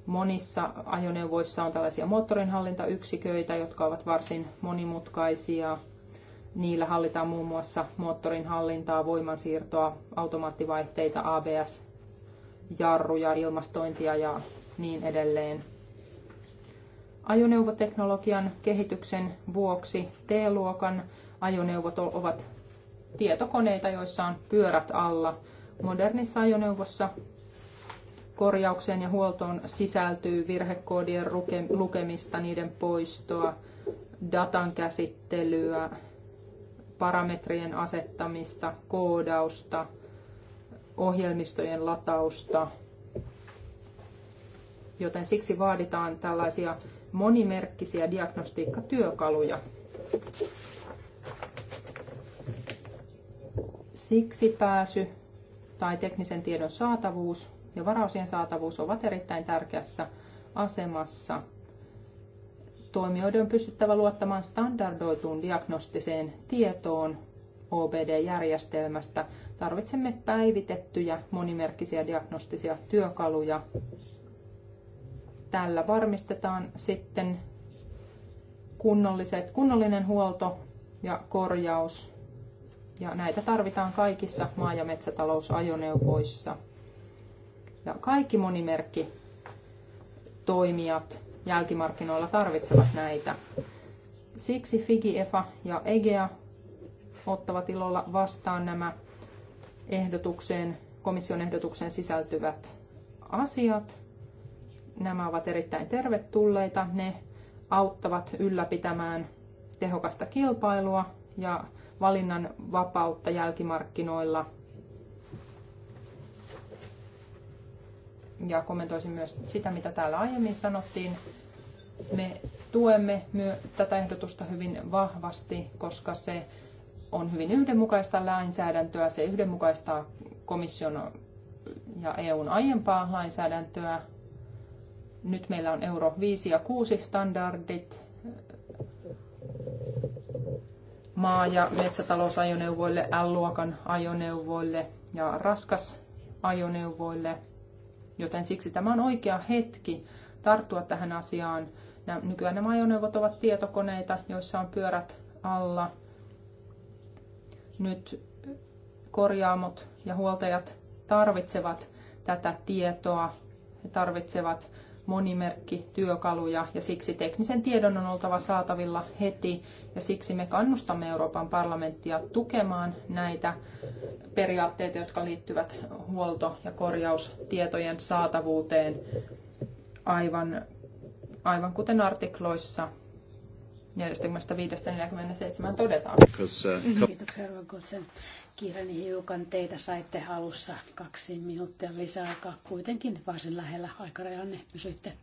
Monissa ajoneuvoissa on tällaisia moottorinhallintayksiköitä, jotka ovat varsin monimutkaisia Niillä hallitaan muun muassa moottorin hallintaa, voimansiirtoa, automaattivaihteita, ABS-jarruja, ilmastointia ja niin edelleen. Ajoneuvoteknologian kehityksen vuoksi T-luokan ajoneuvot ovat tietokoneita, joissa on pyörät alla. Modernissa ajoneuvossa korjaukseen ja huoltoon sisältyy virhekoodien lukemista, niiden poistoa, datan käsittelyä, parametrien asettamista, koodausta, ohjelmistojen latausta. Joten siksi vaaditaan tällaisia monimerkkisiä diagnostiikkatyökaluja. Siksi pääsy tai teknisen tiedon saatavuus ja varausien saatavuus ovat erittäin tärkeässä asemassa Toimijoiden on pystyttävä luottamaan standardoituun diagnostiseen tietoon OBD-järjestelmästä. Tarvitsemme päivitettyjä monimerkkisiä diagnostisia työkaluja. Tällä varmistetaan sitten kunnolliset, kunnollinen huolto ja korjaus. Ja näitä tarvitaan kaikissa maa- ja metsätalousajoneuvoissa. Ja kaikki monimerkki toimijat jälkimarkkinoilla tarvitsevat näitä. Siksi Efa ja EGEA ottavat ilolla vastaan nämä ehdotukseen, komission ehdotukseen sisältyvät asiat. Nämä ovat erittäin tervetulleita. Ne auttavat ylläpitämään tehokasta kilpailua ja valinnan vapautta jälkimarkkinoilla – ja kommentoisin myös sitä, mitä täällä aiemmin sanottiin. Me tuemme myö- tätä ehdotusta hyvin vahvasti, koska se on hyvin yhdenmukaista lainsäädäntöä. Se yhdenmukaistaa komission ja EUn aiempaa lainsäädäntöä. Nyt meillä on euro 5 ja 6 standardit maa- ja metsätalousajoneuvoille, L-luokan ajoneuvoille ja ajoneuvoille. Joten siksi tämä on oikea hetki tarttua tähän asiaan. Nykyään nämä ajoneuvot ovat tietokoneita, joissa on pyörät alla. Nyt korjaamot ja huoltajat tarvitsevat tätä tietoa. He tarvitsevat työkaluja ja siksi teknisen tiedon on oltava saatavilla heti ja siksi me kannustamme Euroopan parlamenttia tukemaan näitä periaatteita, jotka liittyvät huolto- ja korjaustietojen saatavuuteen aivan, aivan kuten artikloissa 45-47 todetaan. Uh, mhm. Kiitoksia, Rova Gotsen. Kiireni hiukan teitä saitte halussa kaksi minuuttia lisäaikaa. Kuitenkin varsin lähellä aikarajanne pysytte.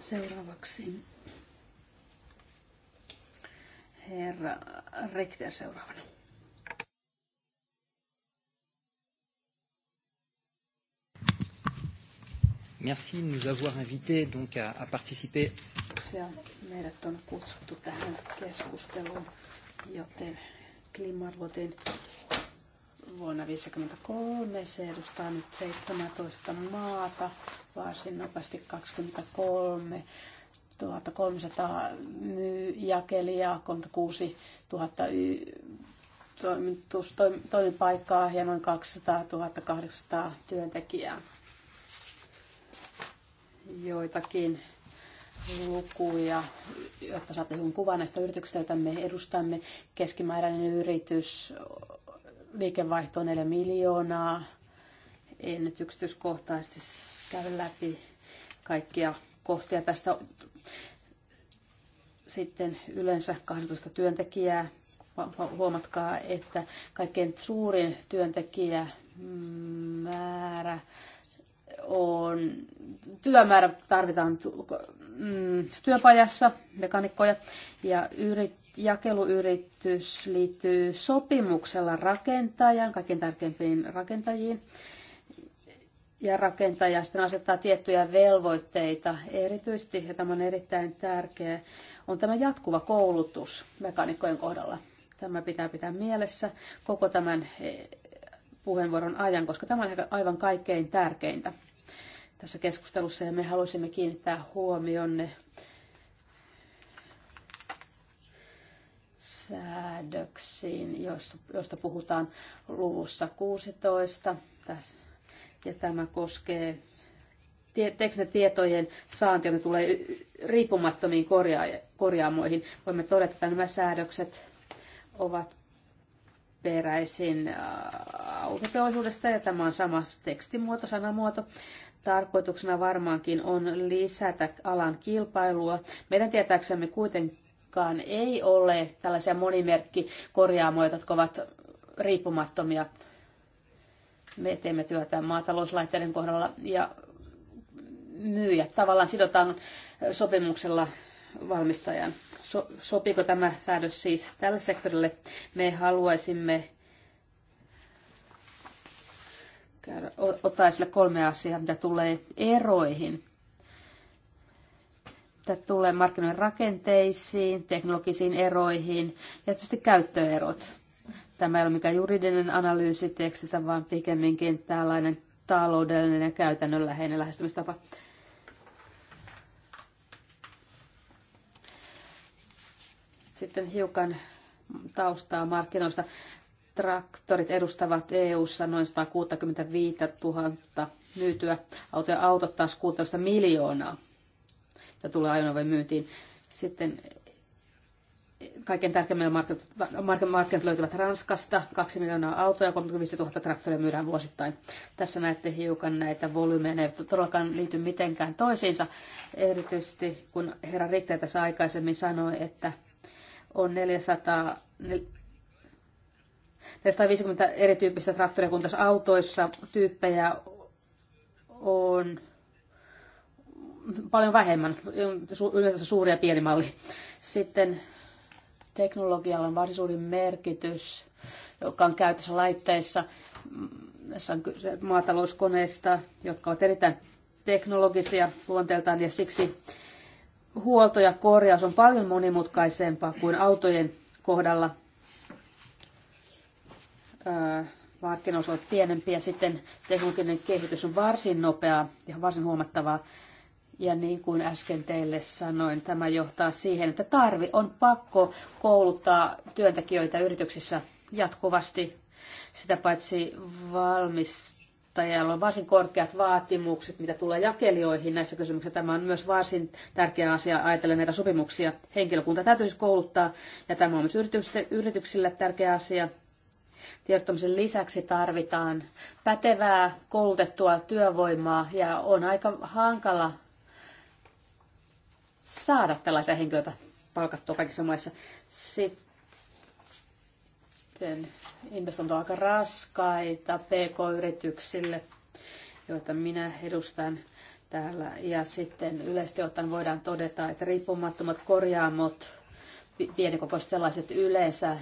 Seuraavaksi herra Rekter seuraavana. Merci de nous avoir invités donc à, à participer. Meidät on kutsuttu tähän keskusteluun, joten Klimarvotin vuonna 1953 se edustaa nyt 17 maata, varsin nopeasti 23 myy, jakelijaa, 36 000 y, toimitus, toimipaikkaa ja noin 200 800 työntekijää joitakin lukuja, jotta saatte hyvän kuvan näistä yrityksistä, joita me edustamme. Keskimääräinen yritys, liikevaihto on 4 miljoonaa. En nyt yksityiskohtaisesti käy läpi kaikkia kohtia tästä. Sitten yleensä 12 työntekijää. Huomatkaa, että kaikkein suurin työntekijämäärä on, työmäärä tarvitaan mm, työpajassa, mekanikkoja, ja yrit, jakeluyritys liittyy sopimuksella rakentajan, kaikkein tärkeimpiin rakentajiin, ja rakentaja sitten asettaa tiettyjä velvoitteita erityisesti, ja tämä on erittäin tärkeä, on tämä jatkuva koulutus mekanikkojen kohdalla. Tämä pitää pitää mielessä koko tämän eh, puheenvuoron ajan, koska tämä on aivan kaikkein tärkeintä tässä keskustelussa ja me haluaisimme kiinnittää huomionne säädöksiin, joista, puhutaan luvussa 16. Tässä, ja tämä koskee tekstitietojen saanti, joka tulee riippumattomiin korja- korjaamoihin. Voimme todeta, että nämä säädökset ovat peräisin äh, autoteollisuudesta ja tämä on sama tekstimuoto, sanamuoto. Tarkoituksena varmaankin on lisätä alan kilpailua. Meidän tietääksemme kuitenkaan ei ole tällaisia monimerkkikorjaamoja, jotka ovat riippumattomia. Me teemme työtä maatalouslaitteiden kohdalla ja myyjät tavallaan sidotaan sopimuksella valmistajan. So, sopiiko tämä säädös siis tälle sektorille? Me haluaisimme käydä, ottaa esille kolme asiaa, mitä tulee eroihin. Mitä tulee markkinoiden rakenteisiin, teknologisiin eroihin ja tietysti käyttöerot. Tämä ei ole mikään juridinen analyysi tekstistä, vaan pikemminkin tällainen taloudellinen ja käytännönläheinen lähestymistapa. Sitten hiukan taustaa markkinoista traktorit edustavat EU-ssa noin 165 000 myytyä autoja, autot taas 16 miljoonaa, ja tulee ajoneuvojen myyntiin. Sitten kaiken tärkeimmillä markkinat, markkinat löytyvät Ranskasta, 2 miljoonaa autoja, 35 000 traktoria myydään vuosittain. Tässä näette hiukan näitä volyymeja, ne eivät todellakaan liity mitenkään toisiinsa. Erityisesti kun herra Richter tässä aikaisemmin sanoi, että on 400 150 erityyppistä traktoria, kun taas autoissa tyyppejä on paljon vähemmän, yleensä suuri ja pieni malli. Sitten teknologialla on varsin suuri merkitys, joka on käytössä laitteissa. Tässä on kyse maatalouskoneista, jotka ovat erittäin teknologisia luonteeltaan ja siksi huolto ja korjaus on paljon monimutkaisempaa kuin autojen kohdalla vaattinos äh, pienempi pienempiä. Sitten teknologinen kehitys on varsin nopeaa ja varsin huomattavaa. Ja niin kuin äsken teille sanoin, tämä johtaa siihen, että tarvi on pakko kouluttaa työntekijöitä yrityksissä jatkuvasti. Sitä paitsi valmistajalla on varsin korkeat vaatimukset, mitä tulee jakelijoihin näissä kysymyksissä. Tämä on myös varsin tärkeä asia ajatella näitä sopimuksia. Henkilökunta täytyy kouluttaa ja tämä on myös yrityksille tärkeä asia. Tiedottamisen lisäksi tarvitaan pätevää, koulutettua työvoimaa ja on aika hankala saada tällaisia henkilöitä palkattua kaikissa maissa. Sitten investointi on aika raskaita pk-yrityksille, joita minä edustan täällä. Ja sitten yleisesti ottaen voidaan todeta, että riippumattomat korjaamot, pienikokoiset sellaiset yleensä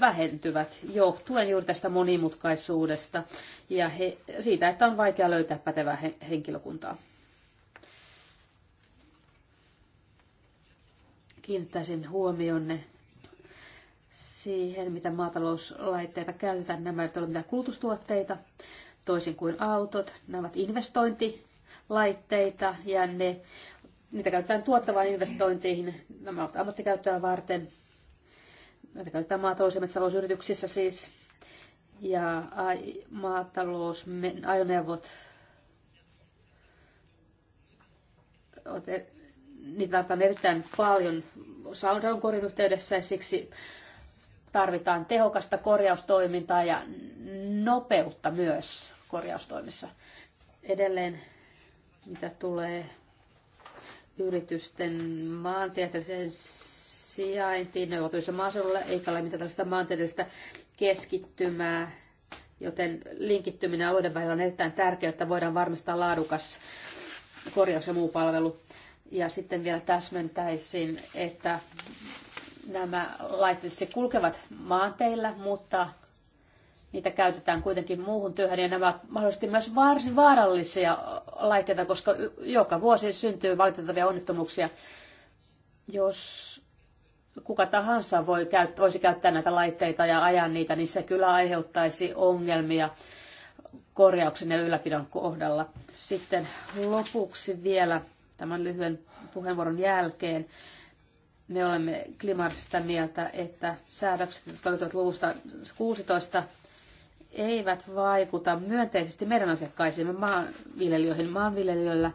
vähentyvät johtuen juuri tästä monimutkaisuudesta ja he, siitä, että on vaikea löytää pätevää henkilökuntaa. Kiinnittäisin huomionne siihen, mitä maatalouslaitteita käytetään. Nämä eivät ole mitään kulutustuotteita, toisin kuin autot. Nämä ovat investointilaitteita ja ne, niitä käytetään tuottavaan investointiin. Nämä ovat ammattikäyttöä varten näitä käytetään maatalous- ja metsätalousyrityksissä siis, ja maatalousajoneuvot, niitä tarvitaan erittäin paljon korin yhteydessä ja siksi tarvitaan tehokasta korjaustoimintaa ja nopeutta myös korjaustoimissa. Edelleen mitä tulee yritysten maantieteelliseen sijaintiin neuvotuissa maaseudulla, eikä ole mitään tällaista maantieteellistä keskittymää, joten linkittyminen alueiden välillä on erittäin tärkeää, että voidaan varmistaa laadukas korjaus- ja muu palvelu. Ja sitten vielä täsmentäisin, että nämä laitteet kulkevat maanteillä, mutta niitä käytetään kuitenkin muuhun työhön ja nämä ovat mahdollisesti myös varsin vaarallisia laitteita, koska joka vuosi syntyy valitettavia onnettomuuksia. Jos kuka tahansa voi käyt- voisi käyttää näitä laitteita ja ajaa niitä, niin se kyllä aiheuttaisi ongelmia korjauksen ja ylläpidon kohdalla. Sitten lopuksi vielä tämän lyhyen puheenvuoron jälkeen me olemme Klimarsista mieltä, että säädökset, jotka löytyvät luvusta 16, eivät vaikuta myönteisesti meidän asiakkaisiimme maanviljelijöihin. Maanviljelijöillä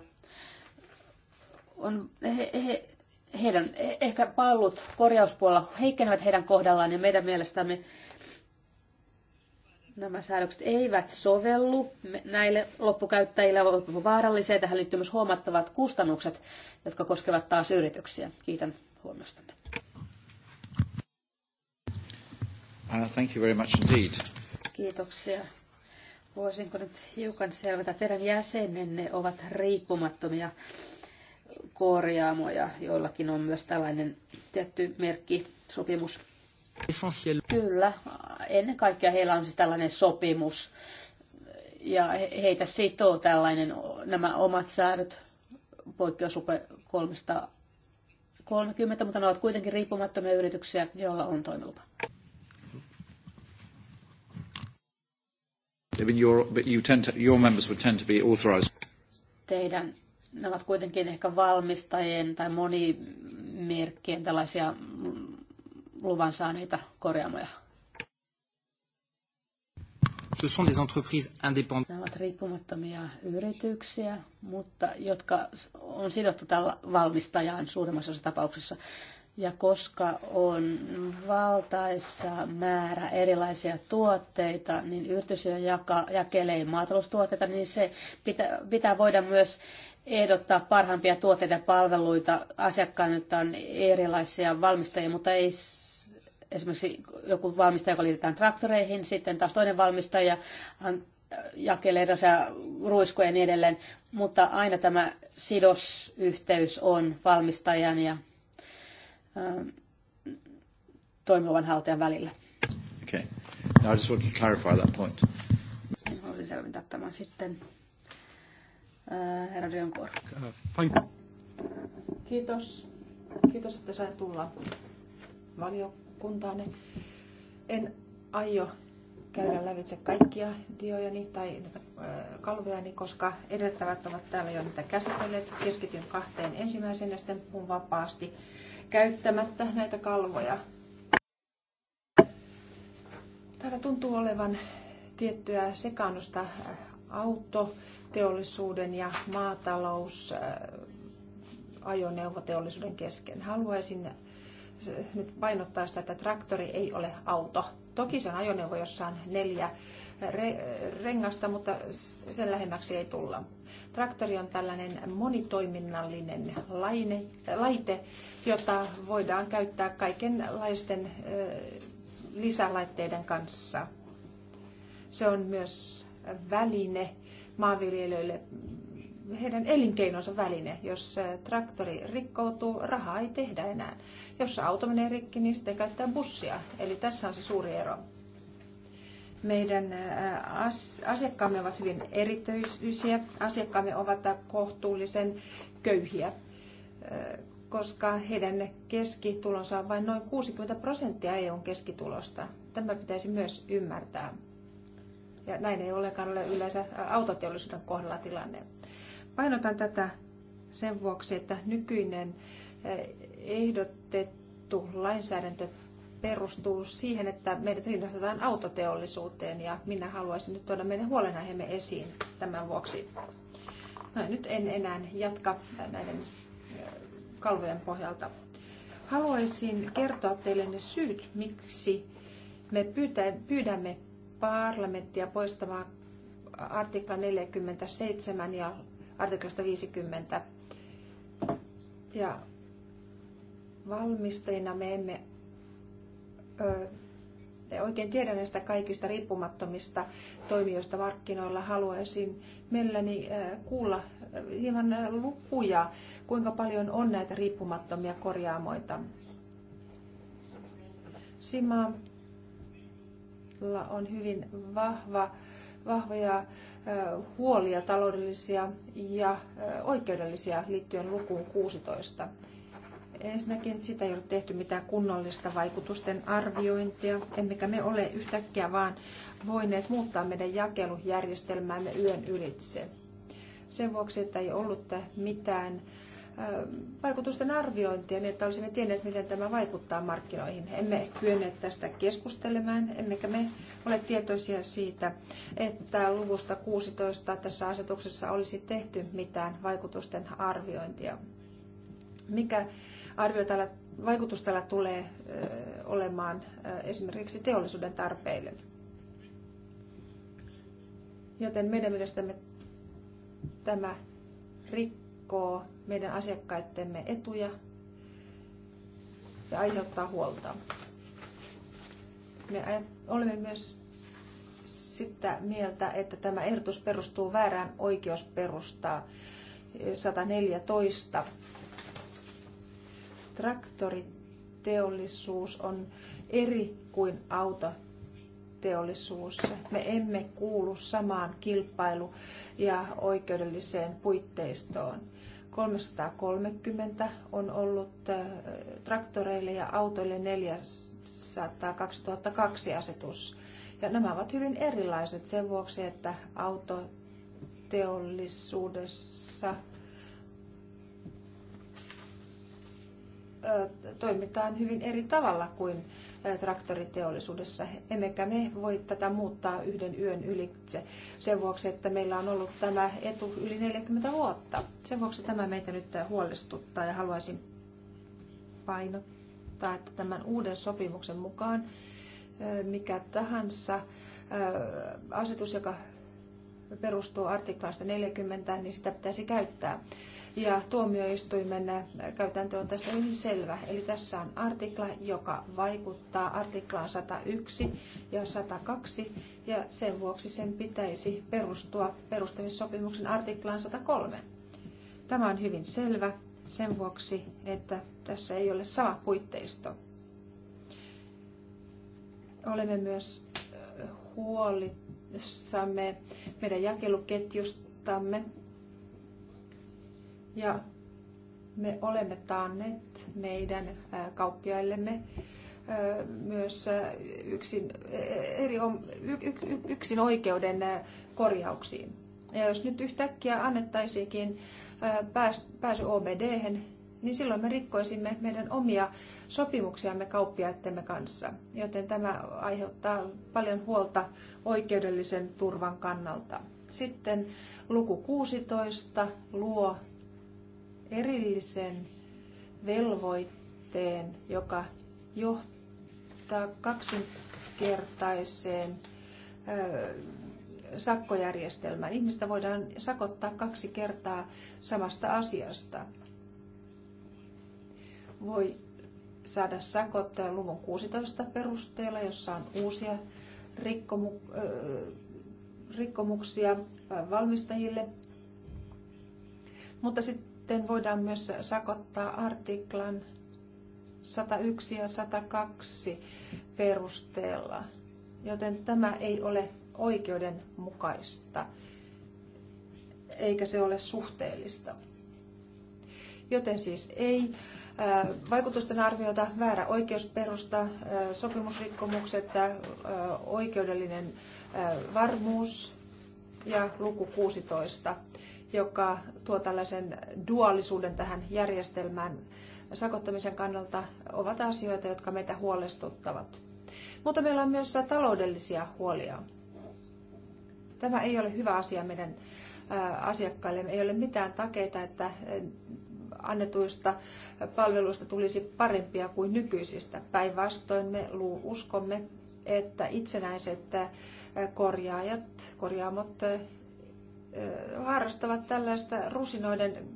on, he, he, heidän ehkä pallut korjauspuolella heikkenevät heidän kohdallaan ja meidän mielestämme nämä säädökset eivät sovellu näille loppukäyttäjille, ovat vaarallisia. Tähän liittyy myös huomattavat kustannukset, jotka koskevat taas yrityksiä. Kiitän huomiostanne. Uh, thank you very much indeed. Kiitoksia. Voisinko nyt hiukan selvätä, teidän jäsenenne ovat riippumattomia korjaamoja, joillakin on myös tällainen tietty merkki, sopimus. Essential. Kyllä, ennen kaikkea heillä on siis tällainen sopimus ja heitä sitoo tällainen, nämä omat säädöt, poikkeuslupe 330, mutta ne ovat kuitenkin riippumattomia yrityksiä, joilla on toimilupa. Your, your members would tend to be authorized. Teidän ne ovat kuitenkin ehkä valmistajien tai monimerkkien tällaisia luvan saaneita korjaamoja. Ce sont des entreprises indépendantes. Nämä ovat riippumattomia yrityksiä, mutta jotka on sidottu tällä valmistajaan suurimmassa osassa tapauksessa. Ja koska on valtaissa määrä erilaisia tuotteita, niin yritys, joka jakelee maataloustuotteita, niin se pitää, pitää voida myös ehdottaa parhaimpia tuotteita ja palveluita. Asiakkaita on erilaisia valmistajia, mutta ei esimerkiksi joku valmistaja, joka liitetään traktoreihin, sitten taas toinen valmistaja jakelee erilaisia ruiskoja ja niin edelleen, mutta aina tämä sidosyhteys on valmistajan ja ähm, toimivan haltijan välillä. Okay. Now I just want to clarify that point. Haluaisin selventää tämän sitten. Äh, herra Dioncourt. Äh, Kiitos. Kiitos, että sain tulla valiokuntaan. En aio käydä lävitse kaikkia diojani tai äh, kalvojani, koska edeltävät ovat täällä jo niitä käsitelleet. Keskityn kahteen ensimmäiseen ja sitten puhun vapaasti käyttämättä näitä kalvoja. Täällä tuntuu olevan tiettyä sekaannusta autoteollisuuden ja maatalous äh, ajoneuvoteollisuuden kesken. Haluaisin äh, nyt painottaa sitä, että traktori ei ole auto. Toki se on ajoneuvo, jossa on neljä re- rengasta, mutta sen lähemmäksi ei tulla. Traktori on tällainen monitoiminnallinen laine, laite, jota voidaan käyttää kaikenlaisten äh, lisälaitteiden kanssa. Se on myös väline maanviljelijöille, heidän elinkeinonsa väline. Jos traktori rikkoutuu, rahaa ei tehdä enää. Jos auto menee rikki, niin sitten käyttää bussia. Eli tässä on se suuri ero. Meidän asiakkaamme ovat hyvin erityisiä. Asiakkaamme ovat kohtuullisen köyhiä koska heidän keskitulonsa on vain noin 60 prosenttia EUn keskitulosta. Tämä pitäisi myös ymmärtää. Ja näin ei ollenkaan ole yleensä autoteollisuuden kohdalla tilanne. Painotan tätä sen vuoksi, että nykyinen ehdotettu lainsäädäntö perustuu siihen, että meidät rinnastetaan autoteollisuuteen ja minä haluaisin nyt tuoda meidän huolenaiheemme esiin tämän vuoksi. No, nyt en enää jatka näiden kalvojen pohjalta. Haluaisin kertoa teille ne syyt, miksi me pyytä, pyydämme parlamenttia poistamaan artikla 47 ja artiklasta 50. Ja valmisteina me emme ö, oikein tiedä näistä kaikista riippumattomista toimijoista markkinoilla. Haluaisin mielelläni kuulla hieman lukuja, kuinka paljon on näitä riippumattomia korjaamoita. Sima Unionilla on hyvin vahva, vahvoja huolia taloudellisia ja oikeudellisia liittyen lukuun 16. Ensinnäkin sitä ei ole tehty mitään kunnollista vaikutusten arviointia, emmekä me ole yhtäkkiä vaan voineet muuttaa meidän jakelujärjestelmäämme yön ylitse. Sen vuoksi, että ei ollut mitään äh, vaikutusten arviointia, niin että olisimme tienneet, miten tämä vaikuttaa markkinoihin. Emme kyenneet tästä keskustelemaan, emmekä me ole tietoisia siitä, että luvusta 16 tässä asetuksessa olisi tehty mitään vaikutusten arviointia. Mikä arvio tällä, vaikutus tällä tulee olemaan esimerkiksi teollisuuden tarpeille? Joten meidän mielestämme tämä rikkoo rikkoo meidän asiakkaittemme etuja ja aiheuttaa huolta. Me olemme myös sitä mieltä, että tämä ehdotus perustuu väärään oikeusperustaan 114. Traktoriteollisuus on eri kuin autoteollisuus teollisuus. Me emme kuulu samaan kilpailu- ja oikeudelliseen puitteistoon. 330 on ollut äh, traktoreille ja autoille 400 2002 asetus. Ja nämä ovat hyvin erilaiset sen vuoksi, että autoteollisuudessa äh, toimitaan hyvin eri tavalla kuin traktoriteollisuudessa. Emmekä me voi tätä muuttaa yhden yön ylitse sen vuoksi, että meillä on ollut tämä etu yli 40 vuotta. Sen vuoksi tämä meitä nyt huolestuttaa ja haluaisin painottaa, että tämän uuden sopimuksen mukaan mikä tahansa asetus, joka perustuu artiklaasta 40, niin sitä pitäisi käyttää. Ja tuomioistuimen käytäntö on tässä hyvin selvä. Eli tässä on artikla, joka vaikuttaa artiklaan 101 ja 102, ja sen vuoksi sen pitäisi perustua perustamissopimuksen artiklaan 103. Tämä on hyvin selvä sen vuoksi, että tässä ei ole sama puitteisto. Olemme myös huolittuneita saamme meidän jakeluketjustamme. Ja me olemme taanneet meidän kauppiaillemme myös yksin, eri, yksin oikeuden korjauksiin. Ja jos nyt yhtäkkiä annettaisiinkin pääsy OBD, niin silloin me rikkoisimme meidän omia sopimuksiamme kauppiaittemme kanssa. Joten tämä aiheuttaa paljon huolta oikeudellisen turvan kannalta. Sitten luku 16 luo erillisen velvoitteen, joka johtaa kaksinkertaiseen sakkojärjestelmään. Ihmistä voidaan sakottaa kaksi kertaa samasta asiasta voi saada sakot luvun 16 perusteella, jossa on uusia rikkomu- rikkomuksia valmistajille. Mutta sitten voidaan myös sakottaa artiklan 101 ja 102 perusteella, joten tämä ei ole oikeudenmukaista eikä se ole suhteellista. Joten siis ei vaikutusten arviota, väärä oikeusperusta, sopimusrikkomukset, oikeudellinen varmuus ja luku 16, joka tuo tällaisen duaalisuuden tähän järjestelmään sakottamisen kannalta, ovat asioita, jotka meitä huolestuttavat. Mutta meillä on myös taloudellisia huolia. Tämä ei ole hyvä asia meidän asiakkaille. Ei ole mitään takeita, että annetuista palveluista tulisi parempia kuin nykyisistä. Päinvastoin me uskomme, että itsenäiset äh, korjaajat, korjaamot äh, harrastavat tällaista rusinoiden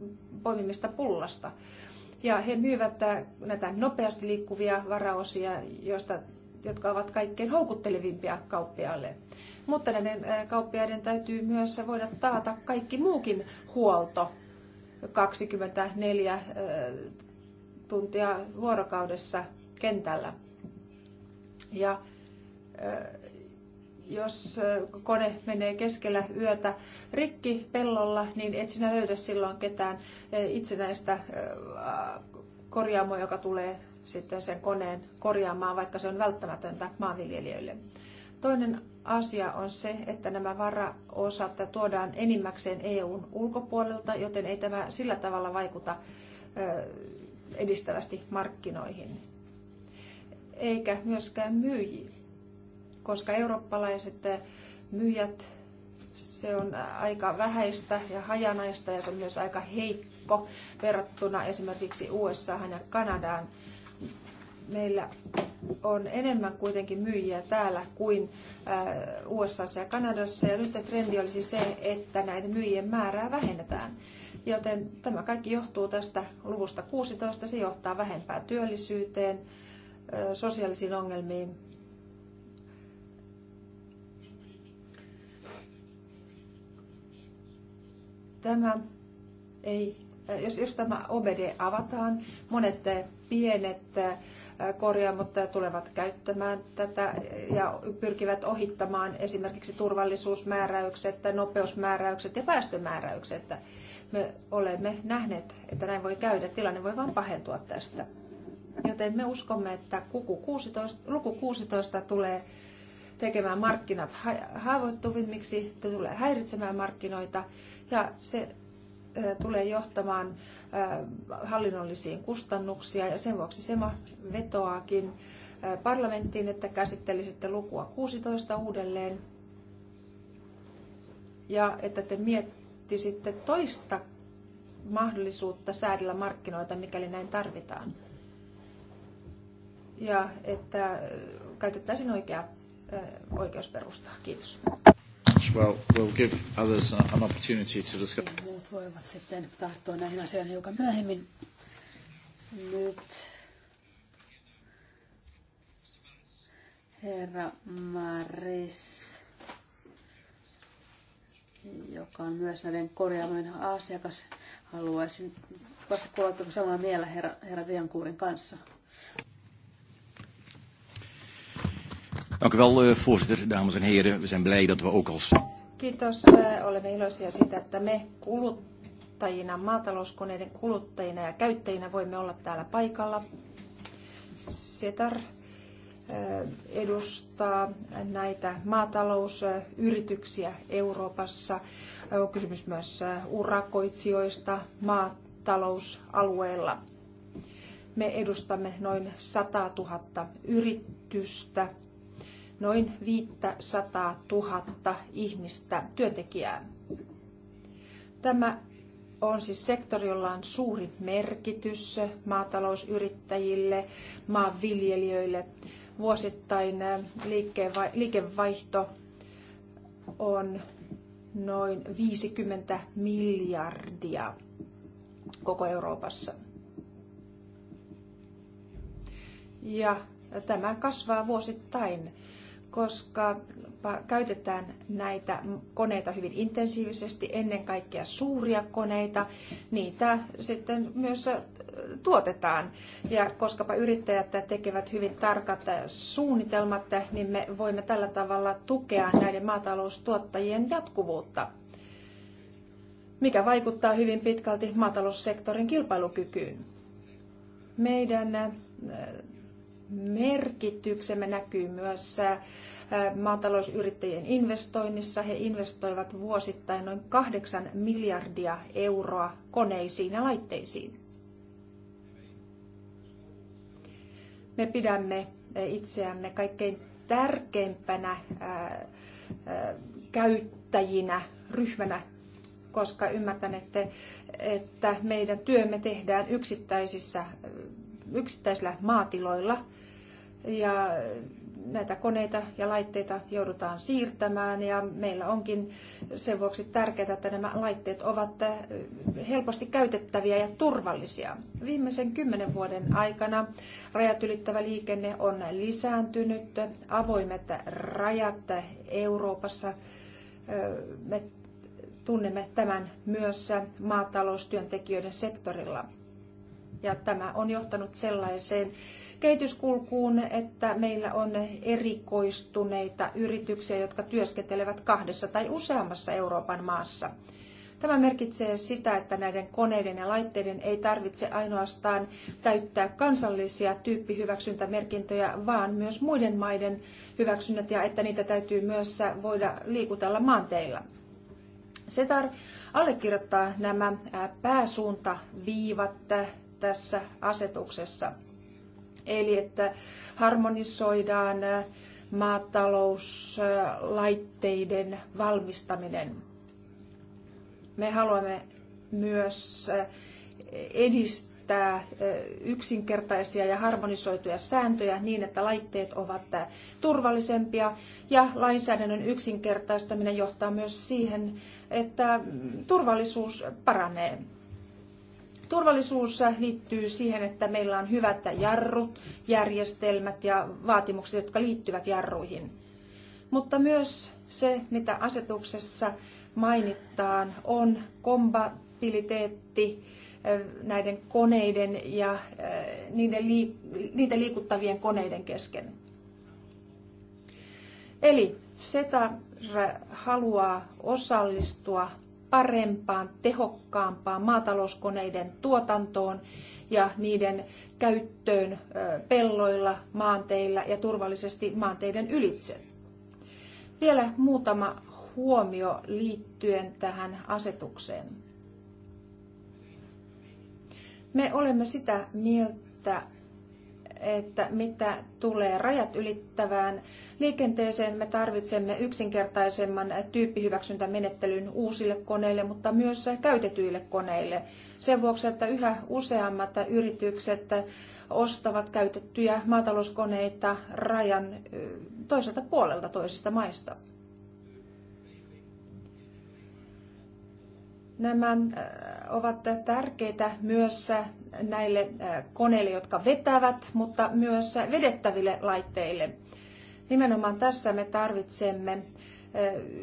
poimimista pullasta. Ja he myyvät äh, näitä nopeasti liikkuvia varaosia, joista jotka ovat kaikkein houkuttelevimpia kauppiaille. Mutta näiden kauppiaiden täytyy myös voida taata kaikki muukin huolto 24 tuntia vuorokaudessa kentällä. Ja jos kone menee keskellä yötä rikki pellolla, niin et sinä löydä silloin ketään itsenäistä korjaamoa, joka tulee sitten sen koneen korjaamaan, vaikka se on välttämätöntä maanviljelijöille. Toinen asia on se, että nämä varaosat tuodaan enimmäkseen EUn ulkopuolelta, joten ei tämä sillä tavalla vaikuta edistävästi markkinoihin. Eikä myöskään myyjiin, koska eurooppalaiset myyjät, se on aika vähäistä ja hajanaista ja se on myös aika heikko verrattuna esimerkiksi USAhan ja Kanadaan, meillä on enemmän kuitenkin myyjiä täällä kuin äh, USA ja Kanadassa. Ja nyt trendi olisi se, että näiden myyjien määrää vähennetään. Joten tämä kaikki johtuu tästä luvusta 16. Se johtaa vähempään työllisyyteen, äh, sosiaalisiin ongelmiin. Tämä ei äh, jos, jos tämä OBD avataan, monet pienet korjaamot tulevat käyttämään tätä ja pyrkivät ohittamaan esimerkiksi turvallisuusmääräykset, nopeusmääräykset ja päästömääräykset. Me olemme nähneet, että näin voi käydä. Tilanne voi vain pahentua tästä. Joten me uskomme, että kuku 16, luku 16 tulee tekemään markkinat haavoittuvimmiksi, tulee häiritsemään markkinoita ja se tulee johtamaan hallinnollisiin kustannuksia ja sen vuoksi SEMA vetoaakin parlamenttiin, että käsittelisitte lukua 16 uudelleen ja että te miettisitte toista mahdollisuutta säädellä markkinoita, mikäli näin tarvitaan. Ja että käytettäisiin oikea oikeusperustaa. Kiitos. Well, we'll give others an opportunity to discuss. Niin, muut voivat sitten tarttua näihin asioihin hiukan myöhemmin. Nyt herra Maris, joka on myös näiden korjaamojen asiakas, haluaisin vasta kuulla, samaa mieltä herra, herra Viankuurin kanssa. Dank u wel, eh, voorzitter, dames en heren. We zijn blij dat we ook als... Kiitos. Eh, olemme iloisia siitä, että me kuluttajina, maatalouskoneiden kuluttajina ja käyttäjinä voimme olla täällä paikalla. Setar eh, edustaa näitä maatalousyrityksiä Euroopassa. On kysymys myös urakoitsijoista maatalousalueilla. Me edustamme noin 100 000 yritystä noin 500 000 ihmistä työntekijää. Tämä on siis sektori, jolla on suuri merkitys maatalousyrittäjille, maanviljelijöille. Vuosittain liikevaihto on noin 50 miljardia koko Euroopassa. Ja tämä kasvaa vuosittain koska käytetään näitä koneita hyvin intensiivisesti, ennen kaikkea suuria koneita, niitä sitten myös äh, tuotetaan. Ja koskapa yrittäjät tekevät hyvin tarkat äh, suunnitelmat, niin me voimme tällä tavalla tukea näiden maataloustuottajien jatkuvuutta mikä vaikuttaa hyvin pitkälti maataloussektorin kilpailukykyyn. Meidän äh, merkityksemme näkyy myös maatalousyrittäjien investoinnissa. He investoivat vuosittain noin 8 miljardia euroa koneisiin ja laitteisiin. Me pidämme itseämme kaikkein tärkeimpänä käyttäjinä, ryhmänä koska ymmärtän, että, että meidän työmme tehdään yksittäisissä yksittäisillä maatiloilla. Ja näitä koneita ja laitteita joudutaan siirtämään ja meillä onkin sen vuoksi tärkeää, että nämä laitteet ovat helposti käytettäviä ja turvallisia. Viimeisen kymmenen vuoden aikana rajat ylittävä liikenne on lisääntynyt, avoimet rajat Euroopassa, me tunnemme tämän myös maataloustyöntekijöiden sektorilla. Ja tämä on johtanut sellaiseen kehityskulkuun, että meillä on erikoistuneita yrityksiä, jotka työskentelevät kahdessa tai useammassa Euroopan maassa. Tämä merkitsee sitä, että näiden koneiden ja laitteiden ei tarvitse ainoastaan täyttää kansallisia tyyppihyväksyntämerkintöjä, vaan myös muiden maiden hyväksynnät ja että niitä täytyy myös voida liikutella maanteilla. SETAR allekirjoittaa nämä pääsuuntaviivat tässä asetuksessa. Eli että harmonisoidaan äh, maatalouslaitteiden valmistaminen. Me haluamme myös äh, edistää äh, yksinkertaisia ja harmonisoituja sääntöjä niin, että laitteet ovat turvallisempia ja lainsäädännön yksinkertaistaminen johtaa myös siihen, että mm, turvallisuus paranee. Turvallisuus liittyy siihen, että meillä on hyvät jarrut, järjestelmät ja vaatimukset, jotka liittyvät jarruihin. Mutta myös se, mitä asetuksessa mainitaan, on kompatibiliteetti eh, näiden koneiden ja eh, niiden niitä liikuttavien koneiden kesken. Eli SETA haluaa osallistua parempaan, tehokkaampaan maatalouskoneiden tuotantoon ja niiden käyttöön pelloilla, maanteilla ja turvallisesti maanteiden ylitse. Vielä muutama huomio liittyen tähän asetukseen. Me olemme sitä mieltä, että mitä tulee rajat ylittävään liikenteeseen, me tarvitsemme yksinkertaisemman tyyppihyväksyntämenettelyn uusille koneille, mutta myös käytetyille koneille. Sen vuoksi, että yhä useammat yritykset ostavat käytettyjä maatalouskoneita rajan toiselta puolelta toisista maista. Nämä ovat tärkeitä myös näille koneille, jotka vetävät, mutta myös vedettäville laitteille. Nimenomaan tässä me tarvitsemme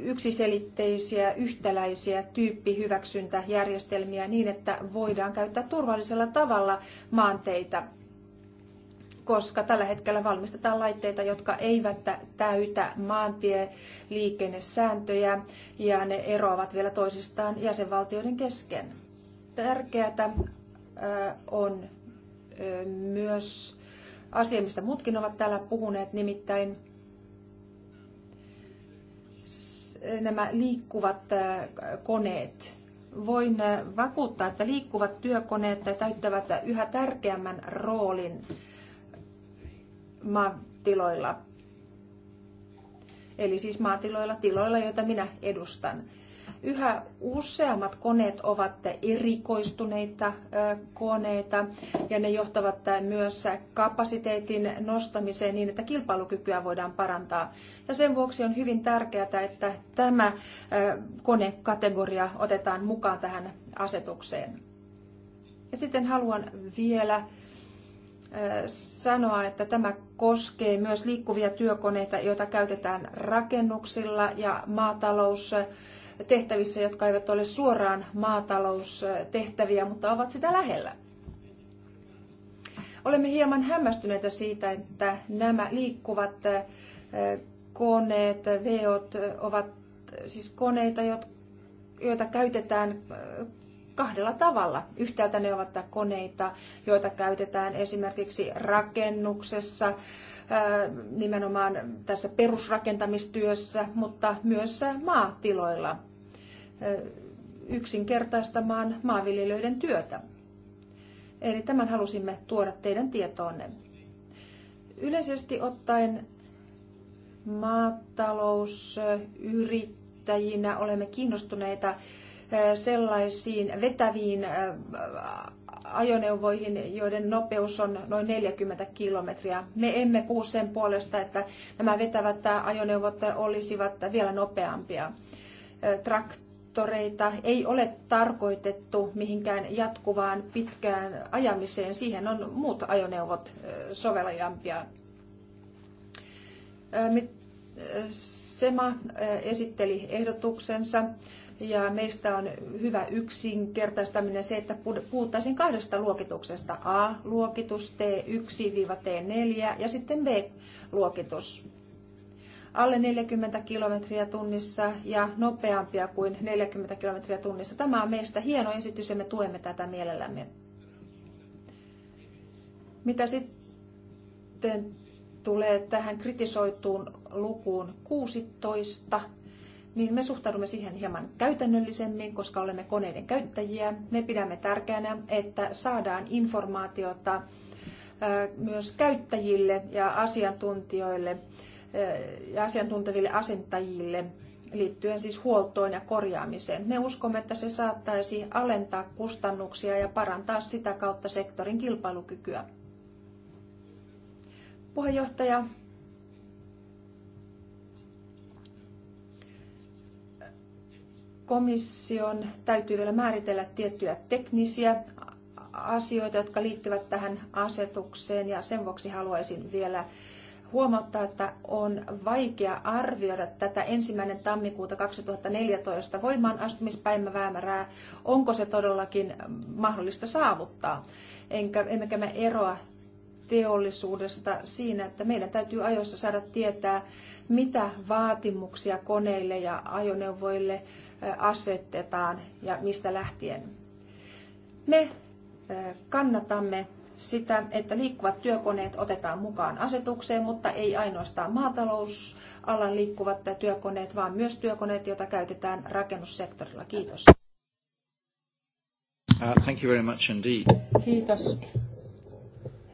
yksiselitteisiä, yhtäläisiä tyyppihyväksyntäjärjestelmiä niin, että voidaan käyttää turvallisella tavalla maanteita, koska tällä hetkellä valmistetaan laitteita, jotka eivät täytä maantieliikennesääntöjä ja ne eroavat vielä toisistaan jäsenvaltioiden kesken. Tärkeää on myös asia, mistä muutkin ovat täällä puhuneet, nimittäin nämä liikkuvat koneet. Voin vakuuttaa, että liikkuvat työkoneet täyttävät yhä tärkeämmän roolin maatiloilla. Eli siis maatiloilla, tiloilla, joita minä edustan. Yhä useammat koneet ovat erikoistuneita koneita ja ne johtavat myös kapasiteetin nostamiseen niin, että kilpailukykyä voidaan parantaa. Ja sen vuoksi on hyvin tärkeää, että tämä konekategoria otetaan mukaan tähän asetukseen. Ja sitten haluan vielä sanoa, että tämä koskee myös liikkuvia työkoneita, joita käytetään rakennuksilla ja maatalous- tehtävissä, jotka eivät ole suoraan maataloustehtäviä, mutta ovat sitä lähellä. Olemme hieman hämmästyneitä siitä, että nämä liikkuvat koneet, veot ovat siis koneita, joita käytetään kahdella tavalla. Yhtäältä ne ovat koneita, joita käytetään esimerkiksi rakennuksessa, nimenomaan tässä perusrakentamistyössä, mutta myös maatiloilla – yksinkertaistamaan maanviljelijöiden työtä. Eli tämän halusimme tuoda teidän tietoonne. Yleisesti ottaen maatalousyrittäjinä olemme kiinnostuneita sellaisiin vetäviin ajoneuvoihin, joiden nopeus on noin 40 kilometriä. Me emme puhu sen puolesta, että nämä vetävät ajoneuvot olisivat vielä nopeampia. Trakt moottoreita ei ole tarkoitettu mihinkään jatkuvaan pitkään ajamiseen. Siihen on muut ajoneuvot sovellajampia. SEMA esitteli ehdotuksensa ja meistä on hyvä yksinkertaistaminen se, että puhuttaisiin kahdesta luokituksesta. A-luokitus, T1-T4 ja sitten B-luokitus alle 40 kilometriä tunnissa ja nopeampia kuin 40 kilometriä tunnissa. Tämä on meistä hieno esitys ja me tuemme tätä mielellämme. Mitä sitten tulee tähän kritisoituun lukuun 16, niin me suhtaudumme siihen hieman käytännöllisemmin, koska olemme koneiden käyttäjiä. Me pidämme tärkeänä, että saadaan informaatiota myös käyttäjille ja asiantuntijoille Eh, ja asiantunteville asentajille liittyen siis huoltoon ja korjaamiseen. Me uskomme, että se saattaisi alentaa kustannuksia ja parantaa sitä kautta sektorin kilpailukykyä. Puheenjohtaja, komission täytyy vielä määritellä tiettyjä teknisiä asioita, jotka liittyvät tähän asetukseen ja sen vuoksi haluaisin vielä huomauttaa, että on vaikea arvioida tätä ensimmäinen tammikuuta 2014 voimaan astumispäivämäärää, onko se todellakin mahdollista saavuttaa. Enkä, emmekä me eroa teollisuudesta siinä, että meidän täytyy ajoissa saada tietää, mitä vaatimuksia koneille ja ajoneuvoille asetetaan ja mistä lähtien. Me kannatamme sitä, että liikkuvat työkoneet otetaan mukaan asetukseen, mutta ei ainoastaan maatalousalan liikkuvat työkoneet, vaan myös työkoneet, joita käytetään rakennussektorilla. Kiitos. Uh, thank you very much indeed. Kiitos,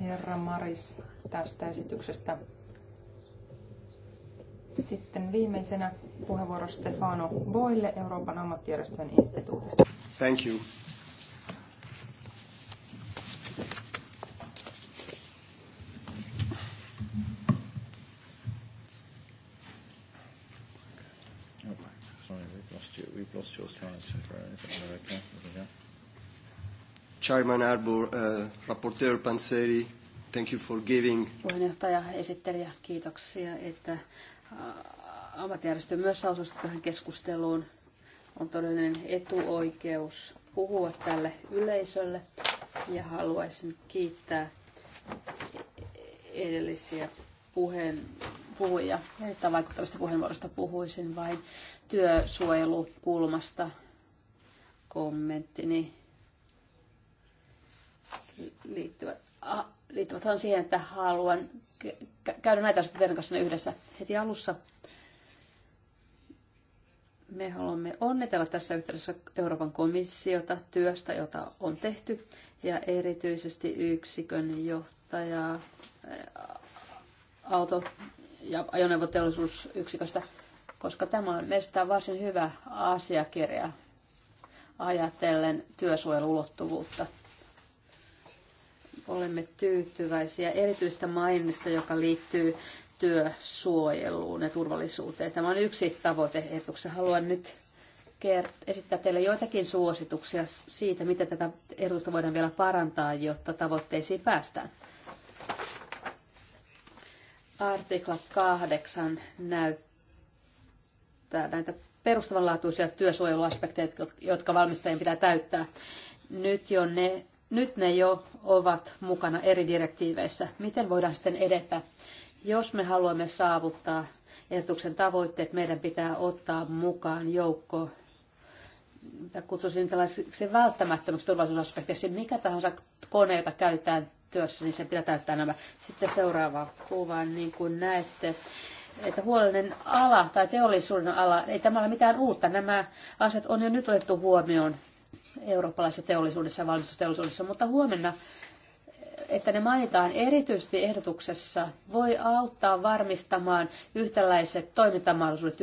herra Maris, tästä esityksestä. Sitten viimeisenä puheenvuoro Stefano Boille Euroopan ammattijärjestöjen instituutista. Thank you. just mentioned or anything like that? Yeah. Chairman Arbour, uh, Rapporteur Panseri, thank you for giving. Puheenjohtaja, esittelijä, kiitoksia, että uh, ammattijärjestö myös osallistui tähän keskusteluun. On todellinen etuoikeus puhua tälle yleisölle ja haluaisin kiittää edellisiä puheen puhuja erittäin vaikuttavasta puheenvuorosta. Puhuisin vain työsuojelukulmasta kommenttini liittyvät, ah, liittyvät siihen, että haluan käydä näitä asioita teidän kanssa yhdessä heti alussa. Me haluamme onnitella tässä yhteydessä Euroopan komissiota työstä, jota on tehty, ja erityisesti yksikön johtajaa auto, ja ajoneuvoteollisuusyksiköstä, koska tämä on meistä varsin hyvä asiakirja ajatellen työsuojeluulottuvuutta. Olemme tyytyväisiä erityistä mainista, joka liittyy työsuojeluun ja turvallisuuteen. Tämä on yksi tavoite ehdotuksessa. Haluan nyt esittää teille joitakin suosituksia siitä, miten tätä ehdotusta voidaan vielä parantaa, jotta tavoitteisiin päästään. Artikla 8 näyttää näitä perustavanlaatuisia työsuojeluaspekteja, jotka valmistajien pitää täyttää. Nyt, jo ne, nyt ne jo ovat mukana eri direktiiveissä. Miten voidaan sitten edetä? Jos me haluamme saavuttaa ehdotuksen tavoitteet, meidän pitää ottaa mukaan joukko mitä kutsuisin tällaiseksi välttämättömäksi turvallisuusaspektiksi, mikä tahansa kone, jota käytetään työssä, niin sen pitää täyttää nämä. Sitten seuraava kuva, niin kuin näette, että huolellinen ala tai teollisuuden ala, ei tämä ole mitään uutta. Nämä asiat on jo nyt otettu huomioon eurooppalaisessa teollisuudessa ja valmistusteollisuudessa, mutta huomenna että ne mainitaan erityisesti ehdotuksessa, voi auttaa varmistamaan yhtäläiset toimintamahdollisuudet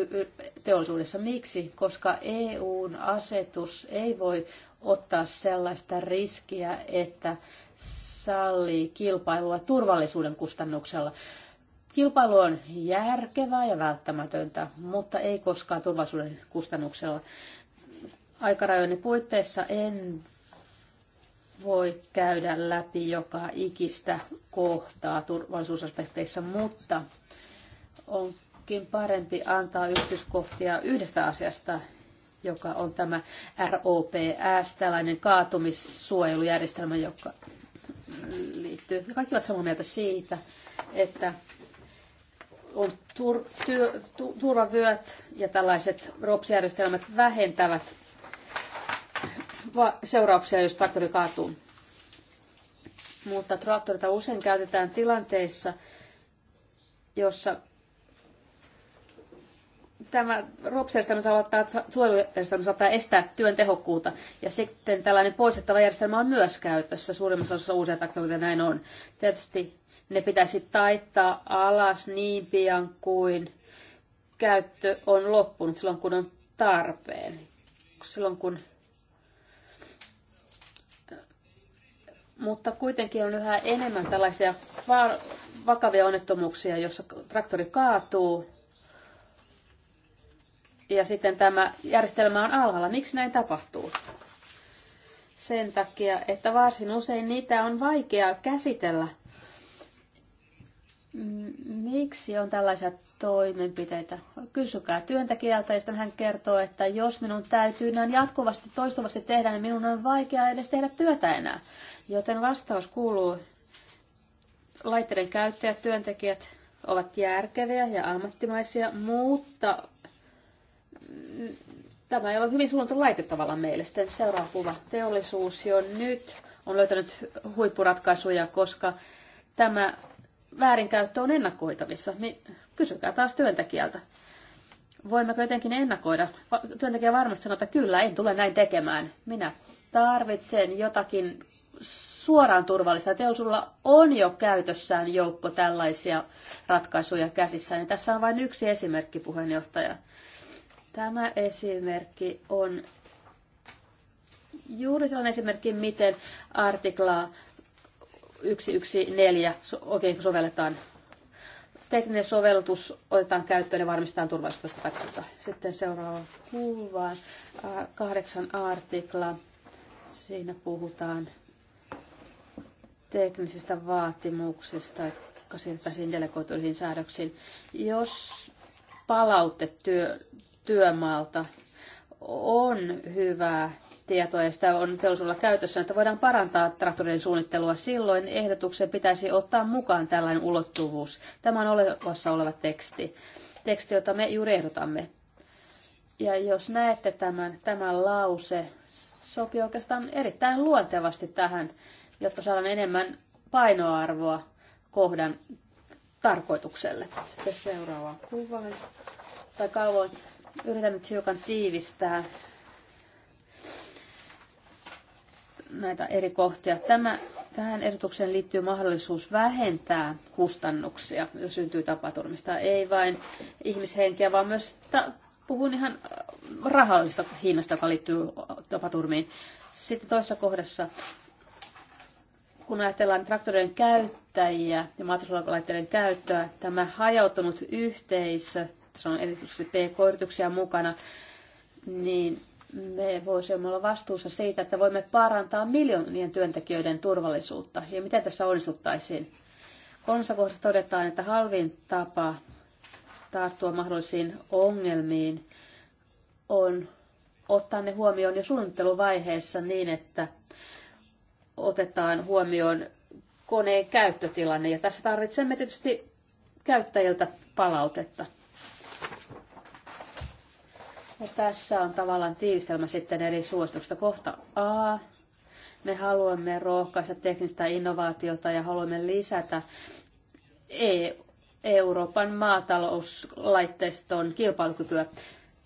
teollisuudessa. Miksi? Koska EUn asetus ei voi ottaa sellaista riskiä, että sallii kilpailua turvallisuuden kustannuksella. Kilpailu on järkevää ja välttämätöntä, mutta ei koskaan turvallisuuden kustannuksella. Aikarajojen puitteissa en voi käydä läpi joka ikistä kohtaa turvallisuusaspekteissa, mutta onkin parempi antaa yksityiskohtia yhdestä asiasta, joka on tämä ROPS, tällainen kaatumissuojelujärjestelmä, joka liittyy. Kaikki ovat samaa mieltä siitä, että on tur, tu, turvavyöt ja tällaiset ROPS-järjestelmät vähentävät seurauksia, jos traktori kaatuu. Mutta traktorita usein käytetään tilanteissa, jossa tämä rops saattaa, suojelujärjestelmä saattaa estää työn tehokkuutta. Ja sitten tällainen poistettava järjestelmä on myös käytössä. Suurimmassa osassa uusia taktoja näin on. Tietysti ne pitäisi taittaa alas niin pian kuin käyttö on loppunut, silloin kun on tarpeen. Silloin kun mutta kuitenkin on yhä enemmän tällaisia vakavia onnettomuuksia, jossa traktori kaatuu ja sitten tämä järjestelmä on alhaalla. Miksi näin tapahtuu? Sen takia, että varsin usein niitä on vaikea käsitellä. Miksi on tällaisia toimenpiteitä? Kysykää työntekijältä ja sitten hän kertoo, että jos minun täytyy näin jatkuvasti, toistuvasti tehdä, niin minun on vaikea edes tehdä työtä enää. Joten vastaus kuuluu, laitteiden käyttäjät, työntekijät ovat järkeviä ja ammattimaisia, mutta tämä ei ole hyvin suunniteltu laite tavallaan meille. Sitten seuraava kuva. Teollisuus jo nyt on löytänyt huippuratkaisuja, koska tämä väärinkäyttö on ennakoitavissa. Kysykää taas työntekijältä. Voimmeko jotenkin ennakoida? Työntekijä varmasti sanoo, että kyllä, en tule näin tekemään. Minä tarvitsen jotakin suoraan turvallista. Teosulla on jo käytössään joukko tällaisia ratkaisuja käsissään. Niin tässä on vain yksi esimerkki, puheenjohtaja. Tämä esimerkki on juuri sellainen esimerkki, miten artiklaa 114 oikein sovelletaan. Tekninen sovellutus otetaan käyttöön ja varmistetaan turvallisuutta. Sitten seuraava kuvaan. Kahdeksan artikla. Siinä puhutaan teknisistä vaatimuksista, jotka siirtäisiin delegoituihin säädöksiin. Jos palautetyö työmaalta on hyvää tietoa ja sitä on teollisuudella käytössä, että voidaan parantaa traktorien suunnittelua. Silloin ehdotuksen pitäisi ottaa mukaan tällainen ulottuvuus. Tämä on olevassa oleva teksti, teksti jota me juuri ehdotamme. Ja jos näette tämän, tämän lause, sopii oikeastaan erittäin luontevasti tähän, jotta saadaan enemmän painoarvoa kohdan tarkoitukselle. Sitten seuraava kuva tai kauan Yritän nyt hiukan tiivistää näitä eri kohtia. Tämä, tähän ehdotukseen liittyy mahdollisuus vähentää kustannuksia, jos syntyy tapaturmista. Ei vain ihmishenkiä, vaan myös ta- puhun ihan äh, rahallisesta hinnasta, joka liittyy tapaturmiin. Sitten toisessa kohdassa, kun ajatellaan traktorien käyttäjiä ja maatalouslaitteiden käyttöä, tämä hajautunut yhteisö – jossa on erityisesti PK-yrityksiä mukana, niin me voisimme olla vastuussa siitä, että voimme parantaa miljoonien työntekijöiden turvallisuutta. Ja miten tässä onnistuttaisiin? Kolmessa kohdassa todetaan, että halvin tapa tarttua mahdollisiin ongelmiin on ottaa ne huomioon jo suunnitteluvaiheessa niin, että otetaan huomioon koneen käyttötilanne. Ja tässä tarvitsemme tietysti käyttäjiltä palautetta. Ja tässä on tavallaan tiivistelmä sitten eri suosituksista. Kohta A. Me haluamme rohkaista teknistä innovaatiota ja haluamme lisätä e- Euroopan maatalouslaitteiston kilpailukykyä.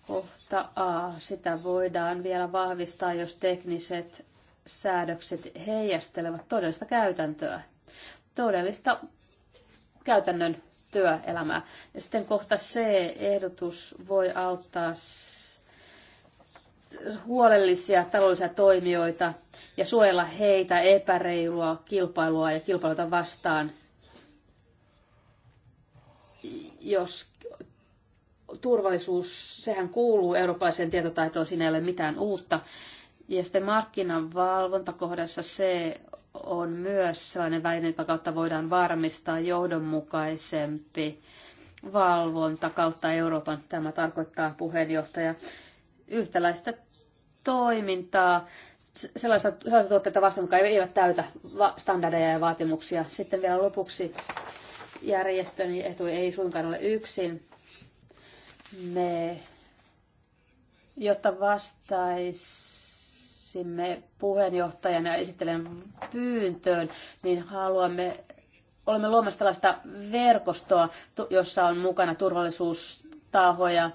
Kohta A. Sitä voidaan vielä vahvistaa, jos tekniset säädökset heijastelevat todellista käytäntöä, todellista käytännön työelämää. Ja sitten kohta C. Ehdotus voi auttaa huolellisia taloudellisia toimijoita ja suojella heitä epäreilua kilpailua ja kilpailuta vastaan, jos turvallisuus, sehän kuuluu eurooppalaiseen tietotaitoon, siinä ei ole mitään uutta. Ja sitten markkinan valvontakohdassa se on myös sellainen väline, jota kautta voidaan varmistaa johdonmukaisempi valvonta kautta Euroopan. Tämä tarkoittaa puheenjohtaja yhtäläistä toimintaa sellaista, sellaista tuotteita vastaan, jotka eivät täytä standardeja ja vaatimuksia. Sitten vielä lopuksi järjestön etu ei suinkaan ole yksin. Me, jotta vastaisimme puheenjohtajan ja esittelen pyyntöön, niin haluamme, olemme luomassa tällaista verkostoa, jossa on mukana turvallisuus tahoja,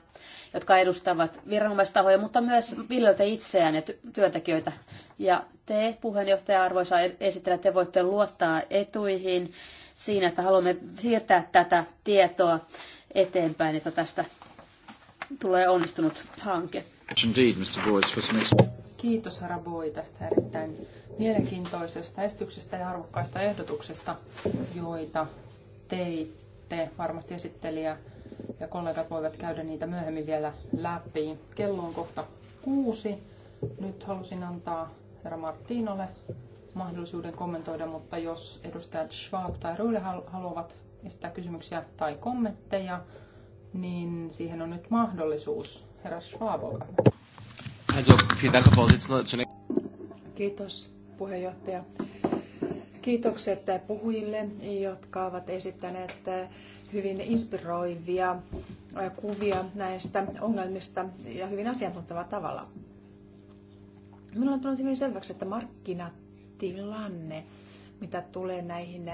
jotka edustavat viranomaistahoja, mutta myös viljelijöitä itseään ja työntekijöitä. Ja te, puheenjohtaja, arvoisa esittelijä, te voitte luottaa etuihin siinä, että haluamme siirtää tätä tietoa eteenpäin, että tästä tulee onnistunut hanke. Kiitos herra Boy tästä erittäin mielenkiintoisesta esityksestä ja arvokkaista ehdotuksesta, joita teitte. Varmasti esittelijä ja kollegat voivat käydä niitä myöhemmin vielä läpi. Kello on kohta kuusi. Nyt halusin antaa herra Martinolle mahdollisuuden kommentoida, mutta jos edustajat Schwab tai Ruule haluavat esittää kysymyksiä tai kommentteja, niin siihen on nyt mahdollisuus. Herra Schwab, olkaa hyvä. Kiitos puheenjohtaja. Kiitokset puhujille, jotka ovat esittäneet hyvin inspiroivia kuvia näistä ongelmista ja hyvin asiantuntevalla tavalla. Minulla on tullut hyvin selväksi, että markkinatilanne, mitä tulee näihin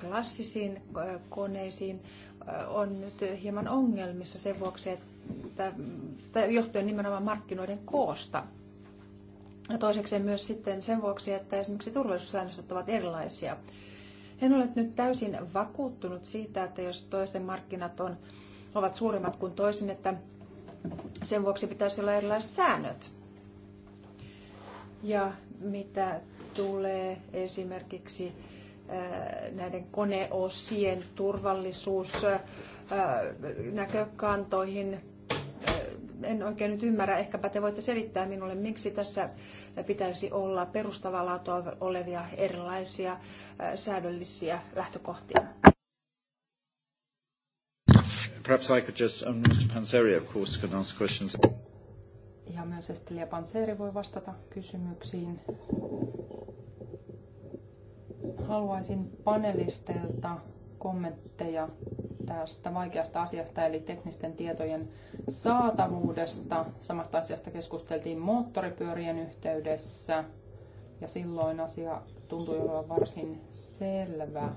klassisiin koneisiin, on nyt hieman ongelmissa sen vuoksi, että johtuen nimenomaan markkinoiden koosta – ja toisekseen myös sitten sen vuoksi, että esimerkiksi turvallisuussäännöstöt ovat erilaisia. En ole nyt täysin vakuuttunut siitä, että jos toisten markkinat on, ovat suuremmat kuin toisin, että sen vuoksi pitäisi olla erilaiset säännöt. Ja mitä tulee esimerkiksi äh, näiden koneosien turvallisuusnäkökantoihin, äh, äh, en oikein nyt ymmärrä. Ehkäpä te voitte selittää minulle, miksi tässä pitäisi olla perustavaa laatua olevia erilaisia säädöllisiä lähtökohtia. Perhaps I could just, um, Mr. Panseri, of course, can ask questions. Ja myös Estelia Panseri voi vastata kysymyksiin. Haluaisin panelisteilta kommentteja tästä vaikeasta asiasta, eli teknisten tietojen saatavuudesta. Samasta asiasta keskusteltiin moottoripyörien yhteydessä, ja silloin asia tuntui olevan varsin selvä.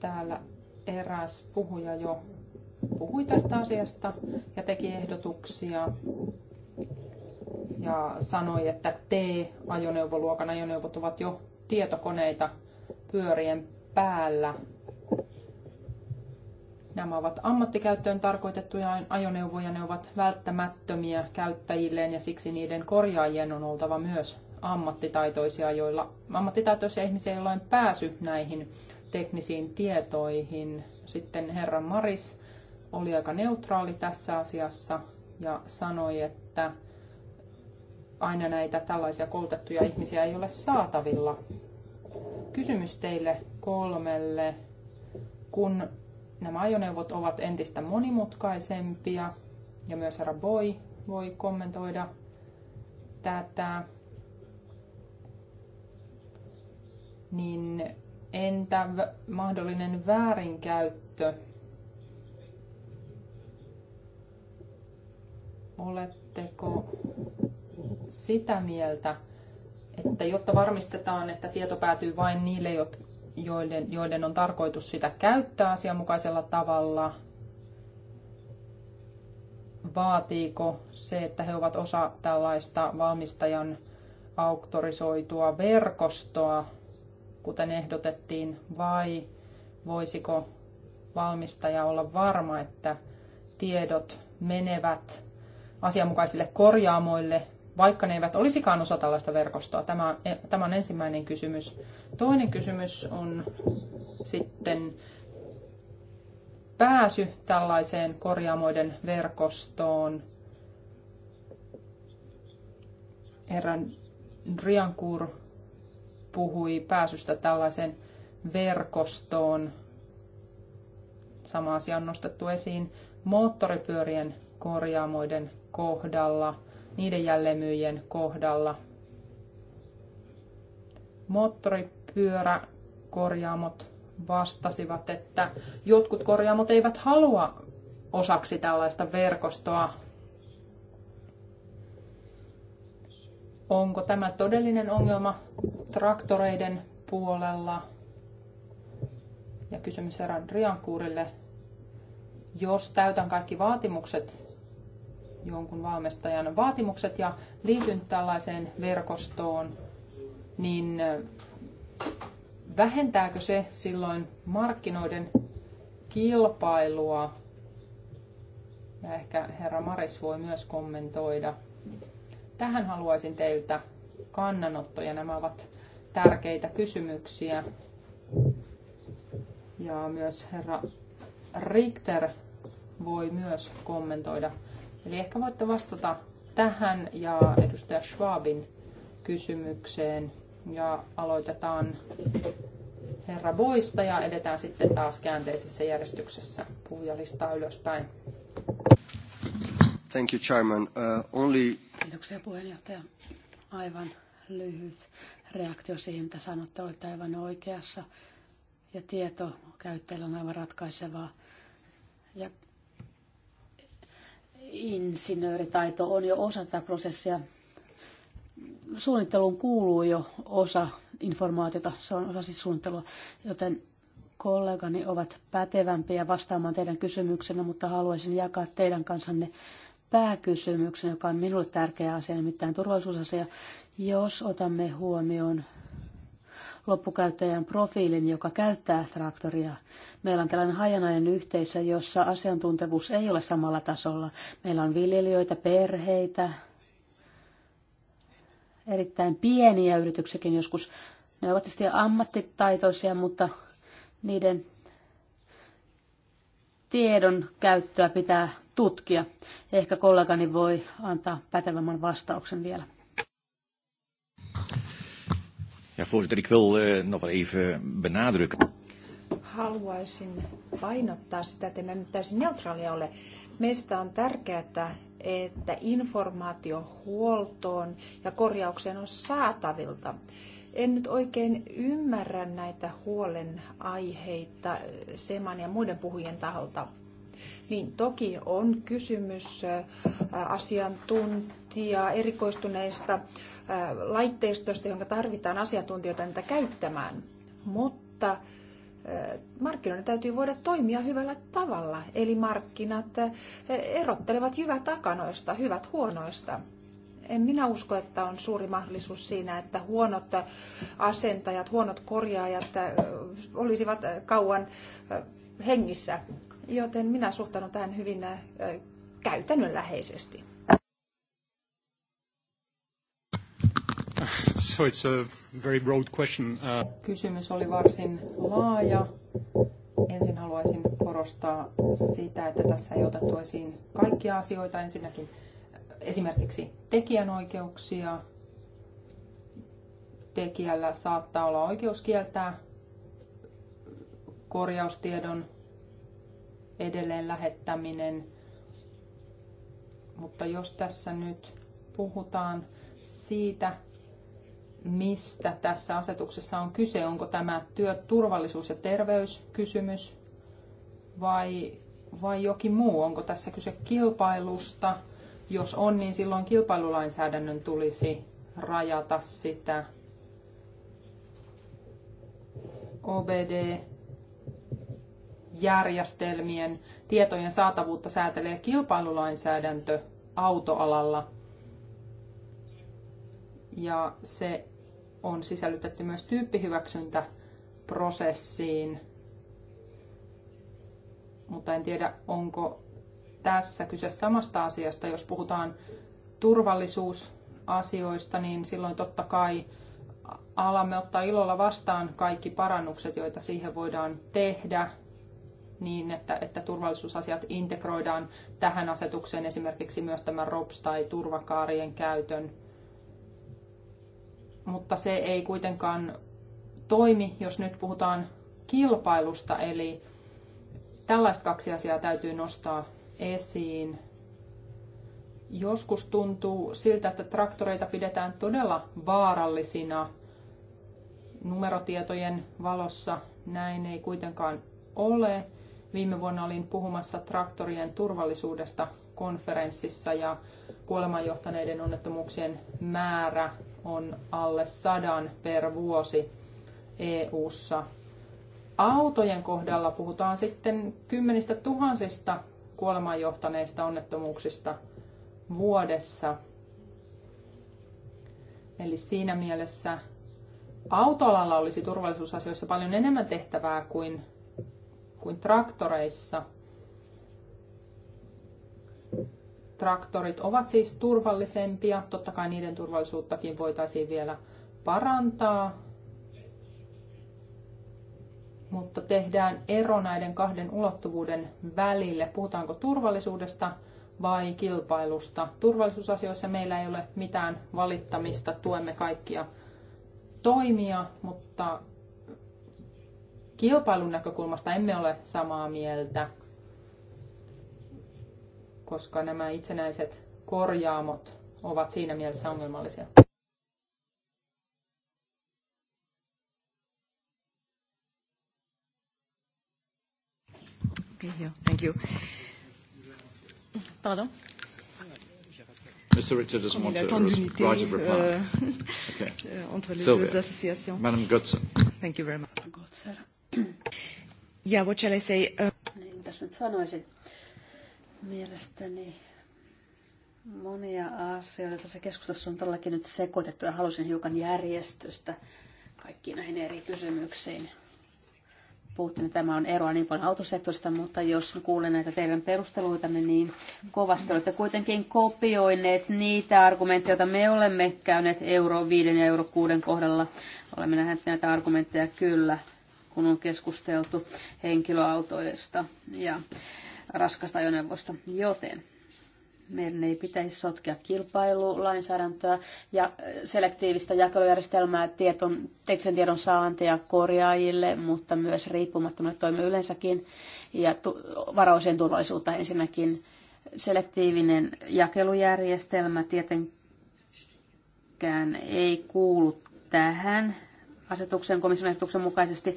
Täällä eräs puhuja jo puhui tästä asiasta ja teki ehdotuksia ja sanoi, että T-ajoneuvoluokan ajoneuvot ovat jo tietokoneita pyörien päällä Nämä ovat ammattikäyttöön tarkoitettuja ajoneuvoja, ne ovat välttämättömiä käyttäjilleen ja siksi niiden korjaajien on oltava myös ammattitaitoisia, joilla, ammattitaitoisia ihmisiä, joilla on pääsy näihin teknisiin tietoihin. Sitten herra Maris oli aika neutraali tässä asiassa ja sanoi, että aina näitä tällaisia koulutettuja ihmisiä ei ole saatavilla. Kysymys teille kolmelle. Kun nämä ajoneuvot ovat entistä monimutkaisempia ja myös herra Boy voi kommentoida tätä. Niin entä mahdollinen väärinkäyttö? Oletteko sitä mieltä, että jotta varmistetaan, että tieto päätyy vain niille, joiden, joiden on tarkoitus sitä käyttää asianmukaisella tavalla, vaatiiko se, että he ovat osa tällaista valmistajan auktorisoitua verkostoa, kuten ehdotettiin, vai voisiko valmistaja olla varma, että tiedot menevät asianmukaisille korjaamoille vaikka ne eivät olisikaan osa tällaista verkostoa? Tämä, tämä on ensimmäinen kysymys. Toinen kysymys on sitten pääsy tällaiseen korjaamoiden verkostoon. Herran Driankur puhui pääsystä tällaiseen verkostoon. Sama asia on nostettu esiin moottoripyörien korjaamoiden kohdalla niiden jälleenmyyjien kohdalla. Moottoripyöräkorjaamot vastasivat, että jotkut korjaamot eivät halua osaksi tällaista verkostoa. Onko tämä todellinen ongelma traktoreiden puolella? Ja kysymys herran Riankuurille. Jos täytän kaikki vaatimukset jonkun valmistajan vaatimukset ja liityn tällaiseen verkostoon, niin vähentääkö se silloin markkinoiden kilpailua? Ja ehkä herra Maris voi myös kommentoida. Tähän haluaisin teiltä kannanottoja. Nämä ovat tärkeitä kysymyksiä. Ja myös herra Richter voi myös kommentoida Eli ehkä voitte vastata tähän ja edustaja Schwabin kysymykseen. Ja aloitetaan herra Boista ja edetään sitten taas käänteisessä järjestyksessä puhujalistaa ylöspäin. Thank you, Chairman. Uh, only... Kiitoksia puheenjohtaja. Aivan lyhyt reaktio siihen, mitä sanotte, olette aivan oikeassa. Ja tieto käyttäjällä on aivan ratkaisevaa. Ja insinööritaito on jo osa tätä prosessia. Suunnitteluun kuuluu jo osa informaatiota, se on osa siis suunnittelua, joten kollegani ovat pätevämpiä vastaamaan teidän kysymyksenne, mutta haluaisin jakaa teidän kansanne pääkysymyksen, joka on minulle tärkeä asia, nimittäin turvallisuusasia. Jos otamme huomioon loppukäyttäjän profiilin, joka käyttää traktoria. Meillä on tällainen hajanainen yhteisö, jossa asiantuntevuus ei ole samalla tasolla. Meillä on viljelijöitä, perheitä, erittäin pieniä yrityksiäkin joskus. Ne ovat tietysti ammattitaitoisia, mutta niiden tiedon käyttöä pitää tutkia. Ehkä kollegani voi antaa pätevämmän vastauksen vielä. Ja, voorzitter, ik wil uh, nog even benadrukken. Haluaisin painottaa sitä, että emme nyt täysin neutraalia ole. Meistä on tärkeää, että informaatio huoltoon ja korjaukseen on saatavilta. En nyt oikein ymmärrä näitä huolenaiheita Seman ja muiden puhujien taholta niin toki on kysymys asiantuntija erikoistuneista laitteistoista, jonka tarvitaan asiantuntijoita niitä käyttämään. Mutta markkinoiden täytyy voida toimia hyvällä tavalla, eli markkinat erottelevat hyvät takanoista hyvät huonoista en minä usko, että on suuri mahdollisuus siinä, että huonot asentajat, huonot korjaajat olisivat kauan hengissä. Joten minä suhtaudun tähän hyvin äh, käytännönläheisesti. So it's a very broad question. Uh... Kysymys oli varsin laaja. Ensin haluaisin korostaa sitä, että tässä ei otettu esiin kaikkia asioita. Ensinnäkin äh, esimerkiksi tekijänoikeuksia. Tekijällä saattaa olla oikeus kieltää korjaustiedon edelleen lähettäminen. Mutta jos tässä nyt puhutaan siitä, mistä tässä asetuksessa on kyse, onko tämä työturvallisuus- ja terveyskysymys vai, vai jokin muu, onko tässä kyse kilpailusta, jos on, niin silloin kilpailulainsäädännön tulisi rajata sitä. OBD järjestelmien tietojen saatavuutta säätelee kilpailulainsäädäntö autoalalla. Ja se on sisällytetty myös tyyppihyväksyntäprosessiin. Mutta en tiedä, onko tässä kyse samasta asiasta. Jos puhutaan turvallisuusasioista, niin silloin totta kai alamme ottaa ilolla vastaan kaikki parannukset, joita siihen voidaan tehdä niin, että, että turvallisuusasiat integroidaan tähän asetukseen esimerkiksi myös tämän ROPS tai turvakaarien käytön. Mutta se ei kuitenkaan toimi, jos nyt puhutaan kilpailusta, eli tällaista kaksi asiaa täytyy nostaa esiin. Joskus tuntuu siltä, että traktoreita pidetään todella vaarallisina numerotietojen valossa. Näin ei kuitenkaan ole. Viime vuonna olin puhumassa traktorien turvallisuudesta konferenssissa ja kuolemanjohtaneiden onnettomuuksien määrä on alle sadan per vuosi EU:ssa. Autojen kohdalla puhutaan sitten kymmenistä tuhansista kuolemanjohtaneista onnettomuuksista vuodessa. Eli siinä mielessä autoalalla olisi turvallisuusasioissa paljon enemmän tehtävää kuin kuin traktoreissa. Traktorit ovat siis turvallisempia. Totta kai niiden turvallisuuttakin voitaisiin vielä parantaa, mutta tehdään ero näiden kahden ulottuvuuden välille. Puhutaanko turvallisuudesta vai kilpailusta? Turvallisuusasioissa meillä ei ole mitään valittamista, tuemme kaikkia toimia, mutta Kilpailun näkökulmasta emme ole samaa mieltä, koska nämä itsenäiset korjaamot ovat siinä mielessä ongelmallisia. Okay, yeah, thank you. Pardon? Mr. Richard doesn't want to write a reply. Euh, okay. entre les Sylvia. deux associations. Madame Godson. Thank you very much. Godser. Yeah, what shall I say? Niin, tässä nyt sanoisin. Mielestäni monia asioita tässä keskustelussa on todellakin nyt sekoitettu ja halusin hiukan järjestystä kaikkiin näihin eri kysymyksiin. Puhuttiin, että tämä on eroa niin paljon autosektorista, mutta jos kuulen näitä teidän perusteluitanne, niin kovasti olette kuitenkin kopioineet niitä argumentteja, joita me olemme käyneet euro 5 ja euro 6 kohdalla. Olemme nähneet näitä argumentteja kyllä kun on keskusteltu henkilöautoista ja raskasta ajoneuvosta. Joten meidän ei pitäisi sotkea kilpailulainsäädäntöä ja äh, selektiivistä jakelujärjestelmää tieton, tekstin tiedon saantia korjaajille, mutta myös riippumattomille toimille yleensäkin ja tu- varausien turvallisuutta ensinnäkin. Selektiivinen jakelujärjestelmä tietenkään ei kuulu tähän asetuksen komission mukaisesti,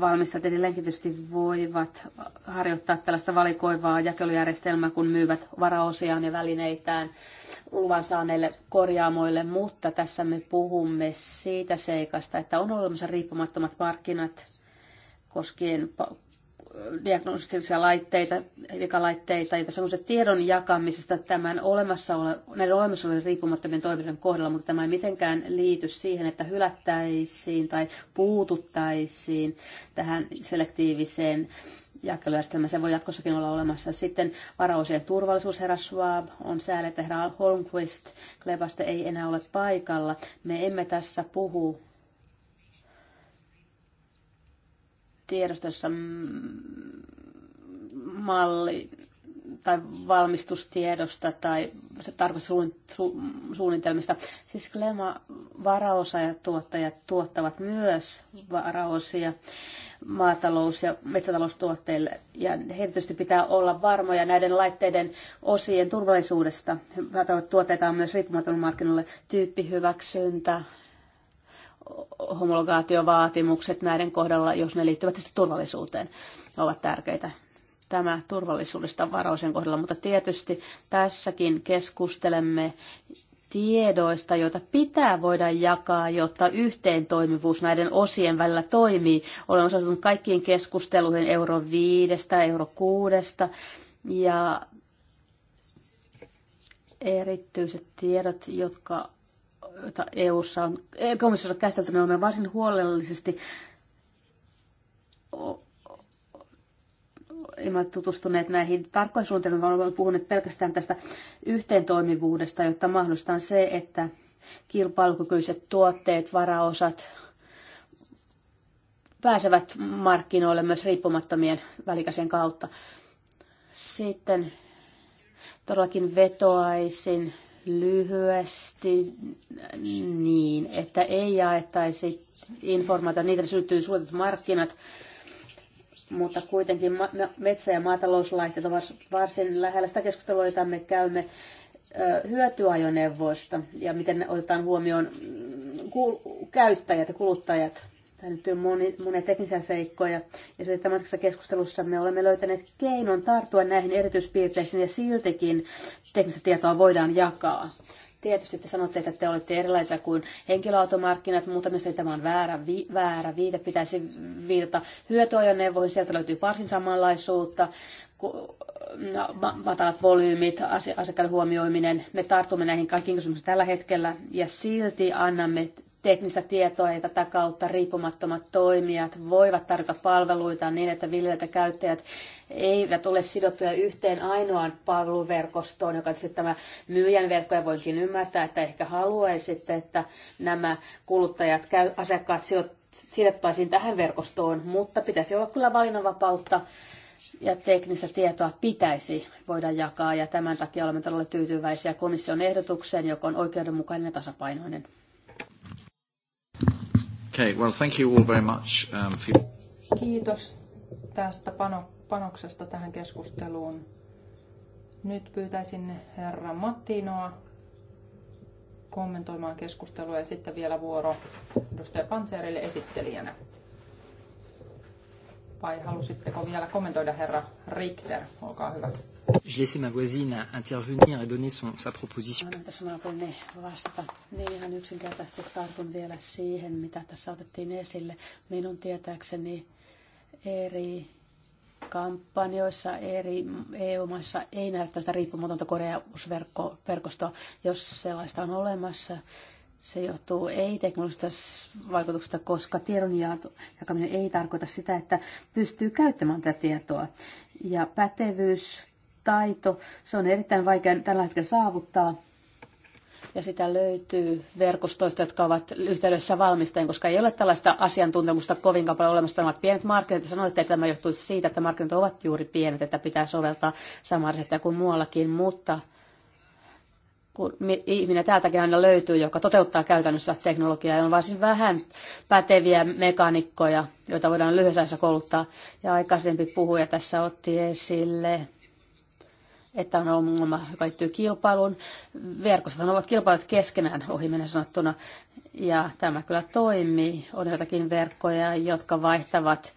valmistajat edelleenkin tietysti voivat harjoittaa tällaista valikoivaa jakelujärjestelmää, kun myyvät varaosiaan ja välineitään luvan saaneille korjaamoille, mutta tässä me puhumme siitä seikasta, että on olemassa riippumattomat markkinat koskien diagnostisia laitteita, vikalaitteita ja semmoiset tiedon jakamisesta tämän olemassa ole, näiden olemassa olevien riippumattomien toimijoiden kohdalla, mutta tämä ei mitenkään liity siihen, että hylättäisiin tai puututtaisiin tähän selektiiviseen jakelujärjestelmään. se voi jatkossakin olla olemassa. Sitten varaosien turvallisuus, herra Schwab, on säällä, että herra Holmquist Klebaste ei enää ole paikalla. Me emme tässä puhu tiedostossa malli tai valmistustiedosta tai tarkoitussuunnitelmista. Siis Klema varaosa ja tuottajat tuottavat myös varaosia maatalous- ja metsätaloustuotteille. Ja heidän tietysti pitää olla varmoja näiden laitteiden osien turvallisuudesta. Tuotteita on myös riippumaton markkinoille tyyppihyväksyntä, homologaatiovaatimukset näiden kohdalla, jos ne liittyvät tietysti turvallisuuteen, ovat tärkeitä. Tämä turvallisuudesta varoisen kohdalla, mutta tietysti tässäkin keskustelemme tiedoista, joita pitää voida jakaa, jotta toimivuus näiden osien välillä toimii. Olen osallistunut kaikkiin keskusteluihin euro viidestä, euro kuudesta ja erityiset tiedot, jotka jota EU:ssa on, e- komissiossa on käsitelty, me olemme varsin huolellisesti emme tutustuneet näihin tarkkoihin suunnitelmiin, vaan olemme puhuneet pelkästään tästä yhteentoimivuudesta, jotta mahdollistaa se, että kilpailukykyiset tuotteet, varaosat pääsevät markkinoille myös riippumattomien välikäsien kautta. Sitten todellakin vetoaisin lyhyesti niin, että ei jaettaisi informaatiota, niitä syntyy suotetut markkinat, mutta kuitenkin metsä- ja maatalouslaitteet ovat varsin lähellä sitä keskustelua, jota me käymme hyötyajoneuvoista ja miten ne otetaan huomioon mm, käyttäjät ja kuluttajat nyt on moni, monia teknisiä seikkoja. Ja sitten tämän keskustelussa me olemme löytäneet keinon tarttua näihin erityispiirteisiin ja siltikin teknistä tietoa voidaan jakaa. Tietysti te sanotte, että te olette erilaisia kuin henkilöautomarkkinat, mutta mielestäni tämä on väärä, vi, väärä viite. Pitäisi viitata hyötyajoneuvoihin, sieltä löytyy varsin samanlaisuutta, no, matalat volyymit, asiakkaiden huomioiminen. Me tartumme näihin kaikkiin kysymyksiin tällä hetkellä ja silti annamme teknistä tietoa ja tätä kautta riippumattomat toimijat voivat tarjota palveluita niin, että viljelijät ja käyttäjät eivät ole sidottuja yhteen ainoaan palveluverkostoon, joka sitten tämä myyjän verkko, ja voinkin ymmärtää, että ehkä haluaisitte, että nämä kuluttajat, asiakkaat sidottaisiin tähän verkostoon, mutta pitäisi olla kyllä valinnanvapautta ja teknistä tietoa pitäisi voida jakaa, ja tämän takia olemme todella tyytyväisiä komission ehdotukseen, joka on oikeudenmukainen ja tasapainoinen. Okay, well, thank you all very much, um, for... Kiitos tästä pano, panoksesta tähän keskusteluun. Nyt pyytäisin herra Mattinoa kommentoimaan keskustelua ja sitten vielä vuoro edustaja Panserille esittelijänä vai halusitteko vielä kommentoida herra Richter? Olkaa hyvä. Je laissais ma voisine intervenir et donner son, sa proposition. Annan tässä naapurini vastata. Niin ihan yksinkertaisesti tartun vielä siihen, mitä tässä otettiin esille. Minun tietääkseni eri kampanjoissa eri EU-maissa ei nähdä tällaista riippumatonta Korea-verkostoa, jos sellaista on olemassa se johtuu ei-teknologisesta vaikutuksesta, koska tiedon jakaminen ei tarkoita sitä, että pystyy käyttämään tätä tietoa. Ja pätevyys, taito, se on erittäin vaikea tällä hetkellä saavuttaa. Ja sitä löytyy verkostoista, jotka ovat yhteydessä valmistajien, koska ei ole tällaista asiantuntemusta kovin paljon olemassa. Nämä ovat pienet markkinat. Sanoitte, että tämä johtuisi siitä, että markkinat ovat juuri pienet, että pitää soveltaa samaa reseptiä kuin muuallakin, mutta kun ihminen täältäkin aina löytyy, joka toteuttaa käytännössä teknologiaa, ja on varsin vähän päteviä mekanikkoja, joita voidaan lyhyessä kouluttaa. Ja aikaisempi puhuja tässä otti esille, että on ongelma, joka liittyy kilpailuun. Verkossa ovat kilpailut keskenään ohi sanottuna, ja tämä kyllä toimii. On jotakin verkkoja, jotka vaihtavat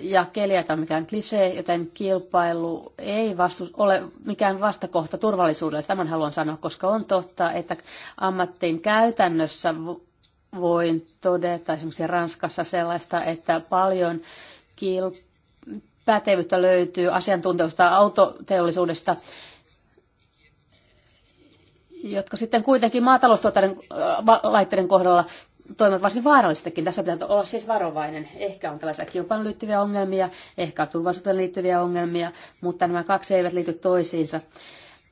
jakelia, tämä on mikään klisee, joten kilpailu ei vastu, ole mikään vastakohta turvallisuudelle. Tämän haluan sanoa, koska on totta, että ammattiin käytännössä voin todeta esimerkiksi Ranskassa sellaista, että paljon kil- pätevyyttä löytyy asiantuntijoista autoteollisuudesta, jotka sitten kuitenkin maataloustuotteiden äh, laitteiden kohdalla toimivat varsin vaarallisestikin. Tässä pitää olla siis varovainen. Ehkä on tällaisia kilpailuun liittyviä ongelmia, ehkä on turvallisuuteen liittyviä ongelmia, mutta nämä kaksi eivät liity toisiinsa.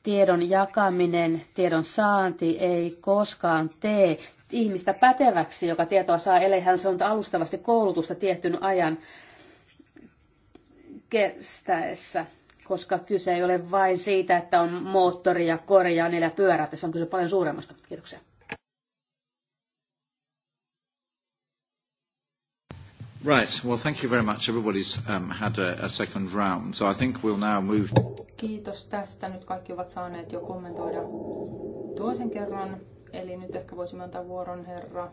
Tiedon jakaminen, tiedon saanti ei koskaan tee ihmistä päteväksi, joka tietoa saa, ellei hän saanut alustavasti koulutusta tietyn ajan kestäessä koska kyse ei ole vain siitä, että on moottori ja kori ja neljä pyörää. Tässä on kyse paljon suuremmasta. Kiitoksia. Right. Well, thank you very much. Everybody's um, had a, a second round, so I think we'll now move. Kiitos tästä. Nyt kaikki ovat saaneet jo kommentoida toisen kerran. Eli nyt ehkä voisimme antaa vuoron herra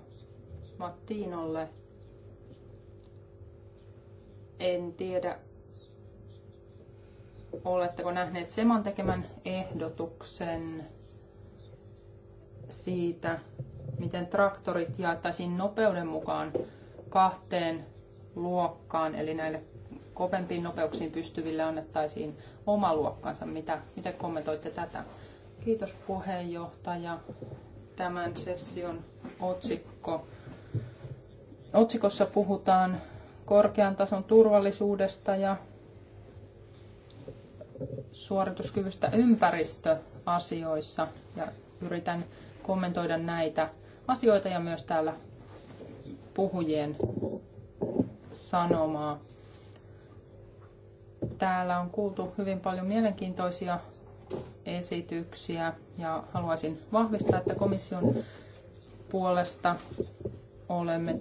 Mattiinolle. En tiedä, Oletteko nähneet Seman tekemän ehdotuksen siitä, miten traktorit jaettaisiin nopeuden mukaan kahteen luokkaan, eli näille kovempiin nopeuksiin pystyville annettaisiin oma luokkansa. Mitä, miten kommentoitte tätä? Kiitos puheenjohtaja. Tämän session otsikko. Otsikossa puhutaan korkean tason turvallisuudesta ja suorituskyvystä ympäristöasioissa ja yritän kommentoida näitä asioita ja myös täällä puhujien sanomaa. Täällä on kuultu hyvin paljon mielenkiintoisia esityksiä ja haluaisin vahvistaa, että komission puolesta olemme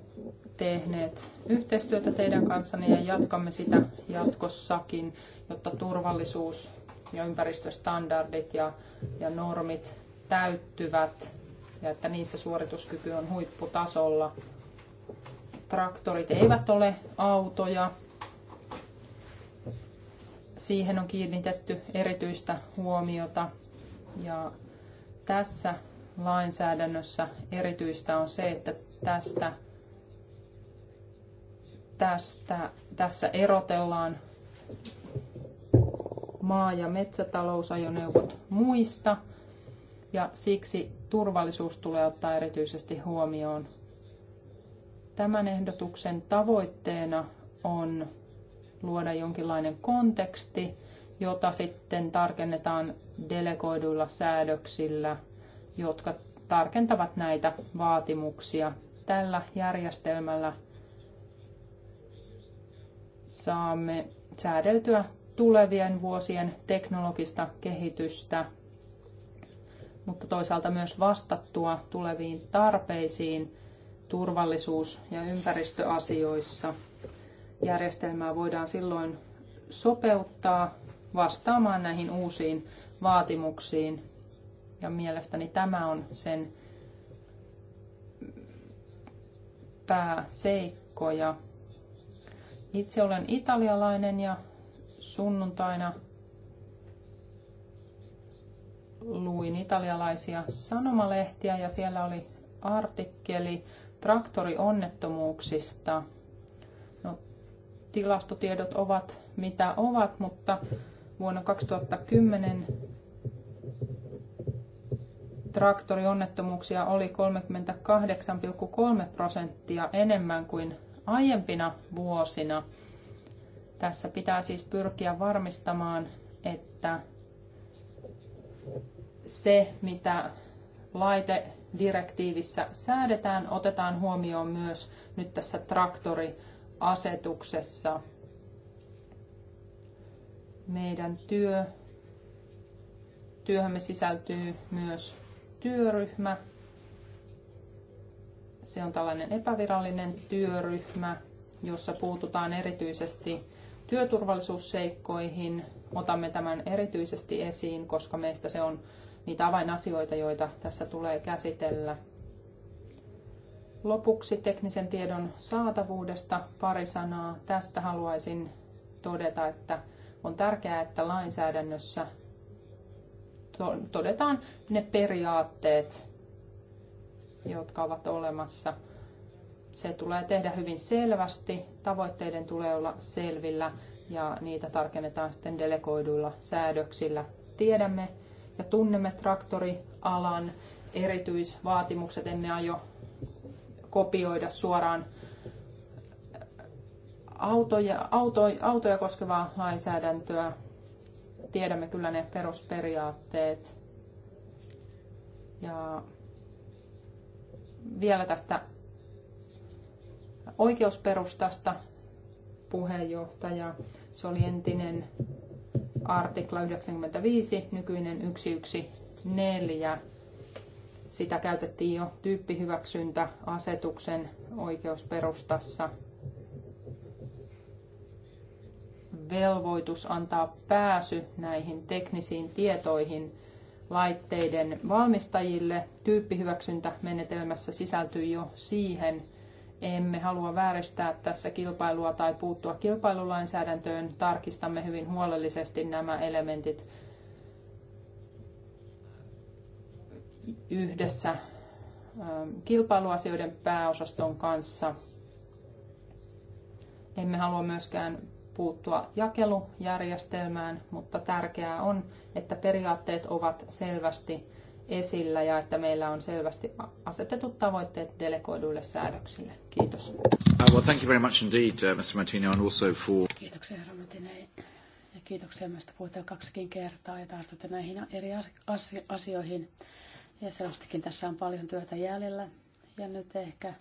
tehneet yhteistyötä teidän kanssanne ja jatkamme sitä jatkossakin jotta turvallisuus ja ympäristöstandardit ja, ja normit täyttyvät ja että niissä suorituskyky on huipputasolla. Traktorit eivät ole autoja. Siihen on kiinnitetty erityistä huomiota ja tässä lainsäädännössä erityistä on se, että tästä, tästä, tässä erotellaan maa- ja metsätalousajoneuvot muista, ja siksi turvallisuus tulee ottaa erityisesti huomioon. Tämän ehdotuksen tavoitteena on luoda jonkinlainen konteksti, jota sitten tarkennetaan delegoiduilla säädöksillä, jotka tarkentavat näitä vaatimuksia. Tällä järjestelmällä saamme säädeltyä tulevien vuosien teknologista kehitystä, mutta toisaalta myös vastattua tuleviin tarpeisiin turvallisuus- ja ympäristöasioissa. Järjestelmää voidaan silloin sopeuttaa vastaamaan näihin uusiin vaatimuksiin. Ja mielestäni tämä on sen pääseikkoja. Itse olen italialainen ja sunnuntaina luin italialaisia sanomalehtiä ja siellä oli artikkeli traktorionnettomuuksista. No, tilastotiedot ovat mitä ovat, mutta vuonna 2010 traktorionnettomuuksia oli 38,3 prosenttia enemmän kuin aiempina vuosina – tässä pitää siis pyrkiä varmistamaan, että se, mitä laitedirektiivissä säädetään, otetaan huomioon myös nyt tässä traktoriasetuksessa. Meidän työ, työhömme sisältyy myös työryhmä. Se on tällainen epävirallinen työryhmä, jossa puututaan erityisesti työturvallisuusseikkoihin. Otamme tämän erityisesti esiin, koska meistä se on niitä avainasioita, joita tässä tulee käsitellä. Lopuksi teknisen tiedon saatavuudesta pari sanaa. Tästä haluaisin todeta, että on tärkeää, että lainsäädännössä todetaan ne periaatteet, jotka ovat olemassa – se tulee tehdä hyvin selvästi, tavoitteiden tulee olla selvillä ja niitä tarkennetaan sitten delegoiduilla säädöksillä. Tiedämme ja tunnemme traktorialan erityisvaatimukset, emme aio kopioida suoraan autoja, auto, autoja koskevaa lainsäädäntöä. Tiedämme kyllä ne perusperiaatteet. Ja vielä tästä oikeusperustasta puheenjohtaja. Se oli entinen artikla 95, nykyinen 114. Sitä käytettiin jo asetuksen oikeusperustassa. Velvoitus antaa pääsy näihin teknisiin tietoihin laitteiden valmistajille tyyppihyväksyntämenetelmässä sisältyy jo siihen – emme halua vääristää tässä kilpailua tai puuttua kilpailulainsäädäntöön. Tarkistamme hyvin huolellisesti nämä elementit yhdessä ähm, kilpailuasioiden pääosaston kanssa. Emme halua myöskään puuttua jakelujärjestelmään, mutta tärkeää on, että periaatteet ovat selvästi esillä ja että meillä on selvästi asetetut tavoitteet delegoiduille säädöksille. Kiitos. Uh, well, thank you very much indeed, uh, Mr. Martino, and also for... Kiitoksia, herra Martino. Ja kiitoksia myös, että puhutte kaksikin kertaa ja tartutte näihin eri asioihin. Ja selvästikin tässä on paljon työtä jäljellä. Ja nyt ehkä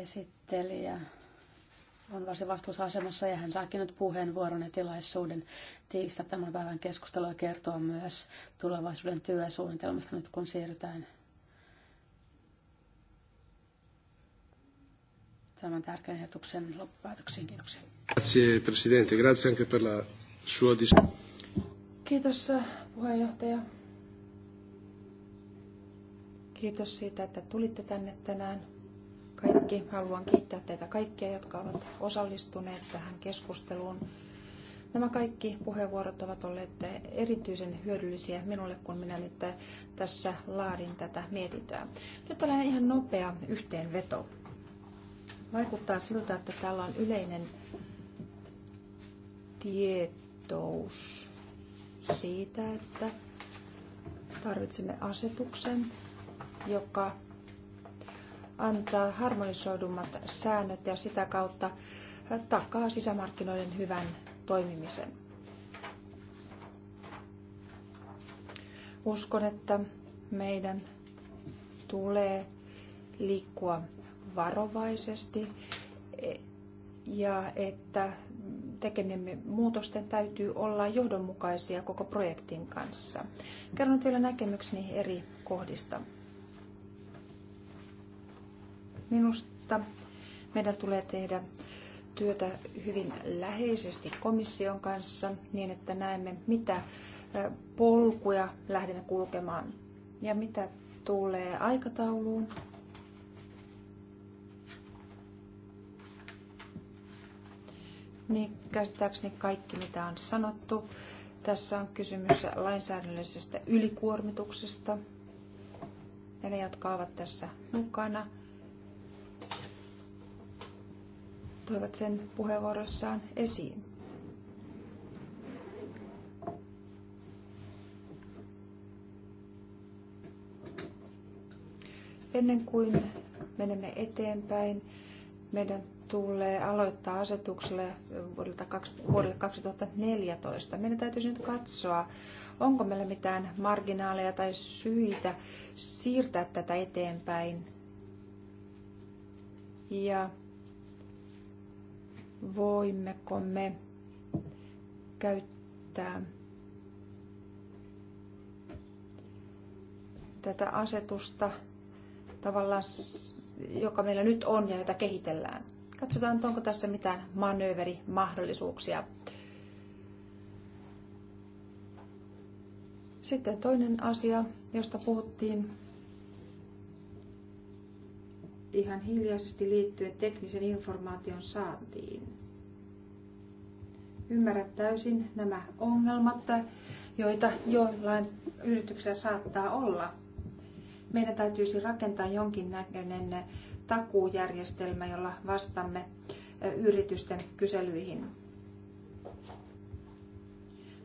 esittelijä on varsin vastuussa asemassa ja hän saakin nyt puheenvuoron ja tilaisuuden tiivistää tämän päivän keskustelua ja kertoa myös tulevaisuuden työsuunnitelmasta nyt kun siirrytään tämän tärkeän ehdotuksen loppupäätöksiin. Kiitoksia. Grazie Presidente, grazie anche per la sua Kiitos äh, puheenjohtaja. Kiitos siitä, että tulitte tänne tänään kaikki. Haluan kiittää teitä kaikkia, jotka ovat osallistuneet tähän keskusteluun. Nämä kaikki puheenvuorot ovat olleet erityisen hyödyllisiä minulle, kun minä nyt tässä laadin tätä mietintöä. Nyt tällainen ihan nopea yhteenveto. Vaikuttaa siltä, että täällä on yleinen tietous siitä, että tarvitsemme asetuksen, joka antaa harmonisoidummat säännöt ja sitä kautta takaa sisämarkkinoiden hyvän toimimisen. Uskon, että meidän tulee liikkua varovaisesti ja että tekemiemme muutosten täytyy olla johdonmukaisia koko projektin kanssa. Kerron nyt vielä näkemykseni eri kohdista. Minusta meidän tulee tehdä työtä hyvin läheisesti komission kanssa niin, että näemme, mitä polkuja lähdemme kulkemaan ja mitä tulee aikatauluun. Niin käsittääkseni kaikki, mitä on sanottu. Tässä on kysymys lainsäädännöllisestä ylikuormituksesta. Ja ne, jotka ovat tässä mukana, toivat sen puheenvuorossaan esiin. Ennen kuin menemme eteenpäin, meidän tulee aloittaa asetukselle vuodelta, vuodelle 2014. Meidän täytyisi nyt katsoa, onko meillä mitään marginaaleja tai syitä siirtää tätä eteenpäin. Ja voimmeko me käyttää tätä asetusta tavallaan, joka meillä nyt on ja jota kehitellään. Katsotaan, onko tässä mitään manööverimahdollisuuksia. Sitten toinen asia, josta puhuttiin ihan hiljaisesti liittyen teknisen informaation saantiin. Ymmärrät täysin nämä ongelmat, joita joillain yrityksellä saattaa olla. Meidän täytyisi rakentaa jonkinnäköinen takuujärjestelmä, jolla vastamme yritysten kyselyihin.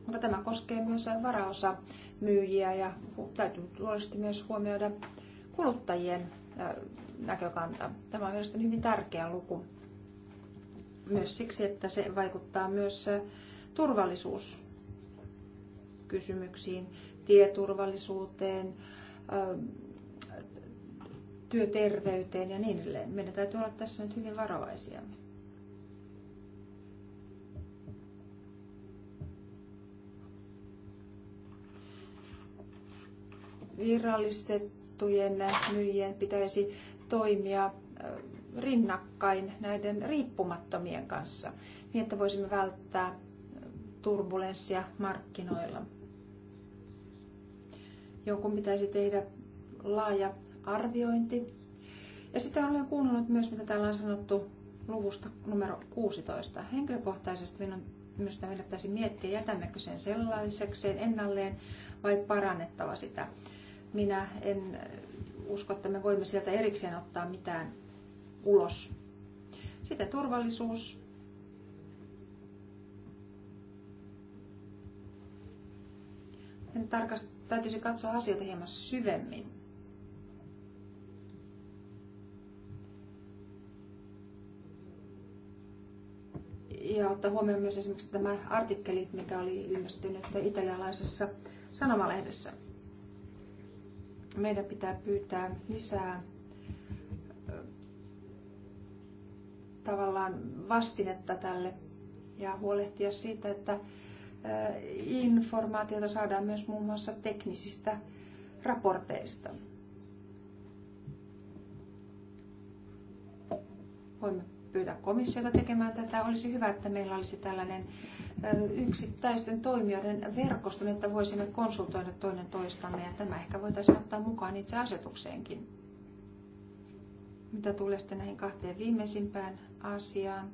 Mutta tämä koskee myös varaosa myyjiä ja täytyy luonnollisesti myös huomioida kuluttajien näkökanta. Tämä on mielestäni hyvin tärkeä luku. Myös siksi, että se vaikuttaa myös turvallisuuskysymyksiin, tieturvallisuuteen, työterveyteen ja niin edelleen. Meidän täytyy olla tässä nyt hyvin varovaisia. Virallistettujen myyjien pitäisi toimia rinnakkain näiden riippumattomien kanssa, niin että voisimme välttää turbulenssia markkinoilla. Jonkun pitäisi tehdä laaja arviointi. Ja sitten olen kuunnellut myös, mitä täällä on sanottu luvusta numero 16. Henkilökohtaisesti minun minusta meidän pitäisi miettiä, jätämmekö sen sellaisekseen ennalleen vai parannettava sitä. Minä en usko, että me voimme sieltä erikseen ottaa mitään ulos. Sitten turvallisuus. tarkast, täytyisi katsoa asioita hieman syvemmin. Ja ottaa huomioon myös esimerkiksi tämä artikkeli, mikä oli ilmestynyt italialaisessa sanomalehdessä meidän pitää pyytää lisää tavallaan vastinetta tälle ja huolehtia siitä, että informaatiota saadaan myös muun muassa teknisistä raporteista. Voimme pyytää komissiota tekemään tätä. Olisi hyvä, että meillä olisi tällainen yksittäisten toimijoiden verkoston, että voisimme konsultoida toinen toistamme ja tämä ehkä voitaisiin ottaa mukaan itse asetukseenkin. Mitä tulee sitten näihin kahteen viimeisimpään asiaan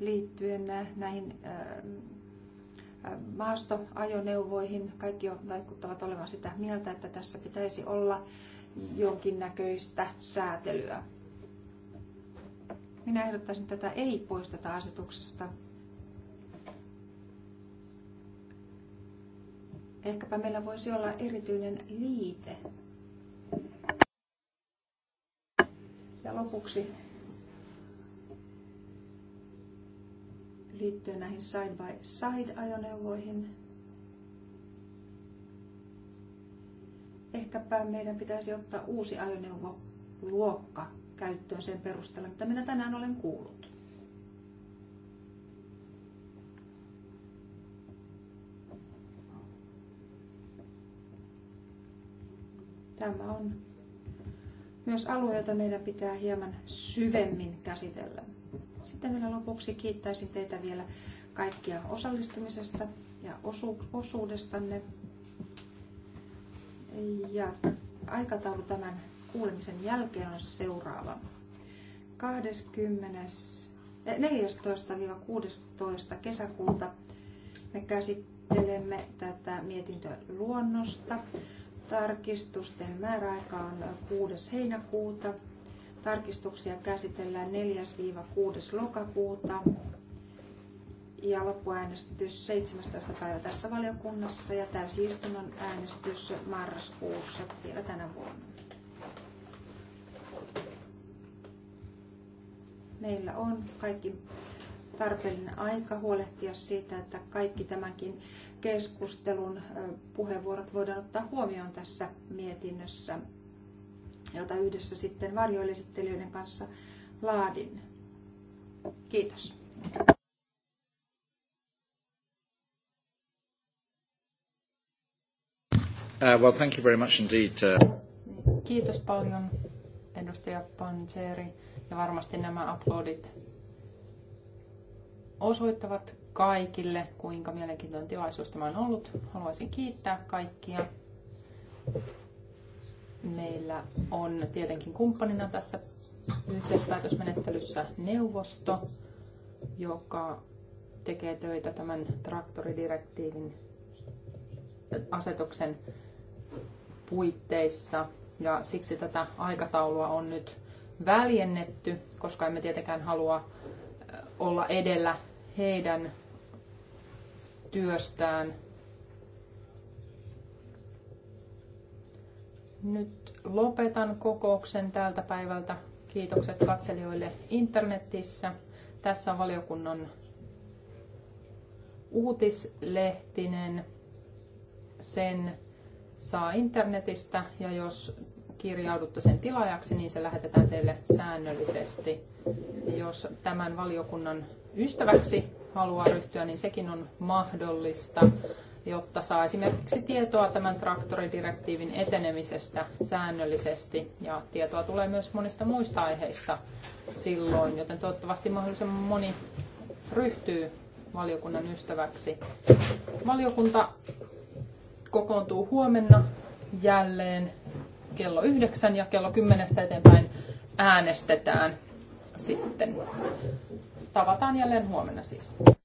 liittyen näihin maastoajoneuvoihin, kaikki vaikuttavat olevan sitä mieltä, että tässä pitäisi olla jonkinnäköistä säätelyä. Minä ehdottaisin, että tätä ei poisteta asetuksesta, Ehkäpä meillä voisi olla erityinen liite. Ja lopuksi liittyen näihin side-by-side-ajoneuvoihin. Ehkäpä meidän pitäisi ottaa uusi ajoneuvoluokka käyttöön sen perusteella, mitä minä tänään olen kuullut. Tämä on myös alue, jota meidän pitää hieman syvemmin käsitellä. Sitten vielä lopuksi kiittäisin teitä vielä kaikkia osallistumisesta ja osu- osuudestanne. Ja aikataulu tämän kuulemisen jälkeen on seuraava. 14-16 kesäkuuta me käsittelemme tätä mietintöluonnosta. luonnosta. Tarkistusten määräaika on 6. heinäkuuta. Tarkistuksia käsitellään 4-6. lokakuuta ja loppuäänestys 17. päivä tässä valiokunnassa ja täysistunnon äänestys marraskuussa vielä tänä vuonna. Meillä on kaikki tarpeellinen aika huolehtia siitä, että kaikki tämänkin keskustelun puheenvuorot voidaan ottaa huomioon tässä mietinnössä, jota yhdessä sitten varjoilisittelijöiden kanssa laadin. Kiitos. Uh, well, thank you very much indeed. Uh... Kiitos paljon edustaja Panseri ja varmasti nämä uploadit osoittavat, kaikille, kuinka mielenkiintoinen tilaisuus tämä on ollut. Haluaisin kiittää kaikkia. Meillä on tietenkin kumppanina tässä yhteispäätösmenettelyssä neuvosto, joka tekee töitä tämän traktoridirektiivin asetuksen puitteissa. Ja siksi tätä aikataulua on nyt väljennetty, koska emme tietenkään halua olla edellä heidän työstään. Nyt lopetan kokouksen tältä päivältä. Kiitokset katselijoille internetissä. Tässä on valiokunnan uutislehtinen. Sen saa internetistä ja jos kirjaudutte sen tilaajaksi, niin se lähetetään teille säännöllisesti. Jos tämän valiokunnan ystäväksi haluaa ryhtyä, niin sekin on mahdollista, jotta saa esimerkiksi tietoa tämän traktoridirektiivin etenemisestä säännöllisesti. Ja tietoa tulee myös monista muista aiheista silloin, joten toivottavasti mahdollisimman moni ryhtyy valiokunnan ystäväksi. Valiokunta kokoontuu huomenna jälleen kello yhdeksän ja kello kymmenestä eteenpäin äänestetään sitten Tavataan jälleen huomenna siis.